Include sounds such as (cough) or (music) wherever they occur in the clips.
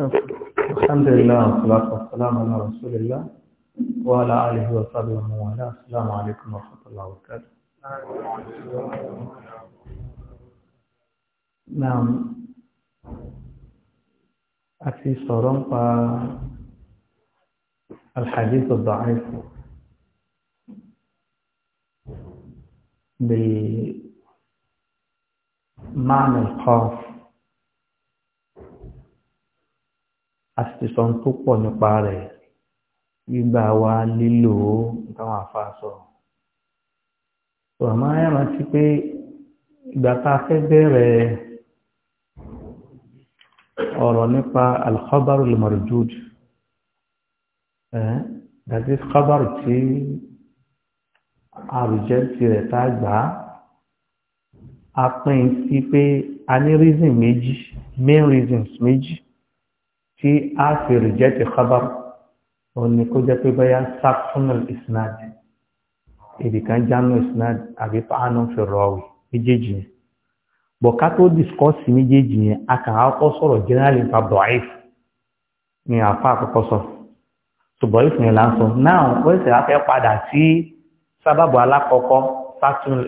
الحمد لله والصلاة والسلام على رسول الله وعلى آله وصحبه ومن والاه السلام عليكم ورحمة الله وبركاته نعم أتي صورم الحديث الضعيف بمعنى القاف a sì sọ tó pọ̀ nípa rẹ̀ gbígbà wa lílò ó táwọn àfa sọ. Sọ̀rọ̀mọ́ ayé máa ti pé ìgbà tá a fẹ́ bẹ̀rẹ̀ ọ̀rọ̀ nípa al-khabaru al-marjud dàbí khabaru tí àrùjẹ́ tirẹ̀ tá a gbà á a pín in sí pé a ní reason méjì main reasons méjì tí a fi rìjẹ́tì khabar òun ni kó jẹ́ pé bóyá saxonal isnad ibìkan jánu isnad àbí fáánù fi rọwì méjèèjì yẹn bọ̀ ká tó discourse méjèèjì yẹn a kàn á kọ́ sọ̀rọ̀ generally nípa bọ̀ọ́ìf ni àfa àkọ́kọ́ sọ sebab bọ̀ọ́ìf yẹn là ń sọ náà wọ́n sì á fẹ́ padà sí sábàbù alákọ̀ọ́kọ́ saxonal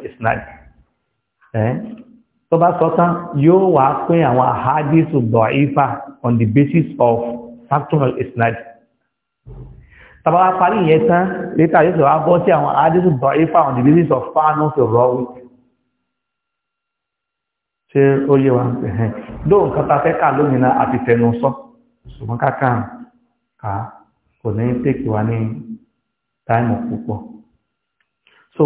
tó bá sọ tán yóò wá pín àwọn ahadisu dọ̀ífà on the basis of factual isnad tàbá wá parí ìyẹn tán létà yóò sọ wá bọ́ sí àwọn ahadisu dọ̀ífà on the basis of fanu to rawi ṣe ó yé wa ẹ̀hẹ́n dóò nǹkan ta fẹ́ kà lónìí náà àti tẹnu sọ ṣùgbọ́n káàkà kà kò ní tèkì wa ní táìmù púpọ̀ so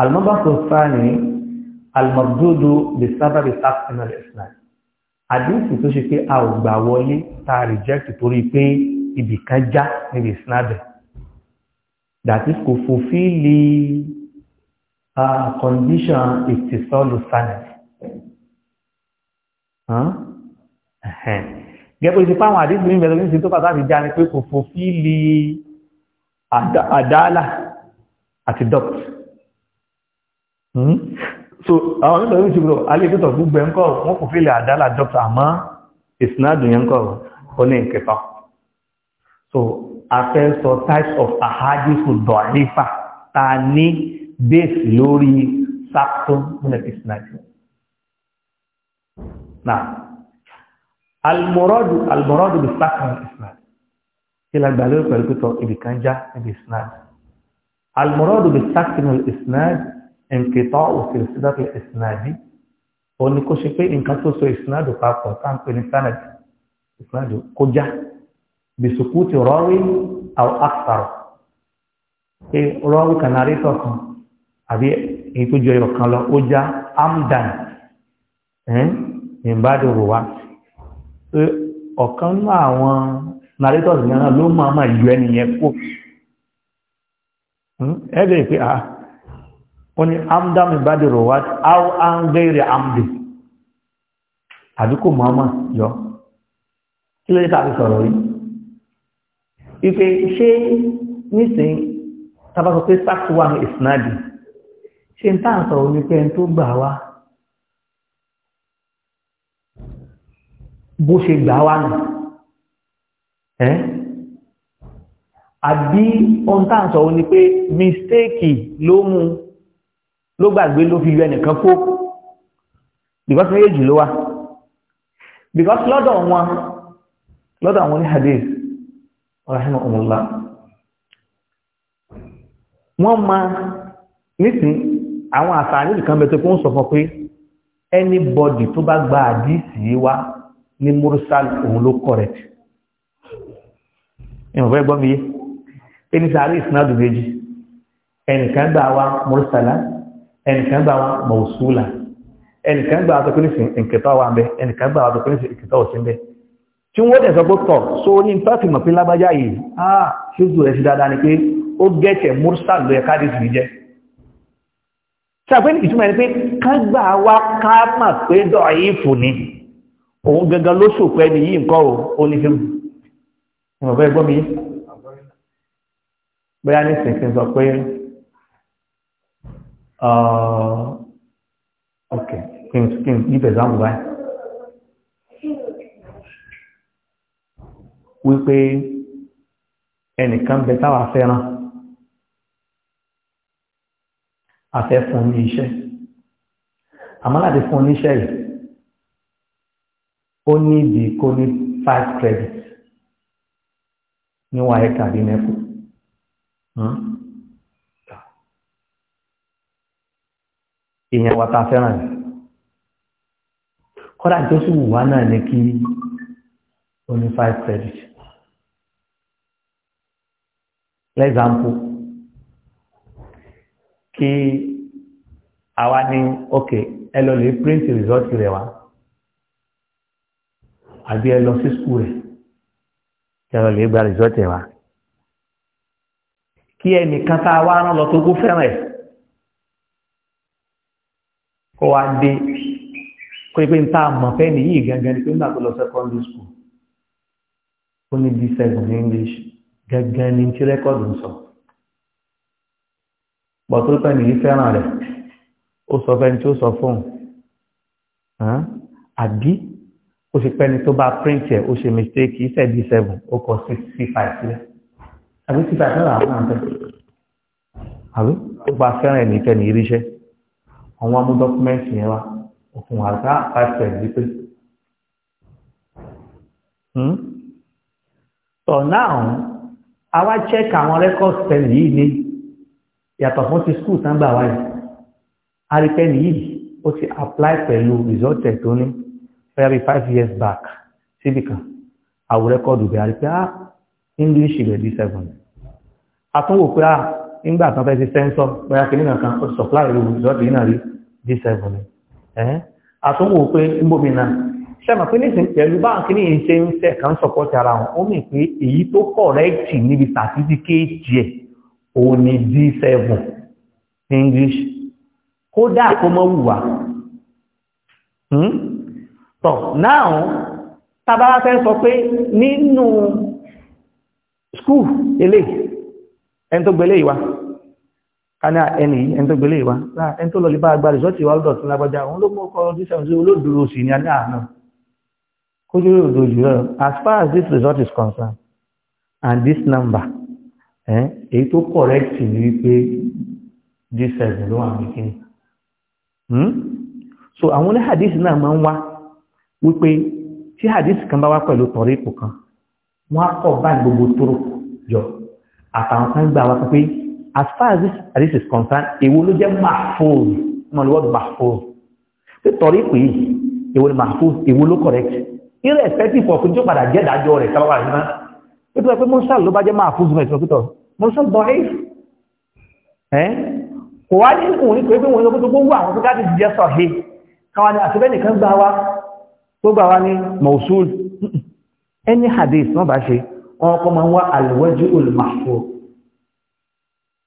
àlùmọ́bà tó sáà almardudu bi sábàbí sáfìnà islam àdínkù tó ṣe pé a ò gbà wọlé tá a reject torí pé ibì kan já níbi islam bẹ̀ that is kò fòfíìlì uh, condition ìtìsọ́lù sanad gẹ́gẹ́ bí sípáwọn àdínkù ní ìbẹ̀rẹ̀ ní tó bàtà ti já ni pé kò fòfíìlì àdáàlà àti dọ́pt so àwọn onílò orí ìṣòro alẹ́gbẹ́tọ̀ gbogbo ẹ̀ńkọ́ wọn kò fílẹ̀ àdálà dọ́kítà àmọ́ ìsinádùn yẹn kọ́ ó ní ìkẹfà so afẹ́ sọ types of ahadisu dọ̀nífà ta ní base lórí sapton nílẹ̀ ìsinádùn na almoradu almoradu bi sapton ìsinádùn kí la gbà lórí pẹ̀lú pẹ̀tọ̀ ibìkanjá ibi ìsinádùn almoradu bi sapton ìsinádùn انقطاع سلسلة الإسناد ó ní kó ṣe pé nǹkan tó so ìsinádù papọ̀ tá à ń pè ní sanad ìsinádù kó já bìsùkúùtì rọ́ọ̀rì àwọn àkàrọ̀ pé rọ́ọ̀rì kan narítọ̀ kan àbí èyí tó jọ ẹ̀rọ amdan ìbádò rò wá pé ọ̀kan nínú àwọn narítọ̀ yẹn náà ló máa máa yọ ẹnìyẹn kó ẹ bẹ̀rẹ̀ pé ah wọ́n ní amdam ìbádìí rọ̀wát áwọ́ áńgẹ́rẹ̀ amdi. àdúkò mọ́mọ́ yọ kí ló tàbí sọ̀rọ̀ rí ipe ṣé nísìn tàbátọ̀ pé sáfíwà ní ìsinádì ṣe ń tàn sọ̀rọ̀ ní pé tó gbà wá bó ṣe gbà wá nù ẹ́ àbí ohun tàn sọ̀rọ̀ ní pé mistéèkì ló mú ló gbàgbé ló fi lu ẹnìkan kó because méjèèjì ló wá because lọ́dọ̀ wọn lọ́dọ̀ àwọn ní hadith ọ̀rọ̀ ọmọlá wọ́n ma nísìn àwọn àfààní nìkan bẹ̀ tó kún sọ fún pé anybody tó bá gba àdísì wá ní mursal òun ló correct ìwọ̀n fẹ́ gbọ́ mi yé ẹni sàárè ìsinádùn méjì ẹnìkan gbà wá mursala ẹnìkan gbà wọn mọ̀ọ́sùlà ẹnìkan gbà wọn tó kéré sí nkẹtọ́ wa bẹ ẹnìkan gbà wọn tó kéré sí nkẹtọ́ òsín bẹ tí wọ́n dẹ̀ sọ pé tọ̀ so ní pẹ́fì mọ̀ pé lágbájá yìí ah ṣíṣù rẹ̀ sí dáadáa ni pé ó gẹ̀ẹ́tẹ̀ mursal ló yẹ káàdìsì yìí jẹ́ ṣàpẹ́ ní ìtumọ̀ ẹni pé kágbà wá ká mà pé dọ̀ọ̀yìnfù ni òun gangan ló ṣòpẹ́ ni yìí nǹkan ó ní fíìmù ìmọ̀fẹ́ gbọ́ mi bóyá ní sìnkín sọ pé Uh, ok kí n kí n give example báyìí wípé ẹnìkan bẹ táwa fẹ́ràn afẹ́ fún ní iṣẹ́ de láti fún níṣẹ́ yìí ó ní ìdí kó ní five credits ní wáyé tàbí mẹ́fù. Hmm? èèyàn wa ta fẹ́ràn rẹ̀ kọ́dà tó sì wù wá náà ní kí ó ní five credit lẹ́gbàmpù kí àwa ní ok ẹ lọ lè print result rẹ wá àbí ẹ lọ sí school rẹ kí ẹ lọ lè gba result rẹ wá kí ẹnìkan tá a wá rán lọ tó kú fẹ́ràn ẹ̀ kó wá dé kó ipé ń tá a mọ̀ fẹ́ nìyí gangan ni pé nígbà tó lọ secondary school ó ní bí seven English gangan ni tí rẹ́kọ̀dù ń sọ bọ̀ tó pẹ́ nìyí fẹ́ràn rẹ̀ ó sọ fẹ́ni tí ó sọ fóun àbí ó ṣe pẹ́ni tó bá print ẹ̀ ó ṣe mistake kì í ṣe bí seven ó kọ six six five sílẹ̀ àbí six five náà làwọn náà àbí ó gba fẹ́ràn ẹ̀ nìkẹ́ nìyí ríṣẹ́ àwọn amú dọ́kúmẹ́ǹtì yẹn wá òfin wà ká pàṣẹ yìí pé. Hmm? so now àwa check àwọn record spend yìí ni yàtọ̀ fún ti school tán gbà wáyé aripẹ́ni yìí ó ti apply pẹ̀lú result ẹ̀ tó ní five years back síbi kan àwọn rẹ́kọ̀dù bẹ̀rẹ̀ àti pé ah, english rẹ̀ di seven àtúnwò pé ah nígbà tán fẹ́ ti sẹ́ńsọ̀ bóyá kìnìún kan ó supply ìlú result yìí náà rí d7 ẹ̀hẹ́n àtúnwò pé ń bómi náà ṣẹ́mà pé nísìn pẹ̀lú báńkì ní ìṣe ń tẹ̀ kan sọ̀pọ̀tì ara wọn ó mì pé èyí tó kọ̀rẹ́ẹ̀tì níbi sàtífíkéètì ẹ̀ òun ni d7 English kódà kó mọ́ wùwà hmm? tọ̀ náà tàbára fẹ́ sọ pé nínú skúù eléyìí ẹni tó ìwà ní ẹni yìí ẹni tó gbélé wa ẹni tó lọlé bá agbá rìsọ́ọ̀tì wa lọ́dọ̀ tún lágbájá òun ló mú ọkọ̀ ọdún sẹ́wọ̀n sí olóòdúró sí ní àná àná kójú òdo jù as far as this result is concerned and this number èyí tó correct ni wípé this seven ló wà ní kíni hmm? so àwọn oní hadith náà máa ń wá wípé tí hadith kan bá wá pẹ̀lú tọ̀rí ipò kan wọ́n á kọ̀ báyìí gbogbo tóró jọ àtàwọn kan gbà wá pé as far as this this is concerned èwo ló jẹ́ mahfuz ọmọ lọ́wọ́ mahfuz pé tọ̀rí pé èwo ni mahfuz èwo ló correct irrespective of ní tó padà jẹ́ ìdájọ́ rẹ̀ sábàbà rẹ̀ náà ó tó yẹ pé mursal ló bá jẹ́ mahfuz mẹ́rin tó kítọ̀ mursal da'if ẹ́ kò wá ní òun ní pé bí wọ́n ló tó gbogbo àwọn tó káàdì jẹ́ sahih káwọn ni àti bẹ́ẹ̀ nìkan gbà wá tó gbà wá ní mausul any hadith wọ́n bá ṣe wọn kọ́ máa ń wá al-wajhul mahfuz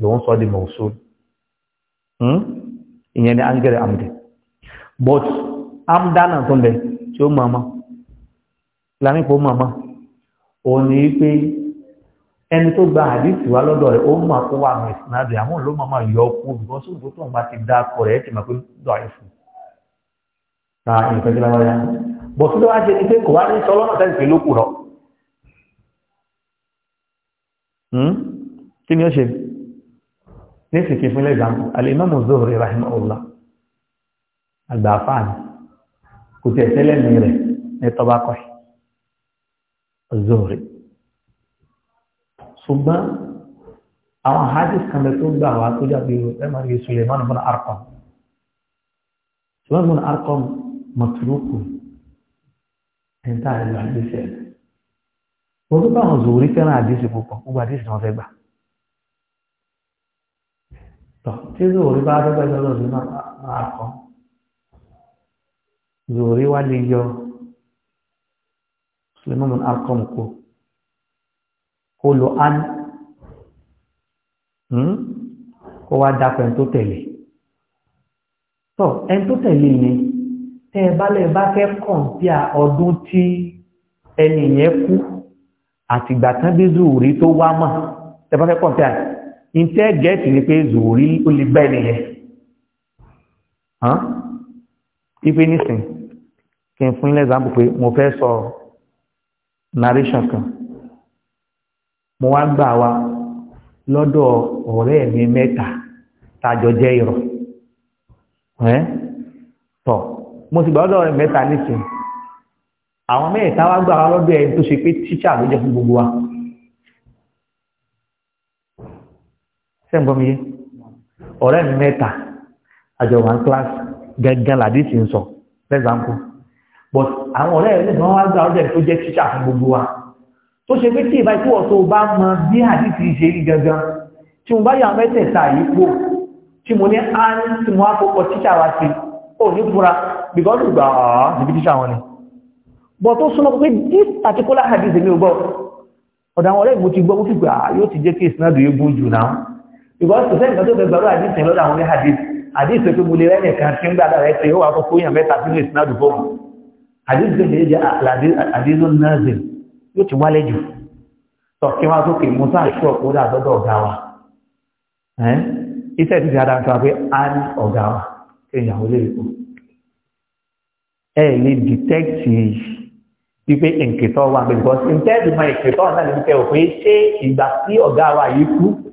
lòun sọ di mọ̀sùn hmm? ìyẹn ni angẹ́rẹ̀ amdẹ but amdana tó lẹ tí ó mọ̀ọ́mọ́ lámìpọ̀ mọ̀ọ́mọ́ òun ni pé ẹni tó gba àdìsí wa lọ́dọ̀ rẹ̀ ó mọ̀ kó wà mọ̀ ìsìnàdì àmọ́ ló mọ̀ máa yọ kú bìkọ́ sóògùn tó ń bá ti dá akọ rẹ̀ ẹ̀ ti mọ̀ pé dọ̀ àìfù ta nǹkan hmm? kí ni ó ṣe? نفسي كيف ملزم الإمام الزهري رحمه الله البعفان كنت أسأل الميرة نتباقح الزهري ثم أو حادث كان يتوب دعوة تجا بيوتا مريو سليمان من أرقم سليمان من أرقم متروك انتهى الحديث يعني وضبا حضوري كان حديث بوبا وبعديث نوزيبا tọ tí zòrí bá dé pẹ̀lú ọlọ́run máa kọ zòrí wá lè yọ sulemanu akọm kó kó lo an hmm? kó wá dapò ẹni tó tẹ̀lé tọ ẹni tó tẹ̀lé ni tẹ ẹ bá lẹ bá fẹ́ kàn bí a ọdún tí ẹni yẹn kú àtìgbà tán bí ìtẹ́ gẹ̀ẹ́tì ní pé zòrí ó lè bẹ́ nìyẹ ipé nísìn kí n fún ilẹ̀ ìzàmbù pé mo fẹ́ sọ narration kan mo wá gbà wá lọ́dọ̀ ọ̀rẹ́ mi mẹ́ta tàjọ jẹ́ ìrọ̀ tọ̀ mo sì gbà lọ́dọ̀ ọ̀rẹ́ mẹ́ta nísìn àwọn mẹ́ta wá gbà wá lọ́dọ̀ ẹni tó ṣe pé tíṣà ló jẹ́ fún gbogbo wa. sẹ́ǹgbọ́n mi yé ọ̀rẹ́ mi mẹ́ta àjọ one class gẹ́gẹ́ làdí sì ń sọ lẹ́sàǹkù but àwọn ọ̀rẹ́ rẹ̀ lẹ́sàn wá gbà ọ̀rẹ́ tó jẹ́ tíṣà fún gbogbo wa tó ṣe pé tí ìbá ikú ọ̀tọ̀ bá mọ bí àdìsí ṣe rí gangan tí mo bá yà mẹ́tẹ̀ẹ̀ta yìí pò tí mo ní á ní tí mo á fọkọ tíṣà wa sí ò ní fura because ìgbà ọ̀ọ́ níbi tíṣà wọn ni but tó súnmọ́ pé this particular hadith mi ò gbọ́ ọ̀dà àwọn ọ̀rẹ́ mi ti gbọ́ mo fi gbà yóò ti jẹ́ kí ìsinadù yóò gún náà because kò sẹ́yìn kan tó fẹ́ gbàrú àdìs yẹn lọ́dọ̀ àwọn ní àdìs àdìs pé mo lè rẹ́ nìkan tí ń gbàdá rẹ̀ pé ó wà fún kóyàn mẹ́ta sínú ìsinádùn fóònù àdìs tó lè jẹ́ àdìs nọ́ọ̀sì yóò ti wálẹ̀ jù tọ̀kí wá sókè mo sá àṣù ọ̀pọ̀ dà sọ́dọ̀ ọ̀gá wa iṣẹ́ ti fi ara sọ pé a ní ọ̀gá wa kéèyàn ó lè kó ẹ lè ìkìtọ́ náà ní kẹ́ òpin ṣé ìgbà tí ọ̀gá wa yìí kú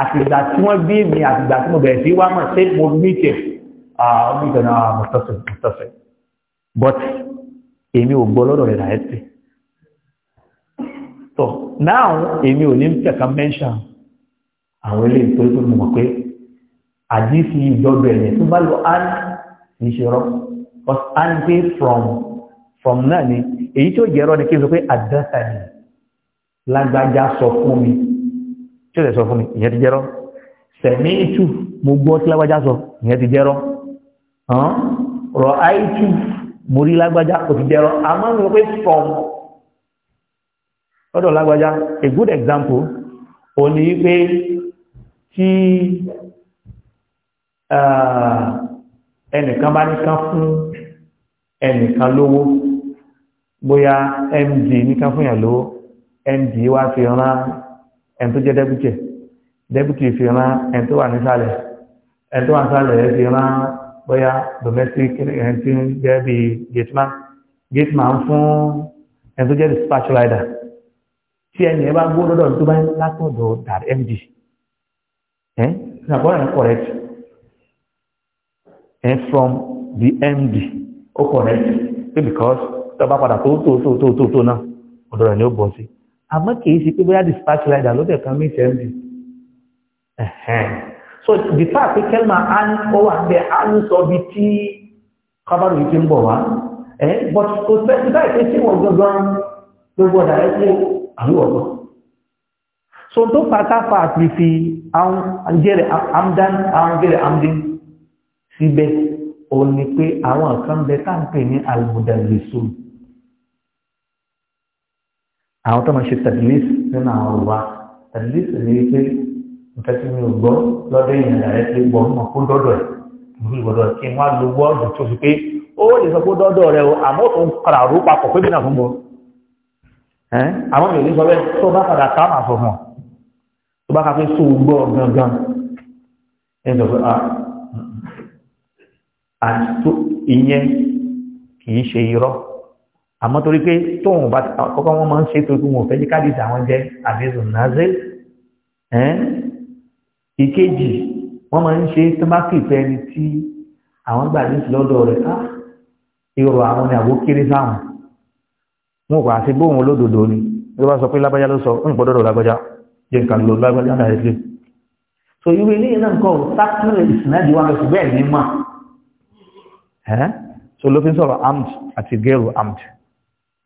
àtìgbà tí wọ́n bí mi àtìgbà tí mo bẹ̀rẹ̀ sí wá mọ̀ sí mo mí tẹ̀ ọmọ ìtọ́nà mọ̀tọ́sẹ̀ but èmi ò gbọ́ lọ́dọ̀ rẹ̀ láìsí so now èmi ò ní tẹ̀ka mention àwọn ilé ìtòrí tó mọ̀ pé àdísì ìjọba ẹ̀yẹ tó bá lọ án kì í ṣe rọ but án pé from from náà ni èyí tó jẹ́ rọ ni kí n sọ pé àdásà ni lágbájá sọ fún mi tí ó lè sọ fún mi ìyẹn ti jẹ́rọ́ sẹ̀mí ìtù mo gbọ́ tí lágbájá sọ ìyẹn ti jẹ́rọ́ rọ̀ àìtù mo rí lágbájá kò ti jẹ́rọ́ àmọ́ mi pé from lọ́dọ̀ lágbájá a good example ò ní pé tí ẹnìkan bá nìkan fún ẹnìkan lówó bóyá md nìkan fún yàn lówó md wá fi rán ẹni tó jẹ́ dẹ́bùtì dẹ́bùtì fi rán ẹni tó wà nísàlẹ̀ ẹni tó wà nísàlẹ̀ fi rán bóyá domestic ẹni tí ń jẹ́ bí gateman gateman fún ẹni tó jẹ́ dispatch rider tí ẹni ẹ bá gbó lọ́dọ̀ tó bá ń látọ̀dọ̀ dàrí md ẹ̀ ṣàkóso ẹ̀ correct ẹ̀ from the md ó correct because tọ́ba padà tó tó tó tó tó náà ọ̀dọ̀ rẹ̀ ni ó bọ̀ sí àmọ́ kìí ṣe pé bóyá dispatch rider ló tẹ̀kan mí sẹ́ńdì so the fact pé kẹ́lìmà á ń kọ́ wà bẹ́ẹ̀ á ń sọ bí tí kábàrò yìí ti ń bọ̀ wá but kò sẹ́ńdì báyìí pé tí wọ́n gangan ló gbọ́dọ̀ ẹ kó àríwọ̀gbọ́ so tó pátápá àti fi àǹjẹ́rẹ̀ amdan àǹjẹ́rẹ̀ amdin síbẹ̀ òun ni pé àwọn kan bẹ táǹpẹ̀ ní alùpùpù àwọn tó máa ṣe tẹ̀lís nínú àwọn òwa tẹ̀lís ní pé nǹkan tí mi ò gbọ́ lọ́dọ̀ èèyàn rẹ̀ mo fi gbọ́dọ̀ kí n wá lo wọ́ọ̀dù o àmọ́ tó ń kọ̀rà rú papọ̀ pé bínà fún bọ́ àwọn èèyàn sọ bẹ́ẹ̀ tó bá padà ká màá ka àmọ́ torí pé tóun bá kọ́kọ́ wọn máa ń ṣe torí pé wọn ò fẹ́ jí kádìsì àwọn jẹ́ àdéhùn nàzé ìkejì wọ́n máa ń ṣe tó bá kìfẹ́ ẹni tí àwọn gbà ní ìlọ́dọ̀ rẹ̀ á ah! ìrọ̀ àwọn ni àwọ̀ kéré sáwọn wọn kò àti bóun olódodo ni ló bá sọ pé lágbájá ló sọ ń gbọ́dọ̀ lágbájá jẹ́ nǹkan ló lágbájá náà ẹ̀ṣẹ̀ so ìwé ilé náà nǹkan sákìlẹ̀ ìsìnàjì wa lọ́sùn bẹ́ẹ̀ ní mà so ló fi ń sọ̀rọ̀ amd àti gẹ́rù amd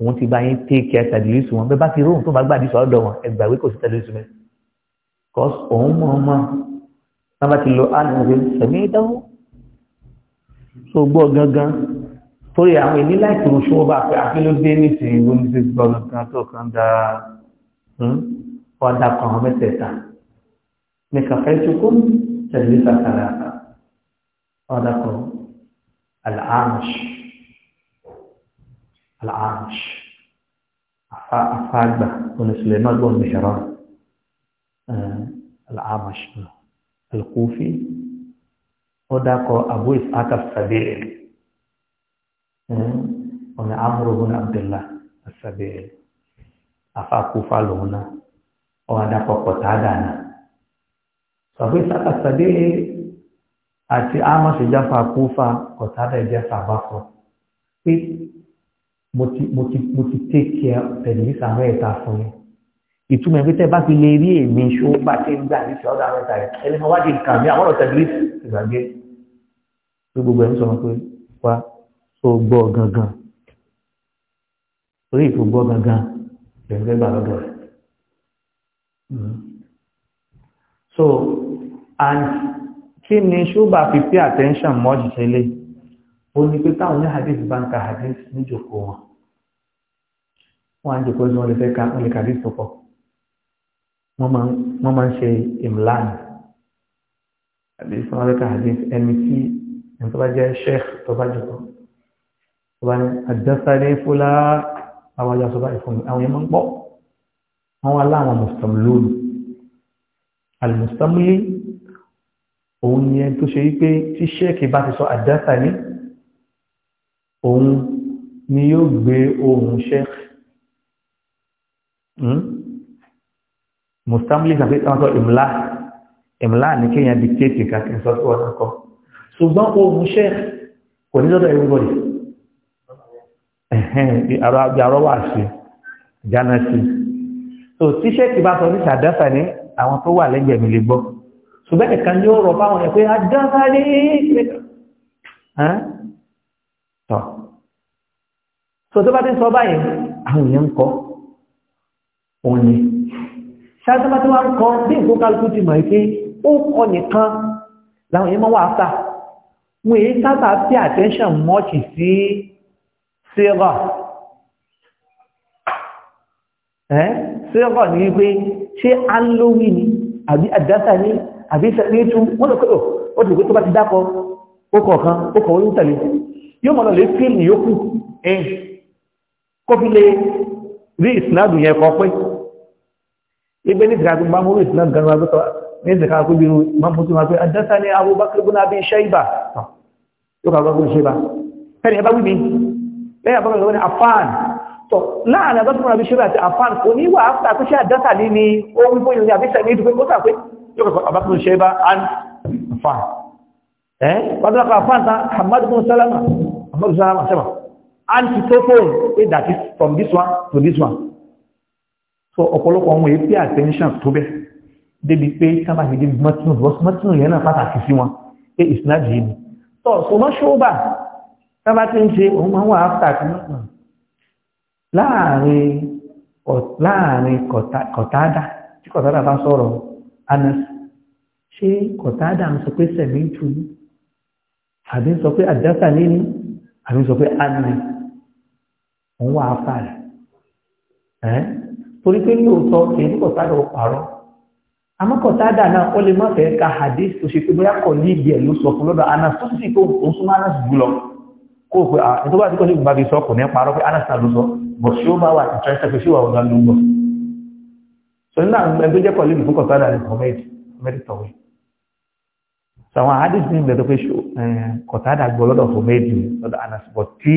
òun ti bá yín take care tàdílísù wọn bẹ́ẹ̀ bá ti róhùn tó bá gbàdí sọ ọ̀dọ̀ wọn ẹgbà wí kò sí tàdílísù mẹ́ cos òun mọ̀ ọmọ náà bá ti lọ ánìmọ̀ pé sẹ̀mí ìdánwò tó gbọ́ gangan torí àwọn èmi láìpẹ́ òun ṣọwọ́ bá pé àfẹ́lódé nísìnyí wọn ti gbọ́ nǹkan tó kàn dá wọn kan hmm? mẹ́tẹ̀ẹ̀ta ní kàfẹ́ ìṣokó tàdílísù àkàrà ọ̀dà kan àlàámọ̀ṣì al-Arsh afa afa àgbà oní Suleiman gbọ́n Mihran eh, al-Amash al-Kufi ó dákọ̀ Abu Ishaq as-Sabili oní eh, Amru bin Abdullah as-Sabili afa Kufa lòun náà ó dákọ̀ Qatada náà Abu Ishaq as-Sabili àti Amash jáfa Kufa Qatada jáfa Basra pé mo ti mo ti mo ti take care tẹ̀lifísà àwọn ẹ̀ta fún yín ìtumọ̀ ìpínlẹ̀ bá fi lè rí èmi ṣó bá ti ń gbà níṣẹ́ ọ̀dọ̀ àwọn ẹ̀ta rẹ̀ ẹni máa wájú nǹkan mi àwọn ọ̀rọ̀ tẹ̀lifísà ìgbàgbé pé gbogbo ẹ̀ ń sọ wọn pé wá ó gbọ́ gangan orí ìtò gbọ́ gangan lẹ́gbẹ́ gbà lọ́dọ̀ rẹ̀ hmm. so and kí ni ṣúgbà fi pay attention mọ́ jìṣẹ́lẹ̀ ó ní pé táwọn ní hadith bá ń ka hadith níjòkó wọn wọ́n á jòkó lọ́sọ́ lẹ́fẹ́ ká wọ́n lè kàdí ìsopọ̀ wọ́n máa ń ṣe ìmìlànà àbí sọ́n lẹ́ka àdí ẹni tí ẹni tó bá jẹ́ sheikh tó bá jòkó tó bá ní àjẹsáré fúlá àwọn ọjà tó bá ìfún mi àwọn yẹn máa ń pọ̀ wọ́n wá láwọn mùsùlùmí àlùmùsùlùmí òun ni ẹni tó ṣe wípé tí sheikh bá ti sọ àjẹsáré òun ni yóò gbé ohun sheikh Hmm? mustamlik àti ìtàn sọ ìmúlá ìmúlá ní kéèyàn dictate kàkí sọ sí wọn kọ ṣùgbọ́n ohun sheikh kò ní lọ́dọ̀ everybody àrọ́ wà sí jana sí so tí sheikh bá sọ ní sàdáfà ní àwọn tó wà lẹ́gbẹ̀ẹ́ mi lè gbọ́ ṣùgbọ́n nìkan ni ó rọ fáwọn ẹ̀ pé àdáfà ní tọ́ so tó bá ti sọ báyìí àwọn èèyàn ń kọ́ òun ni ṣáàtàbà tí wọ́n ń kọ́ bí nǹkan kálukú ti mọ̀ pé ó kọ́ nìkan láwọn èèyàn máa wà áfà wọ́n èyí sábà pay attention much sí sílọ̀ ẹ́ sílọ̀ ní wípé ṣé alómi ni àbí àdásà ni àbí sẹ́lẹ̀tún wọ́n lọ pé oh, ó ti dákọ ó kọ̀ kan ó kọ̀ orí tẹ̀lé yóò mọ̀ lọ lè fíìmù yókù ẹ̀ kó rí ìsìnàdù yẹn kọ pé ibẹ̀ ní ìsìnàdù bá mú ìsìnàdù gan wọn gbọ́tọ̀ ní ìsìnàdù kó bínú máa mú sí wọn pé àdásá ní Abubakar ibn Abi Shayba yóò kà gbọ́gbọ́n ṣe bá ẹni ẹ bá wí mi lẹ́yìn àbúrò ìwọ́n ni afán tọ̀ láàrin Abubakar ibn Abi Shayba àti afán kò ní wà áfíà pé ṣé àdásá ní ni ó wí fún ìròyìn àbíṣẹ́ and afán ẹ́ wàdúrà kà afán tán Hamad ibn Salama Hamad And to antitophone pé that is from this one to this one so ọ̀pọ̀lọpọ̀ àwọn èyí pé attention tó bẹ́ débi pé sábà fi débi mọ́tínú mọ́tínú yẹn náà pàtàkì sí wọn pé ìsinájì yìí tọ́ so mọ́ ṣóbà sábà tí ń ṣe òun máa ń wà áfà tí wọ́n láàrin láàrin kọ̀tádà tí kọ̀tádà bá sọ̀rọ̀ anas ṣé kọ̀tádà ń sọ pé sẹ̀mí tù ní àbí ń sọ pé àdásà ní àbí ń sọ pé anas òun wà á fàlẹ̀ ẹ́ torí pé lóòótọ́ èyí kò sáré o pààrọ̀ àmọ́ ó ka hadith tó bóyá kò ní ìdí ẹ̀ ló sọ fún lọ́dọ̀ anas tó sì kó o súnmọ́ anas jùlọ kó o pé ẹni tó bá ti kọ́ sí sọ kò ní parọ́ pé anas náà ló sọ bọ̀ ṣé ó bá wà tìtọ́ ẹsẹ̀ pé ṣé wà ọ̀gá ló ń sọ nínú àwọn ẹgbẹ́ jẹ́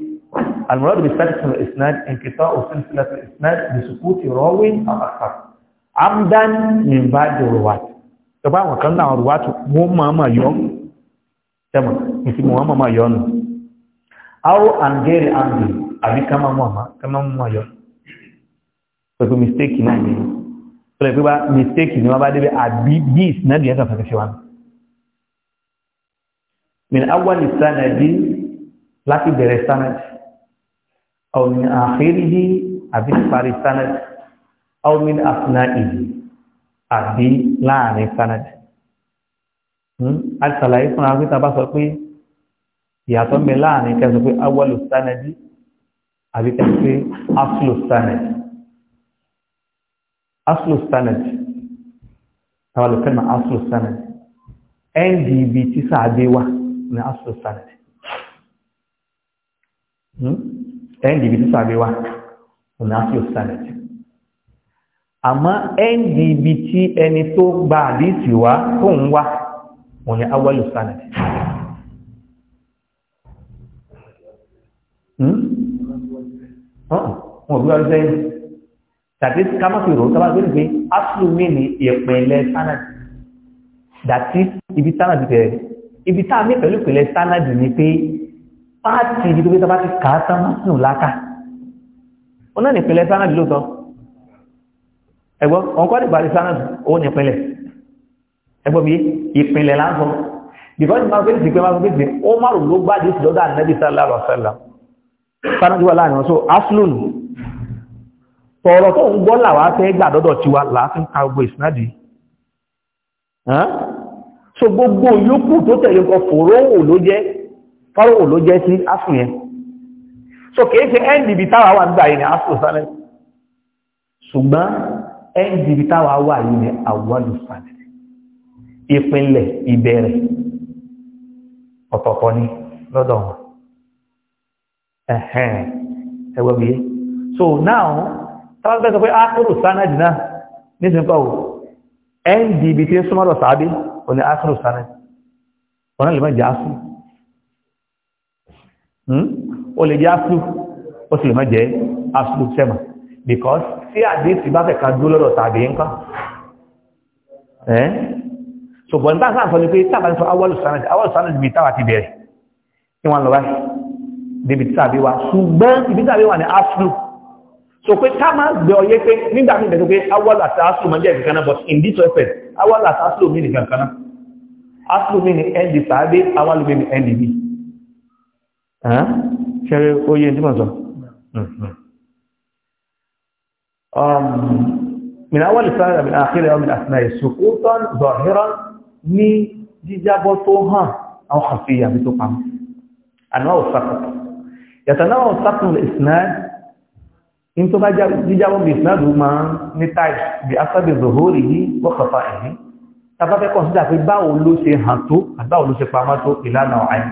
المراد بالسادس من الإسناد انقطاع سلسلة الإسناد بسقوط راو أو أكثر عمدا من بعد الرواة طبعا وكان عن الرواة هم ما يوم تمام مثل هم ما يوم أو عن غير عمد أبي كما هم كما هم يوم pẹ̀lú mistake náà ni ó lè pé bá mistake ni wọ́n bá débẹ̀ àbí bí ìsinádìí ẹ̀sàn fẹ́fẹ́ ṣe wá ní. min awal sanadi láti bẹ̀rẹ̀ sanadi aw min akhirihi àbí parí sanad aw min asna'ihi àbí láàrin sanad àtàlàyé hmm? fún àwọn akíta bá sọ pé ìyàtọ̀ ń bẹ láàrin kẹsọ pé awwalu sanadi àbí kẹsọ pé aslu sanad aslu sanad tàwọn lè fẹ́ ma aslu sanad ndb tí sáà ẹ́ndì ibi títà bí wá ọ̀nà àti òsàlẹ̀tì àmọ́ ẹ́ndì ibi tí ẹni tó gba àdísì wá tó ń wá wọ́n ni awọ́lù òsàlẹ̀tì wọ́n bí wọ́n sẹ́yìn tàbí kámọ́sì rò sábà gbé pé asùnmí ni ìpínlẹ̀ sánàdì dàtí ibi sánàdì bẹ̀rẹ̀ ibi tá a ní pẹ̀lú ìpínlẹ̀ ni pé pàtì ibi tó bí tọba ti kàá tán nù láká ó náà nìpínlẹ̀ sánàdì lóòtọ́ ẹgbọ́n wọn kọ́ nípa sánàdì ó nìpínlẹ̀ ẹgbọ́n bí ìpínlẹ̀ láńsọ because ma fi ìsìnkú ma fi ìsìnkú ó márùn ló gbájú sí sallallahu alaihi wasallam sánàdì wà láàrin so aslun tọ̀rọ̀ tó ń gbọ́ làwà fẹ́ gbà dọ́dọ̀ tiwa láàfin so gbogbo yòókù tó tẹ̀lé kọ fọ́rọ̀ ló jẹ́ sí asùn yẹn so kìí ṣe ndb táwà wà nígbà yìí ni asùn sálẹ̀ ṣùgbọ́n ndb táwà wà yìí ni àwọlù sálẹ̀ ìpínlẹ̀ ìbẹ̀rẹ̀ ọ̀tọ̀ọ̀tọ̀ ni lọ́dọ̀ wọn ẹ̀hẹ́n ẹwọ́ bìí so now táwà bẹ́ẹ̀ sọ pé akúrò sánàdì náà nísìnyí pàwọ́ ndb tí ó súnmọ́ lọ sàábí òní akúrò sánàdì Hmm? o lè jẹ́ aslu o sì lè má jẹ́ aslu sẹ́mà because tí àdéhìí bá fẹ̀ kan dúró lọ́dọ̀ tàbí ń kọ́ ṣùgbọ́n bá sáà sọ ní pé tàbí sọ awọ́lù sanad awọ́lù sanad bí táwà ti bẹ̀rẹ̀ kí wọ́n lọ wá débi tàbí wa so pé ká máa gbẹ ọyẹ́ pé nígbà mí bẹ̀rẹ̀ pé awọ́lù àti in this respect awọ́lù àti aslu mí nìkan kan náà aslu mí ni ẹ̀ndì sàábé awọ́lù ni ẹ̀ndì bíi ṣẹ́rẹ́ oyé tí mọ̀ sọ من أول سنة من آخر يوم من أثناء سقوطا ظاهرا ní jíjábọ́ tó hàn أو خفية بتقام أنواع السقط يتنوع السقط الإسناد إن تبا jíjábọ́ بإسناد ما نتاج بأسباب ظهوره وخطائه tàbá fẹ́ kọ̀nsídà pé báwo ló ṣe hàn tó àbáwo ló ṣe pamọ́ tó ìlànà ọ̀hán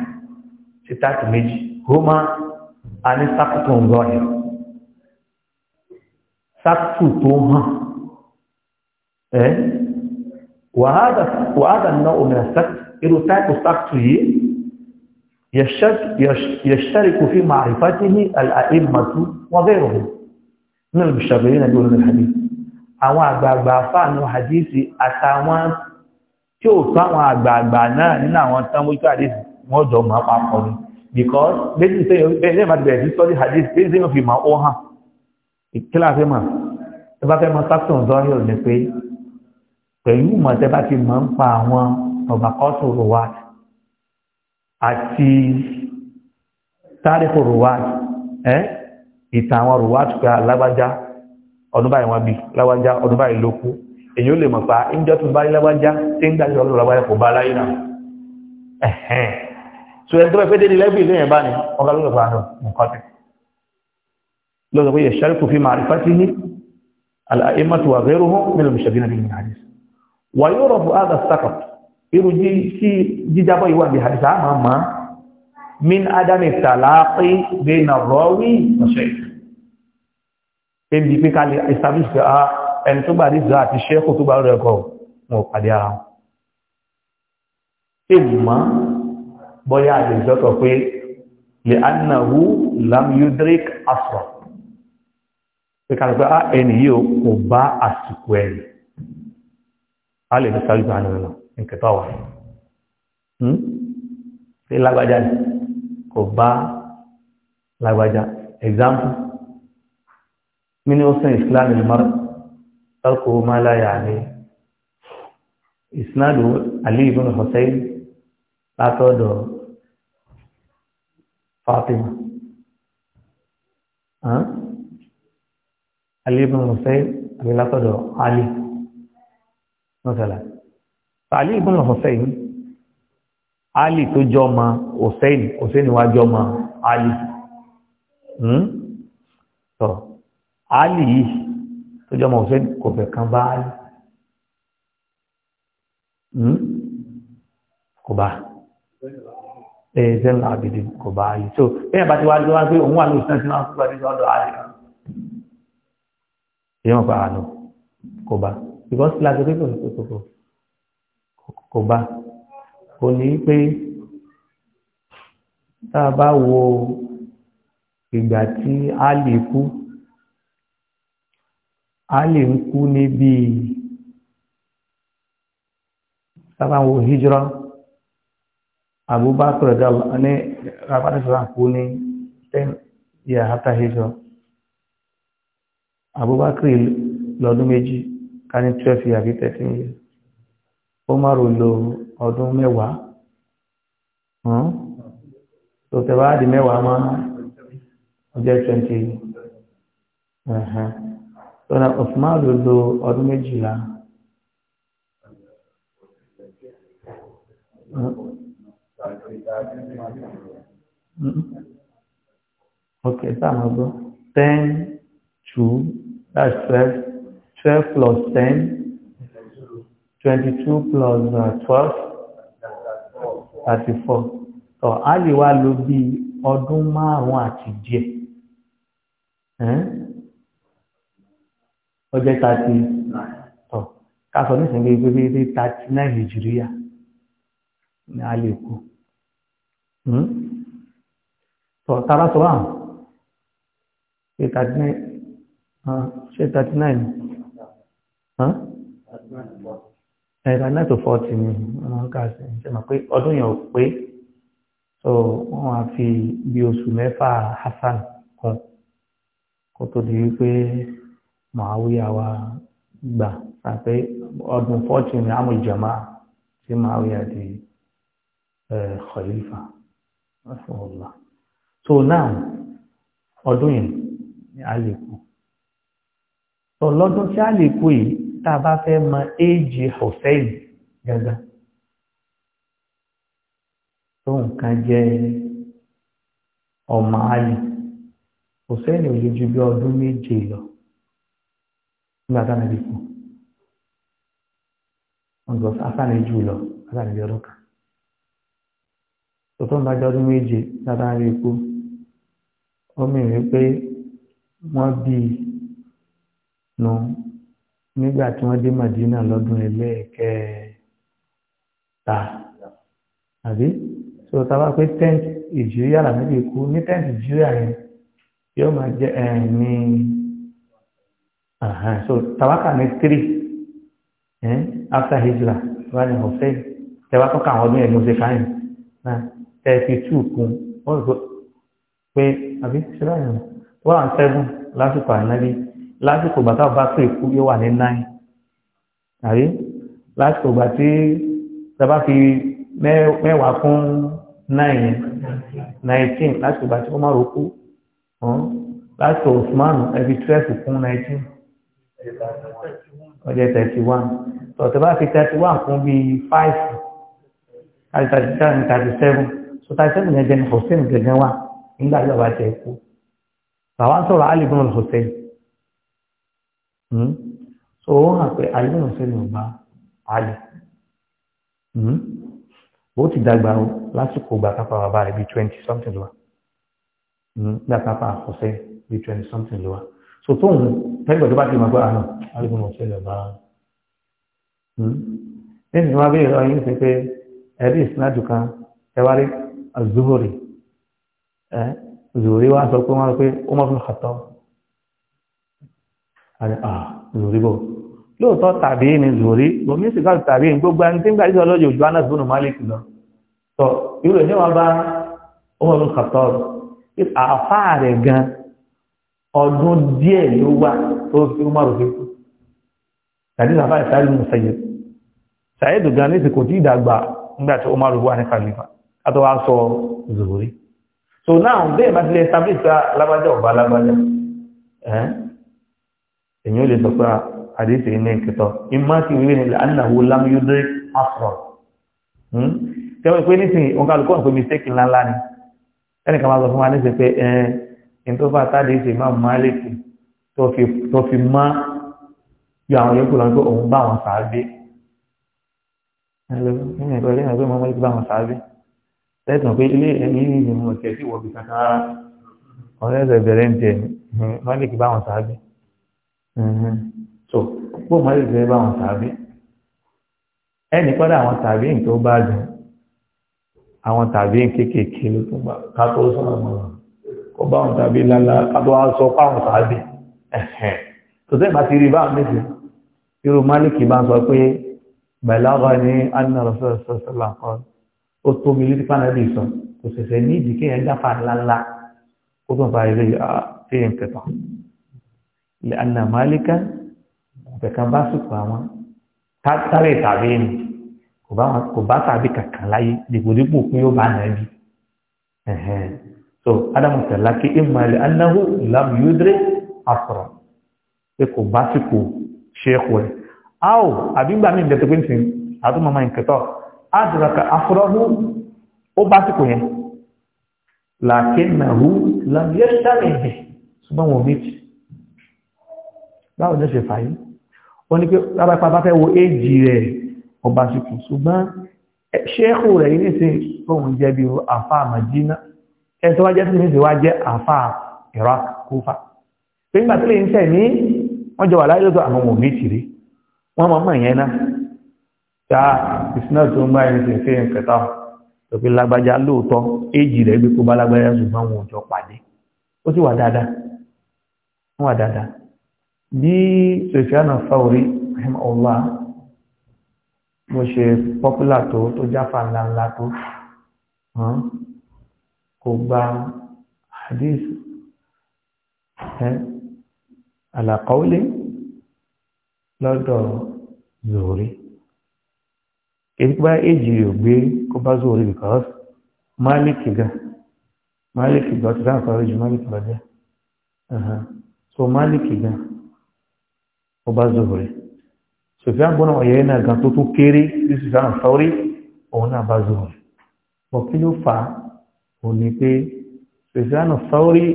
sitati méjì homa àní sákùtù ń rọ yẹn sákùtù tó hàn ẹ wàhádà náà òmìnira sákùtù irú táìpù sákùtù yìí يشترك في معرفته الأئمة وغيرهم من المشابهين دون الحديث àwọn àgbààgbà fáànù hadisi àtàwọn tí ó tó àwọn àgbààgbà náà nínú àwọn tán mójútó hadisi wọ́n jọ máa papọ̀ ni because méjì sẹ́yìn bẹ́ẹ̀ lẹ́yìn máa bẹ̀rẹ̀ sí sọ́dí hadith bẹ́ẹ̀ sẹ́yìn fi máa ó hàn ìkílà fẹ́ mà ẹ bá fẹ́ mọ sáfìsàn zọ́ọ̀hìn ni pé pẹ̀lú ìmọ̀ tẹ́ bá ti máa ń pa àwọn tọ̀bàkọ́sù rọwàt àti tárìkù rọwàt ẹ́ ìtàn àwọn rọwàt pé alágbájá ọdún báyìí wọn bí lágbájá ọdún báyìí ló èyí ó lè mọ̀ pa ìjọ tó bá lágbájá tí ń dájọ́ ọlọ́rọ̀ lágbájá kò bá láyé so ẹni tó bá fẹ́ dé ní lẹ́bù ilé yẹn bá ní ọgá ló lọ́pàá àdó nǹkan tẹ̀ lọ́sọ̀ pé yẹ̀ṣẹ́ kò fi ma'rifatihi al-a'immatu wa ghayruhum min al-mushabbihina bihi min hadith wa yu'rafu hadha as-saqat irú jíjábọ̀ ìwà bí hadith àmà máa min adami talaqi bayna ar-rawi wa shaykh ebi pé ká bọ́yá àlè ìjọ́tọ̀ pé lè annahu lam asra pé ká lọ́pẹ́ ah, ẹni yíò kò bá àsìkò ẹ̀rì a lè fi sáájú àná lọ ìkẹta wà pé hmm? lágbájá ni kò bá lágbájá example mini osin islam ilmar tarko ma la ya ne isnadu ali ibn hussein látọ̀dọ̀ Fatima Ali ibn Hussein àbí látọ̀dọ̀ Ali mọ́sálà Ali ibn Hussein Ali tó jọ ma Hussein Hussein wá jọ Ali tọ́ hmm? Ali yìí tó jọ ma Hussein kò ẹ̀ẹ́dẹ́lá àbìdì kò bá yìí so bẹ́ẹ̀ bá ti wá lọ́wọ́ pé òun wà ní òṣìṣẹ́ sínú àwọn ọ̀gbọ̀n ìjọdọ̀ ààrẹ kan èèyàn pa àánú kò bá because láti pé kò bá kò ní pé tá a bá wo ìgbà tí a lè kú a lè ń kú ní bíi sábà wo hijra Abubakar radhiyallahu anhu rapatnya seorang kuning ten ya hata hizo Abubakar lọ́dún méjì ká ní 12 àbí 13 years Umar lò ọdún mẹ́wàá hàn hmm? tó tẹ̀wá di mẹ́wàá máa ọjọ́ 20 tọ́nà Usman lò ọdún méjìlá hmm? Mm-hmm. Okay, táwọn gbọ́. 10, 2, that's 12 Twelve plus 10, 22 plus uh, twelve. Thirty-four. Tọ́ a lè wá lò bí ọdún márùn-ún àti díẹ̀. Ọjọ́ thirty. Tọ́ ká sọ nísìnyí pé pé thirty nine Nàìjíríà ni a tọ̀ hmm? tara sọ wà ṣe thirty nine ṣe thirty nine ẹ̀ thirty nine to forty ni wọ́n kà sí ṣe mọ̀ pé ọdún yẹn ò pé so wọ́n á fi bí oṣù mẹ́fà hasan kan kó tó di wípé màáwíyà wa gbà àpé ọdún forty ni àmọ̀ ìjọba tí màáwíyà di eh, khalifa. rahimahullah so now ọdún yẹn ni a lè kú so lọ́dún tí a lè kú yìí tá bá fẹ́ mọ éèjì Hussein gángan so nǹkan jẹ́ ọmọ Ali Hussein ò lè ju lọ nígbà lè kú lọ ọdún tó ń dájọ́ ọdún méje dáadáa rí ikú ó mìíràn pé wọ́n bí i nu nígbà tí wọ́n dé Madina lọ́dún ẹlẹ́ẹ̀kẹta àbí tó tá a bá pé tent ìjíríà làwọn ibi ikú ní tent ìjíríà yẹn yóò máa jẹ ẹ ní so tawaka ní three after hijra wà ní ọ̀fẹ́ tẹwàá kọ́ka àwọn ọdún ẹ̀ mọ́ṣẹ́ káyìn náà thirty two kún wọ́n sọ pé àbí ṣẹlẹ̀ yẹn one and seven lásìkò ànábì lásìkò ìgbà táwọn bá pè kú yóò wà ní nine àbí lásìkò ìgbà tí sábà fi mẹ́wàá kún nine nineteen lásìkò ìgbà tí wọ́n máa rò kú lásìkò Usman ẹbí twelve kún nineteen ọjọ́ thirty one tọ̀tẹ̀ bá fi thirty one kún bíi five àti thirty seven sọta sẹ́nu yẹn jẹni hussein gẹ́gẹ́ wa nígbà yóò bá tẹ̀ kú bàbá sọ̀rọ̀ ali bin hussein hmm? so ó hàn pé ali bin hussein ò bá ali hmm? ó ti dàgbà o lásìkò gbà kápá bàbá rẹ̀ bíi twenty something lọ hmm? gbà kápá hussein bíi twenty something lọ so tóun tẹ́gbẹ̀ẹ́ tó bá ti mọ̀ pé àná ali bin hussein ò bá nísìnyí wọn bí ìròyìn ṣe pé ẹ̀rí ìsinádùn kan ẹ wá rí az-Zuhri ẹ́ Zuhri wá sọ pé wọ́n rọ pé Umar ibn Khattab àti àà ah, Zuhri bò lóòótọ́ tàbí ni gbogbo ẹni tí ń gbàdúrà Malik lọ tọ irú ẹ̀ wọ́n bá Umar ibn Khattab gan ọdún díẹ̀ ló wà tó fi Umar fi kú tàbí gan àtọwà sọ zòrí so now bẹ́ẹ̀ bá ti lè establish pé alábájá ọba alábájá èyàn lè sọ pé àdéhùn ima si ìmọ̀ sí ìwé nílẹ̀ anáwó lámúyúdé afro tẹ́wọ́n pé nísìnyí wọn kálukọ́ ọ̀pẹ mistake ńláńlá ni ẹnìkan máa sọ fún wa níṣẹ́ pé máa tó fi má yọ àwọn lọ pé òun bá sàábé tẹ́sàn pé ilé ẹ̀mí ní ìlú ọ̀tẹ̀ sí wọ̀bí kankan rárá ọ̀rẹ́sẹ̀ bẹ̀rẹ̀ ń tẹ̀ mọ́lìkì báwọn sàábí so bó mọ́lìkì bẹ̀rẹ̀ báwọn sàábí ẹnì kọ́dà àwọn tàbí ń tó bá dùn àwọn tàbí ń kéékèèké ló tún bá ká tó sọ̀rọ̀ mọ́ kó báwọn tàbí lálá ká tó wá sọ fáwọn sàábí tó tẹ́ bá ti rí báwọn méjì irú mọ́lìkì bá sọ pé bẹ̀láwà ní anna rasul sallallahu ó tó mi létí pàánà bí sọ kò ṣẹ̀ṣẹ̀ ní ìdí kéèyàn jáfa ńláńlá ó tó ń fa ilé kéèyàn pẹ̀tọ̀ ilẹ̀ anna malika ọ̀bẹ̀kan bá sùpọ̀ àwọn tálẹ̀ tàbí ni kò bá tàbí kankan láyé dìbòdìbò pé ó bá nà bí so adamu tẹ̀lá kí imma ilẹ̀ annahu lam yudre asọ̀rọ̀ pé kò bá sì kò ṣe é kú ẹ̀ a ò àbí gbà mí ìdẹ́tọ̀ pé ń sìn àtúmọ̀ máa ń kẹtọ̀ adraka afrahu ó bá sìkò yẹn làákínàhù làmìyẹ́sàmìhì ṣùgbọ́n wọn méjì báwo ni ó ṣe fàyí wọ́n ní pé lábàpá bá fẹ́ wo éjì rẹ̀ ọba sìkò ṣùgbọ́n ṣéèkù rẹ̀ yìí nìsín tóun jẹ́ bí àfa àmàjínà ẹni tó wá jẹ́ sí nìsín wá jẹ́ àfa Iraq Kúfà pé nígbà tí lè ń tẹ̀ ní wọ́n jọ wà láyé lọ́dọ̀ àwọn ọmọ mi tìrí wọ́n ta ìsinà tó ń bá ẹni sì fi ìkẹta òpè lágbájá lóòótọ́ éjì rẹ̀ gbé kó bá lágbájá ṣùgbọ́n wọn ò jọ pàdé ó sì wà dáadáa wọ́n wà dáadáa bí sèfiánà fáwọrí ọlá mo ṣe pọ́pùlà tó tó jáfà ńláńlá tó kò gba hadith alaqawli lọ́dọ̀ zòrí ìgbà èjì rẹ̀ gbé kó bá zòrí because máàlìkì gan máàlìkì gan ti dáhùn sọ̀rọ̀ ju máàlìkì lọ so máàlìkì gan ó bá zòrí sòfíà gbọ́nà ọ̀yẹ́ náà gan tó tún kéré bí sòfíà náà sọ́rí òun náà bá zòrí bọ̀ kí ló fà á òun ni pé sòfíà náà sọ́rí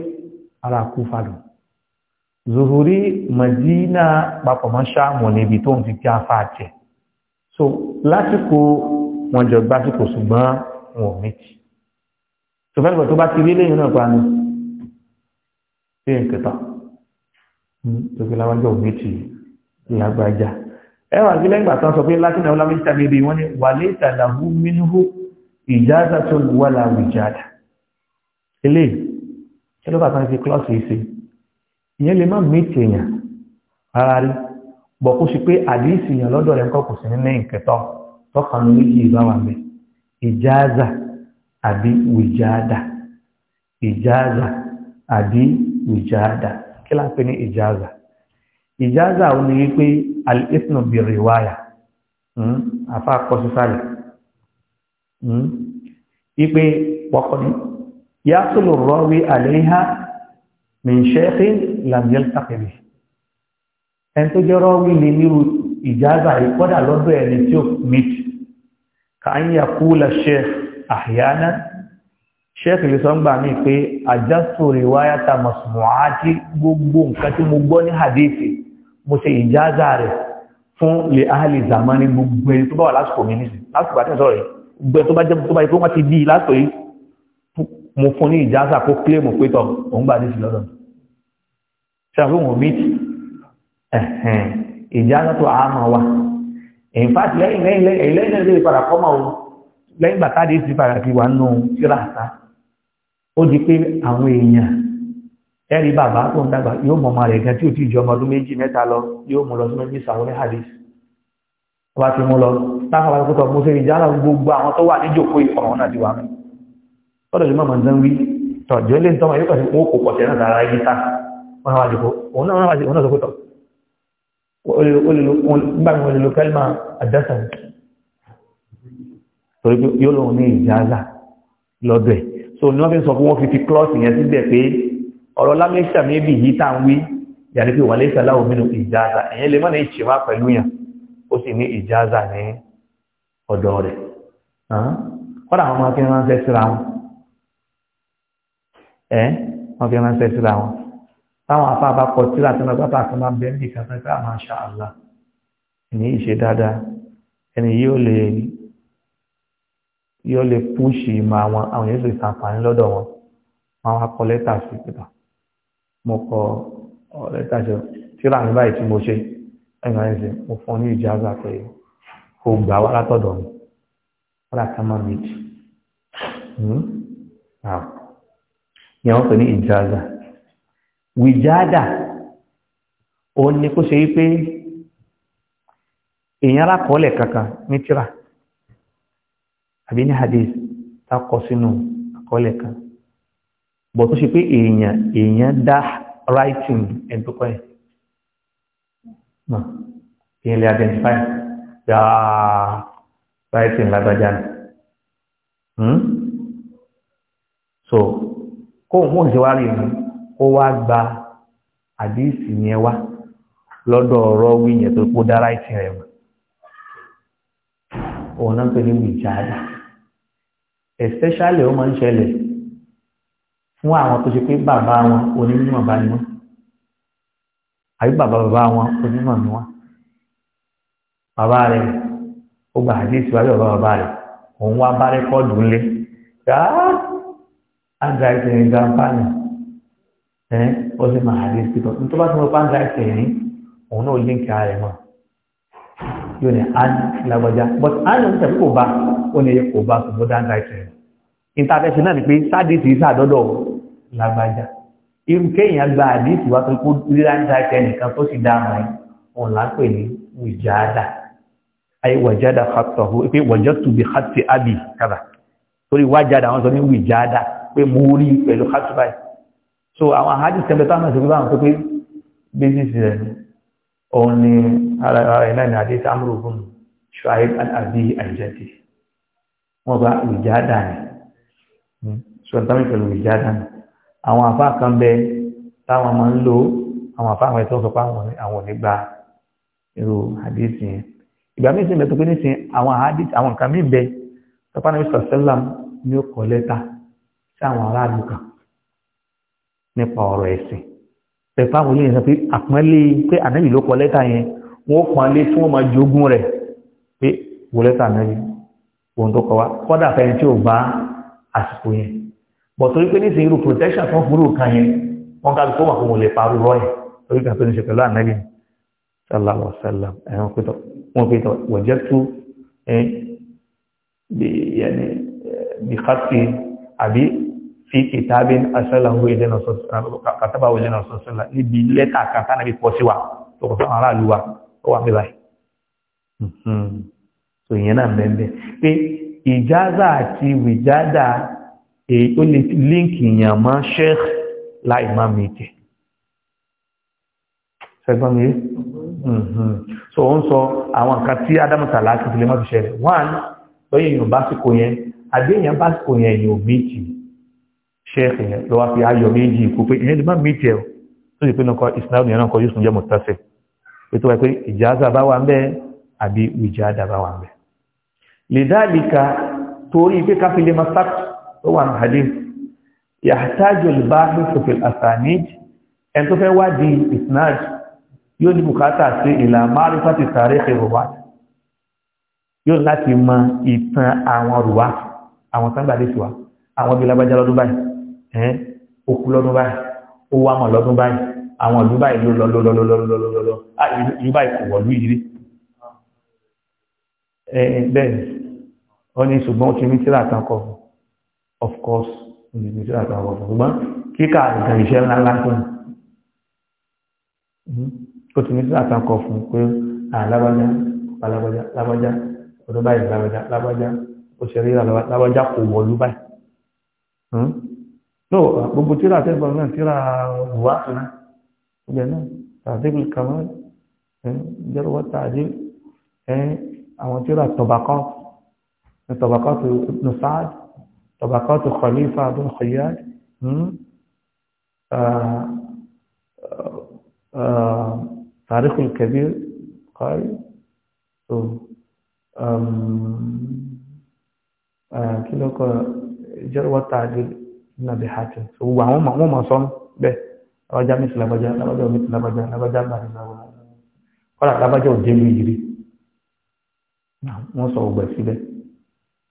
ara kú fàlù zòrí màdínà papọ̀ mọ́ sáàmù níbi tó ń ti kí afá jẹ́ so lásìkò wọn jọ gbásìkò ṣùgbọ́n wọn ò méjì tó fẹ́ lọ́pọ̀ tó bá ti rí lẹ́yìn náà pa ni ṣé nkẹta hmm, tó fi láwájọ́ ò méjì lágbájá ẹwà sí lẹ́yìn ìgbà tán sọ pé láti náà lámẹ́jì tàbí ibi wọ́n ní wà lè tàdàbú mínú ìjáza tó wà láwù ìjáda ilé ṣé ló bàtà fi klọ́ọ̀sì ìṣe ìyẹn lè má méjì èèyàn rárá rí bọ̀ kó ṣe pé àdìsí yàn lọ́dọ̀ rẹ̀ kọ́ kò sí ní lẹ́yìn kẹtọ́ tọ́ka ní méjì ìbáwá mi ìjáàzà àbí wìjáàdà ìjáàzà àbí wìjáàdà kí láà pé ní ìjáàzà ìjáàzà ò ní wípé al-ithnu bi hmm? àfa kọsísàlẹ̀ hmm? wípé wọ́kọ̀ ní yasulu rawi alayha min shaykhin lam ẹni tó jẹ́ rọ́wì ní nírú ìjáza ìkọ́dà lọ́dọ̀ ẹni tí ó mìtì ká ń yà kú la sheikh àhíyáná sheikh lè sọ ń gbà mí pé àjásù rìwáyàtà mọ̀sùmọ̀ájí gbogbo nǹkan tí mo gbọ́ ní hadithi mo ṣe ìjáza rẹ̀ fún lè áhàlì zamani gbogbo ẹni tó bá wà lásìkò mi nísìn lásìkò àti ìsọ̀rọ̀ yìí gbogbo ẹni tó bá ti bí lásìkò yìí mo fún ní ìjáza kó kílèmù pé tọ̀ òun gbà ìjánu tó àmọ́ wa in fact lẹ́yìn lẹ́yìn lẹ́yìn lẹ́yìn lẹ́yìn lẹ́yìn padà kọ́mọ̀ o lẹ́yìn bàtà dé padà ti wà nù síra ó di pé àwọn èèyàn ẹ̀rí bàbá tó ń dàgbà yóò mọ̀ ọmọ rẹ̀ gan tí ò tí ì jọ ọmọ ọdún méjì mẹ́ta lọ yóò mú lọ sí méjì sàwọn hadith wá ti mú lọ táwọn àwọn akótó ọmọ sẹ́yìn ìjánu gbogbo àwọn tó wà níjòkó ọ̀rọ̀ náà ti wà gbàgbọ́n olè lo kẹ́lìmà àdásà torí pé yóò lòun ní ìjáàzà lọ́dọ̀ ẹ̀ so ní wọ́n fi sọ fún wọn fi fi klọ́ọ̀sì yẹn síbẹ̀ pé ọ̀rọ̀ lámẹ́sà méjì yìí tá ń wí yàrá pé wà lẹ́sà láwọn mínú ìjáàzà ẹ̀yẹn lè má ní pẹ̀lú yàn ó sì ní ìjáàzà ní ọ̀dọ̀ rẹ̀ kọ́dà àwọn máa fi táwọn afá bá pọ̀ tí láti ọ̀nà pápá kan máa ń bẹ ní ìkàtà pé àmà ṣá àlá ẹni yìí ṣe dáadáa ẹni yóò lè yóò lè púùṣì ìmọ̀ àwọn àwọn yóò lè ṣàǹfààní lọ́dọ̀ wọn wọn wá kọ lẹ́tà sí pípa ah, mo kọ lẹ́tà sí tíra mi báyìí tí mo ṣe ẹ̀yìn máa ń mo fún ní ìjáza pé kò gbà wá látọ̀dọ̀ mi wọ́n ká má méjì yẹn wọ́n pè ní ìjáza wìjáàdà òun ni kó ṣe wípé èèyàn alákọọ́lẹ̀ kankan ní tíra àbí ní hadith takọ sínú àkọọ́lẹ̀ kan bọ̀ tó ṣe pé èèyàn èèyàn dá writing ẹ̀dùkọ́ ẹ̀ mọ̀ èèyàn lè identify dá writing lágbájá nù hmm? so kóhùn kóhùn ṣe wá rí ìlú O wá gba àdíìsì yẹn wá lọ́dọ̀ ọ̀rọ̀ wíyẹn tó kó dára ìtì rẹ̀ mọ́ òun náà tó especially ó máa ń ṣẹlẹ̀ fún àwọn tó ṣe pé bàbá wọn onímọ̀ bá ní wọn àbí bàbá bàbá wọn onímọ̀ ní wọn bàbá rẹ̀ ó gba àdíìsì wá ẹ́ ó sì máa àdé sí tọ́tún tó bá tún ọpá ń dá ẹsẹ̀ rìn òun náà líǹkì ara rẹ̀ mọ́ yóò ní án lágbájá but án ló ń tẹ̀lé kò bá ó ní kò bá kò bó dáńdá ẹsẹ̀ rẹ̀ intervention náà ni pé sáàdì tì í sàdọ́dọ̀ lágbájá irú kéèyàn gba àdéhùn wa tó kó dídáńdá ẹsẹ̀ nìkan tó sì dáa mọ́ ẹ̀ òun là ń pè ní wìjáàdà ayé wàjáda xatọ̀hu pé wàjọ́tù bí xatì ábì kàdà torí wàjáda wọn sọ ní wìjáàdà pé mo rí pẹ̀lú xatù báyìí so àwọn ahadis kẹfẹ́ táwọn ìṣègùn báwọn tó pé basis rẹ̀ òun ni ara ẹ̀ náà ní adé sáàmùrù fún ṣùáyé àbí àìjẹ́tì wọ́n gba ìjádà ni sọ̀tàmì pẹ̀lú ìjádà ni àwọn afá kan bẹ táwọn máa ń lo àwọn afá àwọn ẹ̀tọ́ sọ pé àwọn ò irú hadis yẹn ìgbà míì sì mẹ́tọ́ pé ní sin àwọn hadis àwọn nǹkan míì bẹ tọ́pánà mr sallam ní ó kọ lẹ́tà sí àwọn nípa ọ̀rọ̀ ẹ̀sìn pẹ̀pẹ́ àwọn olóyìn sọ pé àpọ́nlé pé ànábì ló kọ lẹ́tà yẹn wọ́n pọ́nlé tí wọ́n máa jogún rẹ̀ pé wo lẹ́tà ànábì ohun tó kọ wá kọ́dà fẹ́ni tí ò bá àsìkò yẹn bọ̀ torí pé nísìnyí irú protection tó ń fúrú kan yẹn wọ́n ká kó wà kó wọn lè parú rọ́ yẹn torí kan tó ń ṣe pẹ̀lú ànábì sallallahu alaihi wasallam ẹ̀wọ̀n pẹ̀tọ̀ wọ́n pẹ̀tọ̀ wọ̀jẹ́ tú bí kàtì àbí fi kìtàbí aṣọ́làwó ìlẹ́nà sọ́sọ́là níbi lẹ́tà kàtà náà bí pọ̀ sí wa tọkọ̀ fún ara àlúwà ó wà bíbáyì hmm. so ìyẹn náà bẹ́ẹ̀ pé ìjáza àti wìjáza èyí ó lè líǹkì yàn mọ́ sheikh láì má méjì sẹ́gbọ́n mi hmm. so ó ń sọ àwọn nǹkan tí ádámùtàlá ti fi lè má fi ṣẹlẹ̀ one lọ́yìn èèyàn básìkò yẹn àbí èèyàn básìkò yẹn èèyàn méjì sheikh yẹn lọ wá fi ayọ̀ méjì kú pé ìyẹn lè má méjì ẹ̀ tó sì pé nǹkan islam yẹn náà kọ yusuf jẹ́ mọ̀tàṣẹ́ pé tó wáyé pé ìjáza bá wà ń bẹ́ àbí ìjáda bá wà ń bẹ́. lidhalika torí pé káfílẹ̀ masak tó wà ní hadith yahtaju al-bahithu fil asanid ẹni tó fẹ́ wá di isnad yóò ní bùkátà sí ìlà ma'rifati tarikh láti mọ àwọn bí lágbájá lọ́dún báyìí ó kú lọ́dún báyìí ó wá mọ̀ lọ́dún báyìí àwọn ìlú báyìí ló lọ lọ́lọ́lọ́lọ́lọ́lọ́ ah, ìlú báyìí kò wọ̀lú ìdílé bẹ́ẹ̀ ọ ní ṣùgbọ́n ó ti ní tíra kan kọ of course ó ti ní tíra kan kọ ṣùgbọ́n kíkà ìgbà iṣẹ́ ńlá ńlá tó ní hmm, ó ti ní tíra kan kọ fún pé àlágbájá lágbájá lágbájá ọdún báyìí lágbájá lágbájá ó ṣe rí lágbájá kò wọ̀lú báyìí hmm, so gbogbo tíra àtẹ́gbọ̀n náà tíra buwáfin náà ibẹ̀ náà tàdébù kàmọ́ jẹ́rọ̀wọ́ tàdé àwọn tíra tọ̀bàkọ́ tọ̀bàkọ́ tó nùsáàd tọ̀bàkọ́ tó Khalifa bin Khayyad تاريخ الكبير قال كيلو جر والتعديل nàbí hàtì so gbogbo àwọn wọn mọ sọ bẹ́ẹ̀ labajà mi ti labajà labajà omi ti labajà labajà gba mi labajà kọ́lá labajà ò délu ìrírí wọ́n sọ ògbẹ̀ síbẹ̀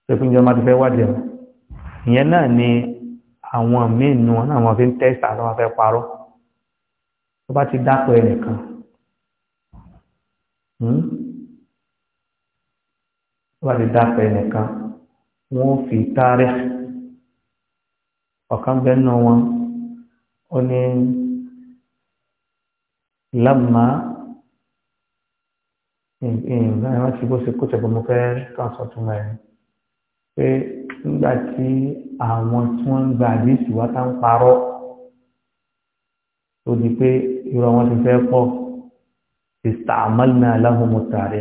ṣé fún ìjọba ti fẹ́ wádìí ẹ̀wọ̀n ìyẹn náà ni àwọn míì nu wọn náà wọn fi ń tẹ́sà lọ́wọ́ fẹ́ parọ́ tó bá ti dápọ̀ ẹnìkan hmm? tó bá ti dápọ̀ ẹnìkan wọ́n fi tárẹ́sì ọ̀kan bẹ́ẹ̀ nù wọn ó ní lámà ìgbà wọn ti bó ṣe kó tẹ̀ bó mo fẹ́ kàn sọ tún mẹ́rin pé nígbà tí àwọn tí wọ́n ń gba àdéhùn wá tá ń parọ́ tó di pé irọ́ wọn ti fẹ́ pọ̀ ìsàmọ́lì náà láhùn mọ́tàrí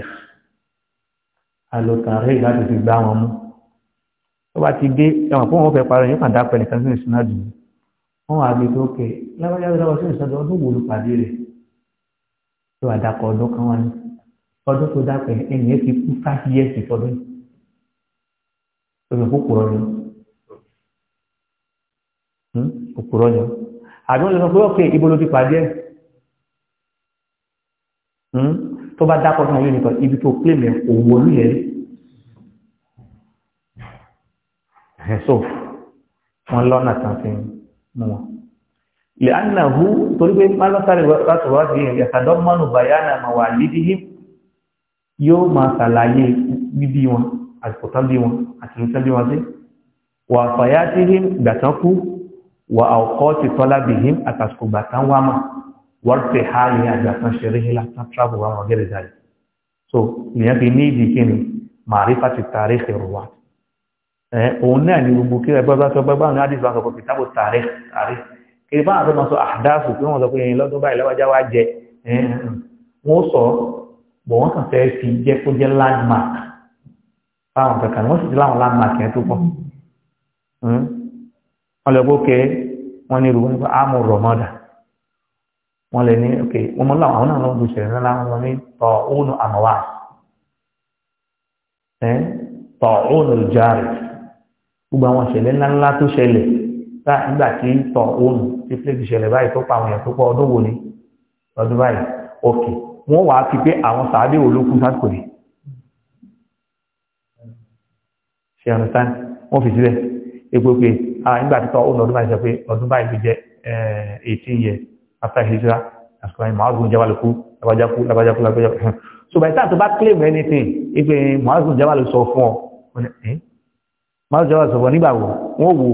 alòtàrí láti fi gbá wọn mú tó bá ti dé ẹwọ̀n fún wọn fẹ́ parọ́ yóò kàn dápẹ́ nìkan sínú ìsúná jù wọn wà gbé tó kẹ lábájá lọ́wọ́ sínú ìsúná ọdún wo ló pàdé rẹ̀ tó wà dákọ̀ ọdún kan wá ní ọdún tó dápẹ́ ẹnì yẹn ti kú five years ìfọdún yìí tòmí kúkúrọ́ ni hmm? kúkúrọ́ ni àbí wọn lè sọ pé ọkẹ ibo ló ti pàdé ẹ hmm? tó bá dákọ̀ náà yóò nìkan ibi tó pè mí òwò olú yẹn so wọn lọ́nà tán fi mú wọn. lè anahu torí pé malọ́sáré láti wá sí ìrìn àtàdọ́mọ́nù bayana màwà lídìí yóò máa ṣàlàyé bíbí wọn àsìkò tán bí wọn àti ìrìnsẹ́ bí wọn sí. wà fàyàtìhìm gbàtán kú wà àwòkọ́ ti tọ́lá bìhìm àtàsìkò gbàtán wà mà wọ́n ti ha ní àgbàtán ṣeré hílà tán travel wà wọn gẹ́rẹ́ dáre. so ìyẹn fi ní ìdí kí ni màrífà ti tàrí ìrù wa. Eh, òun náà ni gbogbo kí ẹgbẹ́ bá sọ gbẹ́gbẹ́ àwọn àdìsí wákọ̀ pọ̀pì tábò tààrí àrí kìí bá àtọ́mọ̀ sọ àdáàfù pé wọ́n sọ pé ẹ̀yìn lọ́dún báyìí lọ́wọ́já wá jẹ eh, wọ́n sọ bọ̀ wọ́n kàn fẹ́ fi jẹ́ kó jẹ́ landmark fáwọn kankan wọ́n sì ti láwọn landmark yẹn tó pọ̀ hmm. wọ́n lọ bó kẹ́ wọ́n ní rúgbọ́n nípa ámù rọ̀mọ́dà wọ́n lè ní ok wọ́n mọ́ láwọn náà náà wọ́n gbogbo àwọn ìṣẹ̀lẹ̀ ńláńlá tó ṣẹlẹ̀ nígbà tí tọ̀ òun ti fílẹ̀kì ṣẹlẹ̀ báyìí tó pa àwọn èèyàn tó pọ̀ ọdún wo ni ọdún báyìí òkè wọ́n wàá fi pé àwọn sàádé wo ló kú sásìkò yìí ṣe understand wọ́n fi sílẹ̀ epo pé nígbà tí tọ̀ òun ọdún báyìí sọ pé ọdún báyìí ló jẹ́ eh, eighteen years after hijra àsìkò àyìn màálùú jẹ́ wà lóko labajaku labajaku labajaku so by the time tó bá claim anything ipe màálùú jẹ́ wà ló májọ́wà sọ̀bọ̀ nígbàwó wọ́n wo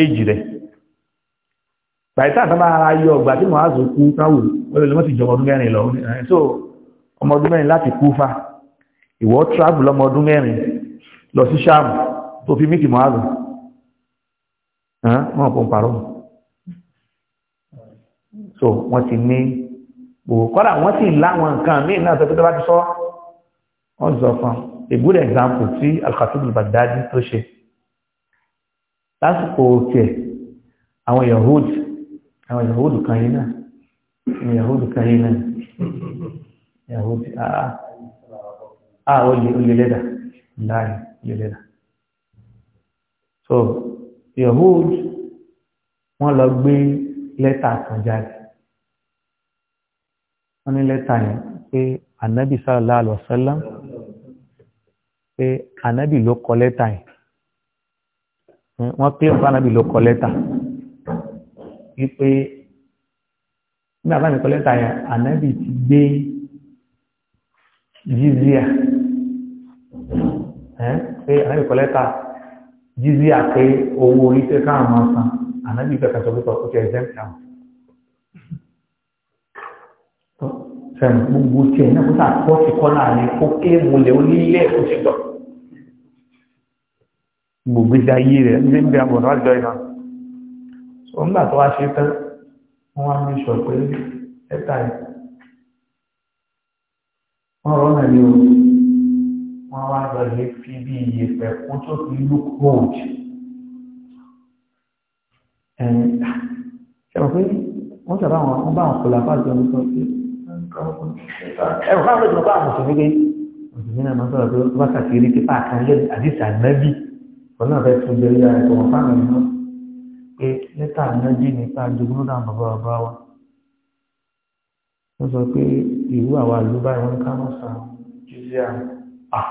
éjì rẹ̀ bàìtà tàbí ara yọ ọgbà tí wọ́n á zò kú káwù wọ́n lè mọ́sí ìjọmọdún mẹ́rin lọ so ọmọdún mẹ́rin láti kú fa ìwọ travel ọmọdún mẹ́rin lọ sí sáàmù tó fi mítì mọ́ázù wọ́n kò ń parọ́ so wọ́n ti ní kọ́dà wọ́n sì láwọn nǹkan míì náà tó fi tó bá ti sọ wọ́n sọ kan a good example tí al-Khatib al-Baghdadi tó ṣe lásìkò tiẹ̀ àwọn yahood àwọn yahood kan yìí náà àwọn yahood kan yìí náà yahood àá àá olè olè lẹ́dà láàyè olè lẹ́dà so yahood wọ́n lọ gbé lẹ́tà kan jáde wọ́n ní lẹ́tà yẹn pé anabi sallallahu alaihi wasallam pé anabi ló kọ lẹ́tà yẹn wọ́n pé ọ̀pá anábì ló kọ lẹ́tà wípé nígbà bá mi kọ lẹ́tà yẹn anábì ti gbé jizia pé anábì kọ lẹ́tà jizia pé owó orí tẹ káwọn máa san anábì kẹkẹ sọ pé kò tẹ ẹsẹ mìíràn sẹ́nu gbogbo tiẹ̀ náà kó sà kọ́ sí kọ́ náà ni kó ké onílé kó sì dọ̀ gbogbo ayé rẹ̀ ní bí àbọ̀ náà jọ ìná so nígbà tó wá ṣe tán wọ́n wá ní sọ pé ẹ̀ta ẹ̀ wọ́n rọ́ náà ní o wọ́n wá lọ lè fi bí iye pẹ̀ kó tó fi lú cold ẹ̀rọ pé wọ́n sábà wọn wọ́n bá wọn kò lápá jọ ní sọ pé ẹ̀rọ fáwọn ọ̀dọ́ bá àwọn mùsùlùmí gé mùsùlùmí náà sọ̀rọ̀ pé wákàtí erékè pàkan lẹ́nu àdìsá nábì pẹ̀lú àfẹ́ tó jẹ́ ilé ayẹ̀kọ́ wọn fáwọn èèyàn pé lẹ́tà nájí nípa jogún náà bàbá bàbá wa wọ́n sọ pé ìlú àwa ìlú báyìí wọ́n ká wọ́n san jíjí àwọn à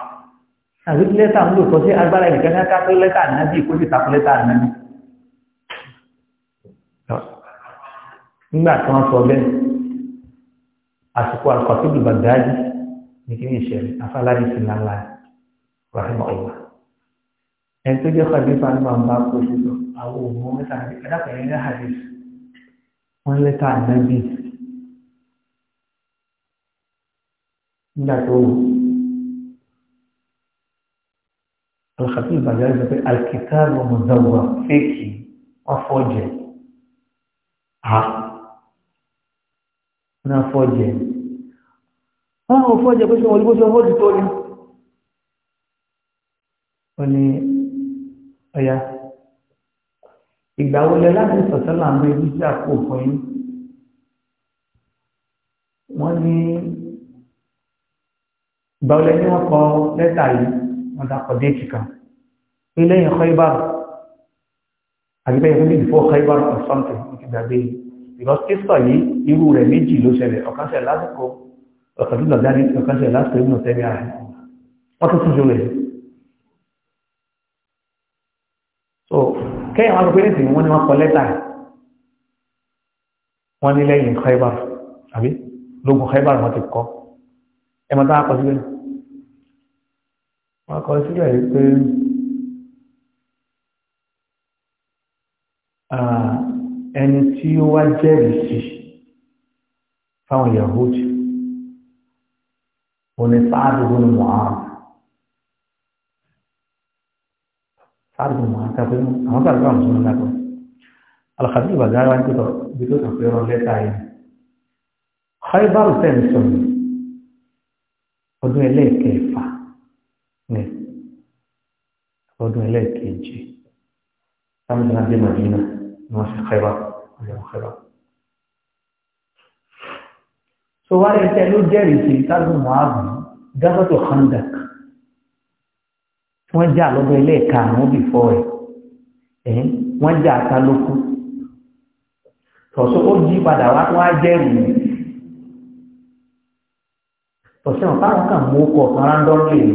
àbí lẹ́tà ń lò kọ́ sí agbára ìrìnkẹ́ ní akápẹ́ lẹ́tà nájí kó sì takò lẹ́tà nájí nígbà tí wọ́n sọ bẹ́ẹ̀ àsìkò àkọsílù bàdáàjì ní kí ní ìṣẹ̀lẹ̀ afáláàdì sí ńláńlá rahimahullah ẹni tó jẹ́ kọ̀dífà ní bàbá kò sí lọ àwọn òun mẹ́ta ní ẹ̀dàkọ̀yẹ́ ní hadith wọ́n lẹ́ta ànábì nígbà tó wù alhàtí ìbàjẹ́ rẹ̀ pé alkitabu muzawwa fèkì wọ́n fọ́jẹ̀ ha wọ́n fọ́jẹ̀ wọ́n fọ́jẹ̀ pé sọ wọ́n lé bó ṣe wọ́n ti tó ni ọ̀yá ìgbà wo lẹ láti sọ̀tẹ́lá ń bẹ wíṣẹ́ àpò fún yín wọ́n ní ìgbà wo lẹ ní wọ́n kọ lẹ́tà yìí wọ́n dàpọ̀ déètì kan pé lẹ́yìn Khaybar àbí bẹ́ẹ̀ fún bíi before Khaybar or something ní ti gbàgbé because kíkọ yìí irú rẹ̀ méjì ló ṣẹlẹ̀ ọ̀kan ṣẹlẹ̀ lásìkò ọ̀kan tó lọ ọ̀kan ṣẹlẹ̀ lásìkò ìmọ̀ tẹ́lẹ̀ ààrẹ wọ́n tún ṣe kẹ́yìn wọn pé nísìnyí wọ́n ní wọ́n kọ lẹ́tà wọ́n ní lẹ́yìn Khaybar àbí lógun Khaybar wọ́n ti kọ́ ẹ mọ̀ tá a kọ síbẹ̀ wọ́n kọ síbẹ̀ yìí pé ẹni tí ó wá jẹ́rìí sí fáwọn Yahudi òní sáà dúró ní Muhammad. láti mọ̀ àti àpé àwọn tàbí àwọn mùsùlùmí lápọ̀. alàkàtì ìbàdàn wa ń tètò bí tó kàn fẹ́ràn lẹ́tà yìí. haibaru tẹ̀lé sọ̀rọ̀ ọdún ẹlẹ́ẹ̀kẹfà ní ọdún ẹlẹ́ẹ̀keje táwọn ìdílé màdínà ni wọ́n fi haibar ọ̀yọ́ haibar. sọ wá rẹ̀ tẹ́ ló jẹ́rìí sí tábìlì mọ́ àbùn gáfàtò handak. wọ́n jà lọ́dọ̀ ilé ẹ̀ka àwọn bìfọ́ ẹ̀ wọ́n jà ta ló kú tọ̀sọ́ ó jí padà wá wá jẹ́rù mi tọ̀sọ́ wọn káwọn kàn mú ọkọ̀ kan rándọ́rù èyí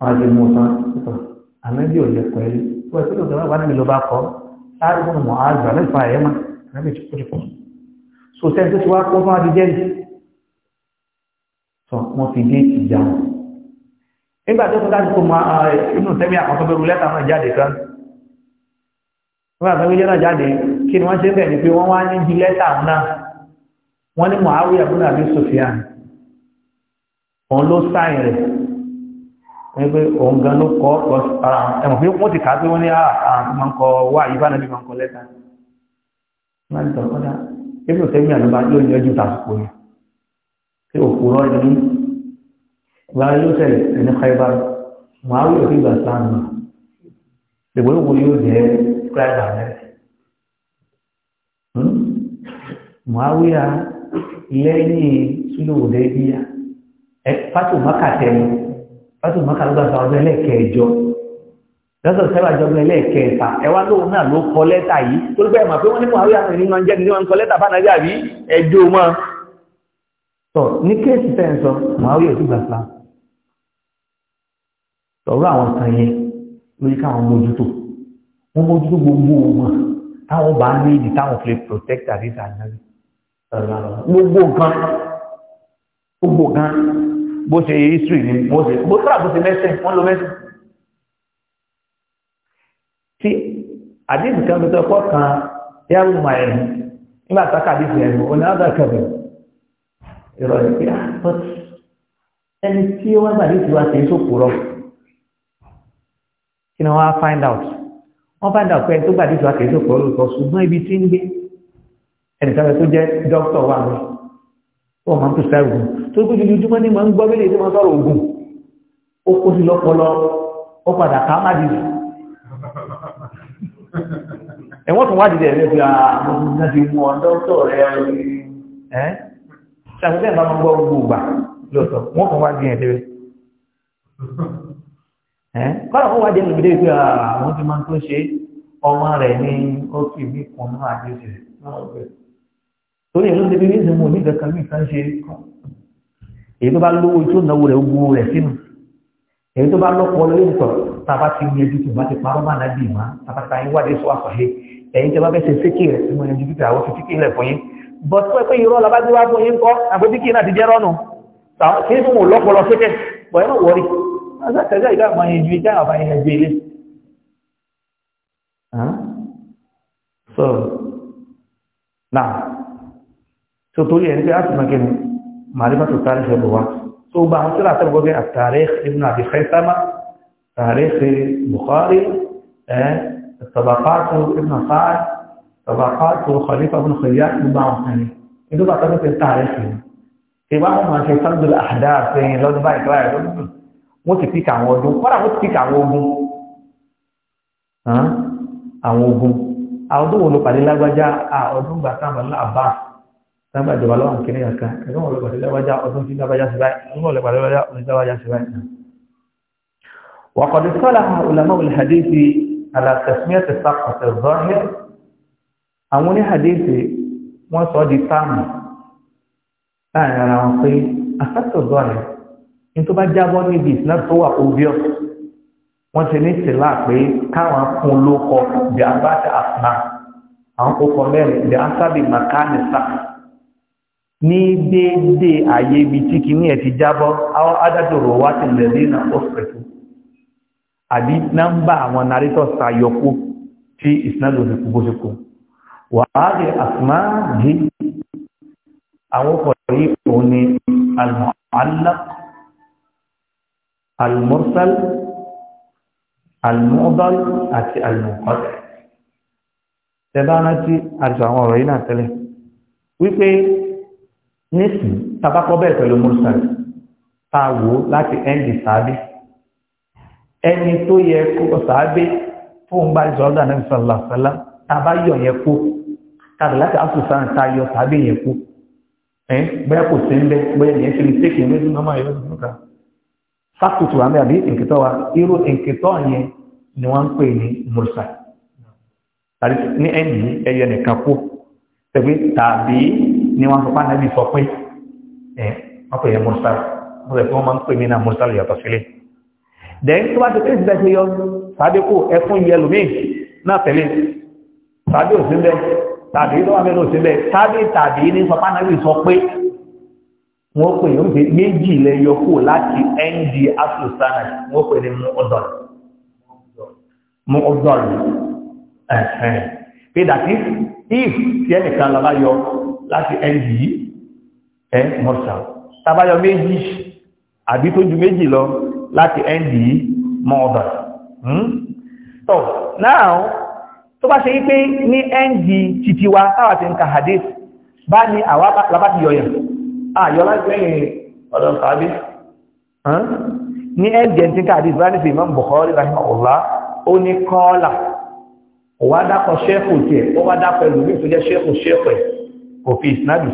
wọ́n ti mú tán tọ̀ àmẹ́bí ò lè pẹ̀lú wọ́n ti lọ́dọ̀ wọn wá níbi ló bá kọ́ láàrú fún mọ̀ àgbà mẹ́fà ẹ̀ mà àmẹ́bí ti kú ti pọ̀ so sẹ́ńtẹ́ tí wọ́n á kó fún adìjẹ́rì tọ̀ wọ́n fi déètì dáhùn nígbà tó kọjá kò ma inú tẹ́mí àkọsọ́bẹ̀rù lẹ́ta náà jáde kan nígbà tó kọjá náà jáde kí ni wọ́n ṣe bẹ̀ ni pé wọ́n wá ní bí lẹ́ta náà wọ́n ní Muawiya àbúrò àbí Sufyan òun ló sáyìn rẹ̀ wọ́n pé òun gan ló kọ́ ọ̀pọ̀ ara ẹ̀mọ̀ pé wọ́n ti kà á pé wọ́n ní àwọn ah, ah, kọ wá ìbá náà bí lẹ́ta nígbà tó kọjá inú tẹ́mí àlọ́bá ìgbàlá yóò ini ẹni Khaybar Muawiya òfin ìgbà Islam náà ìgbà wo yóò jẹ́ kíláàsì àmẹ́rẹ́ hmm? Muawiya lẹ́yìn sùlùwò lẹ́bíyà ẹ fásitì mọ́kà tẹ̀lé fásitì mọ́kà ló gbà sọ ọdún ẹlẹ́ẹ̀kẹjọ lọ́sọ̀ sẹ́wà jọba ẹlẹ́ẹ̀kẹta ẹwà lóun náà ló kọ lẹ́tà yìí tó ló bẹ́ẹ̀ mọ̀ pé wọ́n ní Muawiya àwọn ènìyàn jẹ́ ní wọ́n kọ lẹ́tà bá nàbí àbí ẹjọ́ mọ́ tọ̀ ní kéèsì fẹ́ ń lọ́rọ̀ àwọn kan yẹn lórí káwọn mójútó wọ́n mójútó gbogbo wọn táwọn bá ní ìdí táwọn fi lè protect àdéhùn àdáyé gbogbo nǹkan gbogbo nǹkan bó ṣe history ni bó ṣe bó tọ́ra bó ṣe mẹ́sẹ̀ wọ́n lo mẹ́sẹ̀ tí àdéhùn kan tó tọ́kọ́ kan yàrá ìmọ̀ ẹ̀rù nígbà tá a kà àdéhùn ẹ̀rù ọ̀nà àgbàkẹ́bẹ̀rẹ̀ ìrọ̀lẹ́ pé ah, ẹni tí wọ́n gbàdéhùn wa ṣe é sókòrọ̀ kí ni wọ́n á find out wọ́n find out pé ẹni tó gbà dídùn àkèésí òpó olùkọ́ ṣùgbọ́n ibi tí ń gbé ẹnì kan tó jẹ́ dókítà wà mí wọ́n máa ń pèsè ògùn tó kú jùjúmọ́ ní máa ń gbọ́ bílẹ̀ tí wọ́n sọ̀rọ̀ ògùn ó kó sí lọ́pọlọ ó padà ká má dìbò ẹ̀wọ́n tún wá dìde ẹ̀rẹ́ fi àwọn ọmọ ti mú ọ̀dọ́ tó rẹ̀ ẹ́ ṣàkóso kọ́nà wọ́n wá jẹ́ ìgbìdé pé àwọn tí máa ń tó ṣe ọmọ rẹ̀ ní ó fi mí kan náà àti ṣe torí ẹ̀ ló débi ní ìsinmi òní ìgbẹ́kan ní ìkan ṣe èyí tó bá lówó tó náwó rẹ̀ gbogbo rẹ̀ sínú èyí tó bá lọ́pọ̀ lórí ìtọ̀ tàbá ti ní ẹjú tó bá ti parọ́ máa nábì má tàbá ta yín wádìí sọ àfàṣe ẹ̀yìn tó bá fẹ́ ṣe síkì rẹ̀ sínú ẹjú tó àwọn fìtíkì rẹ̀ fún yín Masa kerja tidak mengizinkan apa yang dipilih. Ha? So, nah, so tu dia dia semakin marifat tarikh ya bahwa so bahasa atau bagi tarikh Ibn Abi Khaisama, tarikh Bukhari, eh, tabaqat Ibn Sa'd, tabaqat Khalifah bin Khayyat bin Ba'ani. Itu bahasa tarikh. Tiba-tiba masih sandul ahdar, sehingga lebih baik lah wọ́n ti píkà àwọn ọdún kọ́dà wọ́n ti píkà àwọn ogun àwọn ogun àwọn ọdún wo ló pàdé lágbájá ọdún gbà sáàmà láàbá sáàmà ìjọba lọ́wọ́ nkiri yàtọ̀ ẹgbẹ́ wọn ló pàdé lágbájá ọdún tí lágbájá sí báyìí ọdún wọn ló pàdé lágbájá sí báyìí. وقد صلح علماء الحديث على تسمية السقف الظاهر àwọn oníhàdíìsì wọ́n sọ di táàmù láàrin ara wọn pé àsàtò zọ́ọ̀rẹ̀ ní tó bá jábọ́ níbi ìsiná tó wà obvious wọ́n ti ní tìlá pé káwọn fún ló kọ bí a bá ti àfúnà àwọn kókọ mẹ́rin bí a sábì màkánì sá ní déédéé àyè ibi tí kìíní ẹ̀ ti jábọ́ àwọn adájọ́rò wá ti lẹ̀lé na hospital àbí nọ́mbà àwọn narrator sayọkú tí ìsiná ló fi kú bó ṣe kú wàá rí àfúnà yìí àwọn ọkọ̀ yìí òun ni al-mu'allaq المرسل almudal àti almunqati tẹ́bá rántí àti àwọn ọ̀rọ̀ yìí náà tẹ́lẹ̀ wípé nísìn tabakọ́ bẹ́ẹ̀ pẹ̀lú mursal ta wò láti ẹ́ndì sáábí ẹni tó yẹ kó sáábí fóun bá ìṣọ́lá náà sallallahu alaihi wasallam tàbá yọ̀ yẹ kó tàbí láti àfùsàn tayọ sáábí yẹ kó ẹ́ bẹ́ẹ̀ kò sí ń bẹ́ bẹ́ẹ̀ yẹn ṣe lè tẹ́kì ní ọmọ ìlú nìkan fákùtù àmì àbí ìkìtọ́ wa irú ìkìtọ́ yẹn ni wọ́n ń pè ní mùsà tàbí ní ẹ̀yìn ẹyẹ nìkan kú tẹ̀wé tàbí ni wọ́n fipá nàbí sọ pé ẹ̀ wọ́n pè ní mùsà wọ́n pè wọ́n máa ń pè mí náà mùsà yàtọ̀ sílẹ̀ dẹ́n tó bá ti tẹ́sí bẹ́ẹ̀ ṣe yọ tàbí kú ẹfún yẹ lómìn náà tẹ̀lé tàbí òsínbẹ́ tàbí lọ́wọ́ wọ́n pè ní oúnjẹ méjì ilẹ̀ yọkù láti nd afrosana wọ́n pè ní mú ọ̀dọ̀rọ̀ mú ọ̀dọ̀rọ̀ ẹ̀hẹ́n pé dàtí if tí ẹnìkan lọ bá yọ láti nd ẹ mọ́ṣà tàbáyọ méjì àbí tó ju méjì lọ láti nd mọ́ ọ̀dọ̀rọ̀ hmm? so now tó bá ṣe wípé ní nd titiwa táwa ti ń ka hadith bá ní àwa lábá yọ yẹn àyọ́lá gbẹ̀yìn ọ̀dọ̀ sàábí ní ẹ̀jẹ̀ tí káàdì ìbánisẹ̀ Imam Bukhari rahimahullah ó ní kọ́ọ̀là ó wá dákọ̀ ṣẹ́kù tiẹ̀ ó wá dákọ̀ ẹlòmí tó jẹ́ ṣẹ́kù ṣẹ́kù ẹ̀ kò fi ìsinádù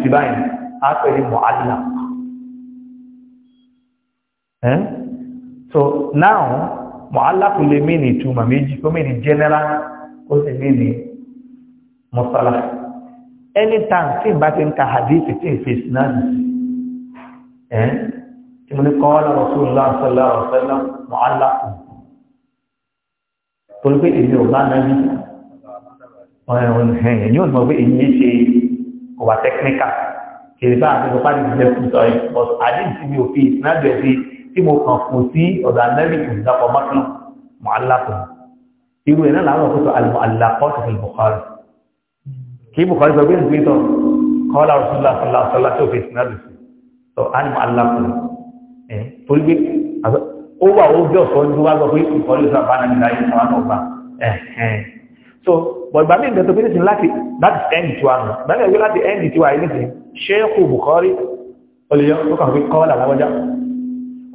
so now mọ̀álà kò lè mí ní ìtumọ̀ méjì general ó sì mí anytime tí n bá ti ń ka hadith tí n fi ìsinádù ẹ̀ tí mo ní kọ́ lọ́wọ́ sí ọ̀la ọ̀sẹ̀lá ọ̀sẹ̀lá mọ́ aláàkù torí pé èmi ò bá náà yìí ẹ̀yìn yóò mọ̀ pé èyí ṣe ọwà tẹ́kíníkà kìrì bá àti ọpá ní ìjẹ́ fún sọ yìí but àdéhùn tí mi ò fi ìsinádùn ẹ̀sí tí mo kàn fún sí ọ̀dọ̀ amẹ́ríkì ìdápọ̀ mọ́kàn mọ́ aláàkù irú ẹ̀ náà làwọn ọ̀pọ̀tọ̀ aláàkọ́tù Bukhari kí Bukhari sọ pé ìgbésọ̀ kọ́lá Rasulullah sallallahu alaihi wasallam tó fi ìsinádùn alim alamu ẹ̀ torí pé ó wà ó bí ọ̀sọ́ ní wá lọ pé ìkọ́lé sọ àbáná nígbà yìí fún ọba so but ìgbà míì gẹ̀tọ̀ pé nísìnyí láti láti end tiwa nù ìgbà míì láti end tiwa yìí nísìnyí ṣéèkù Bukhari olùyọ tó kàn fi kọ́ làwọ́jà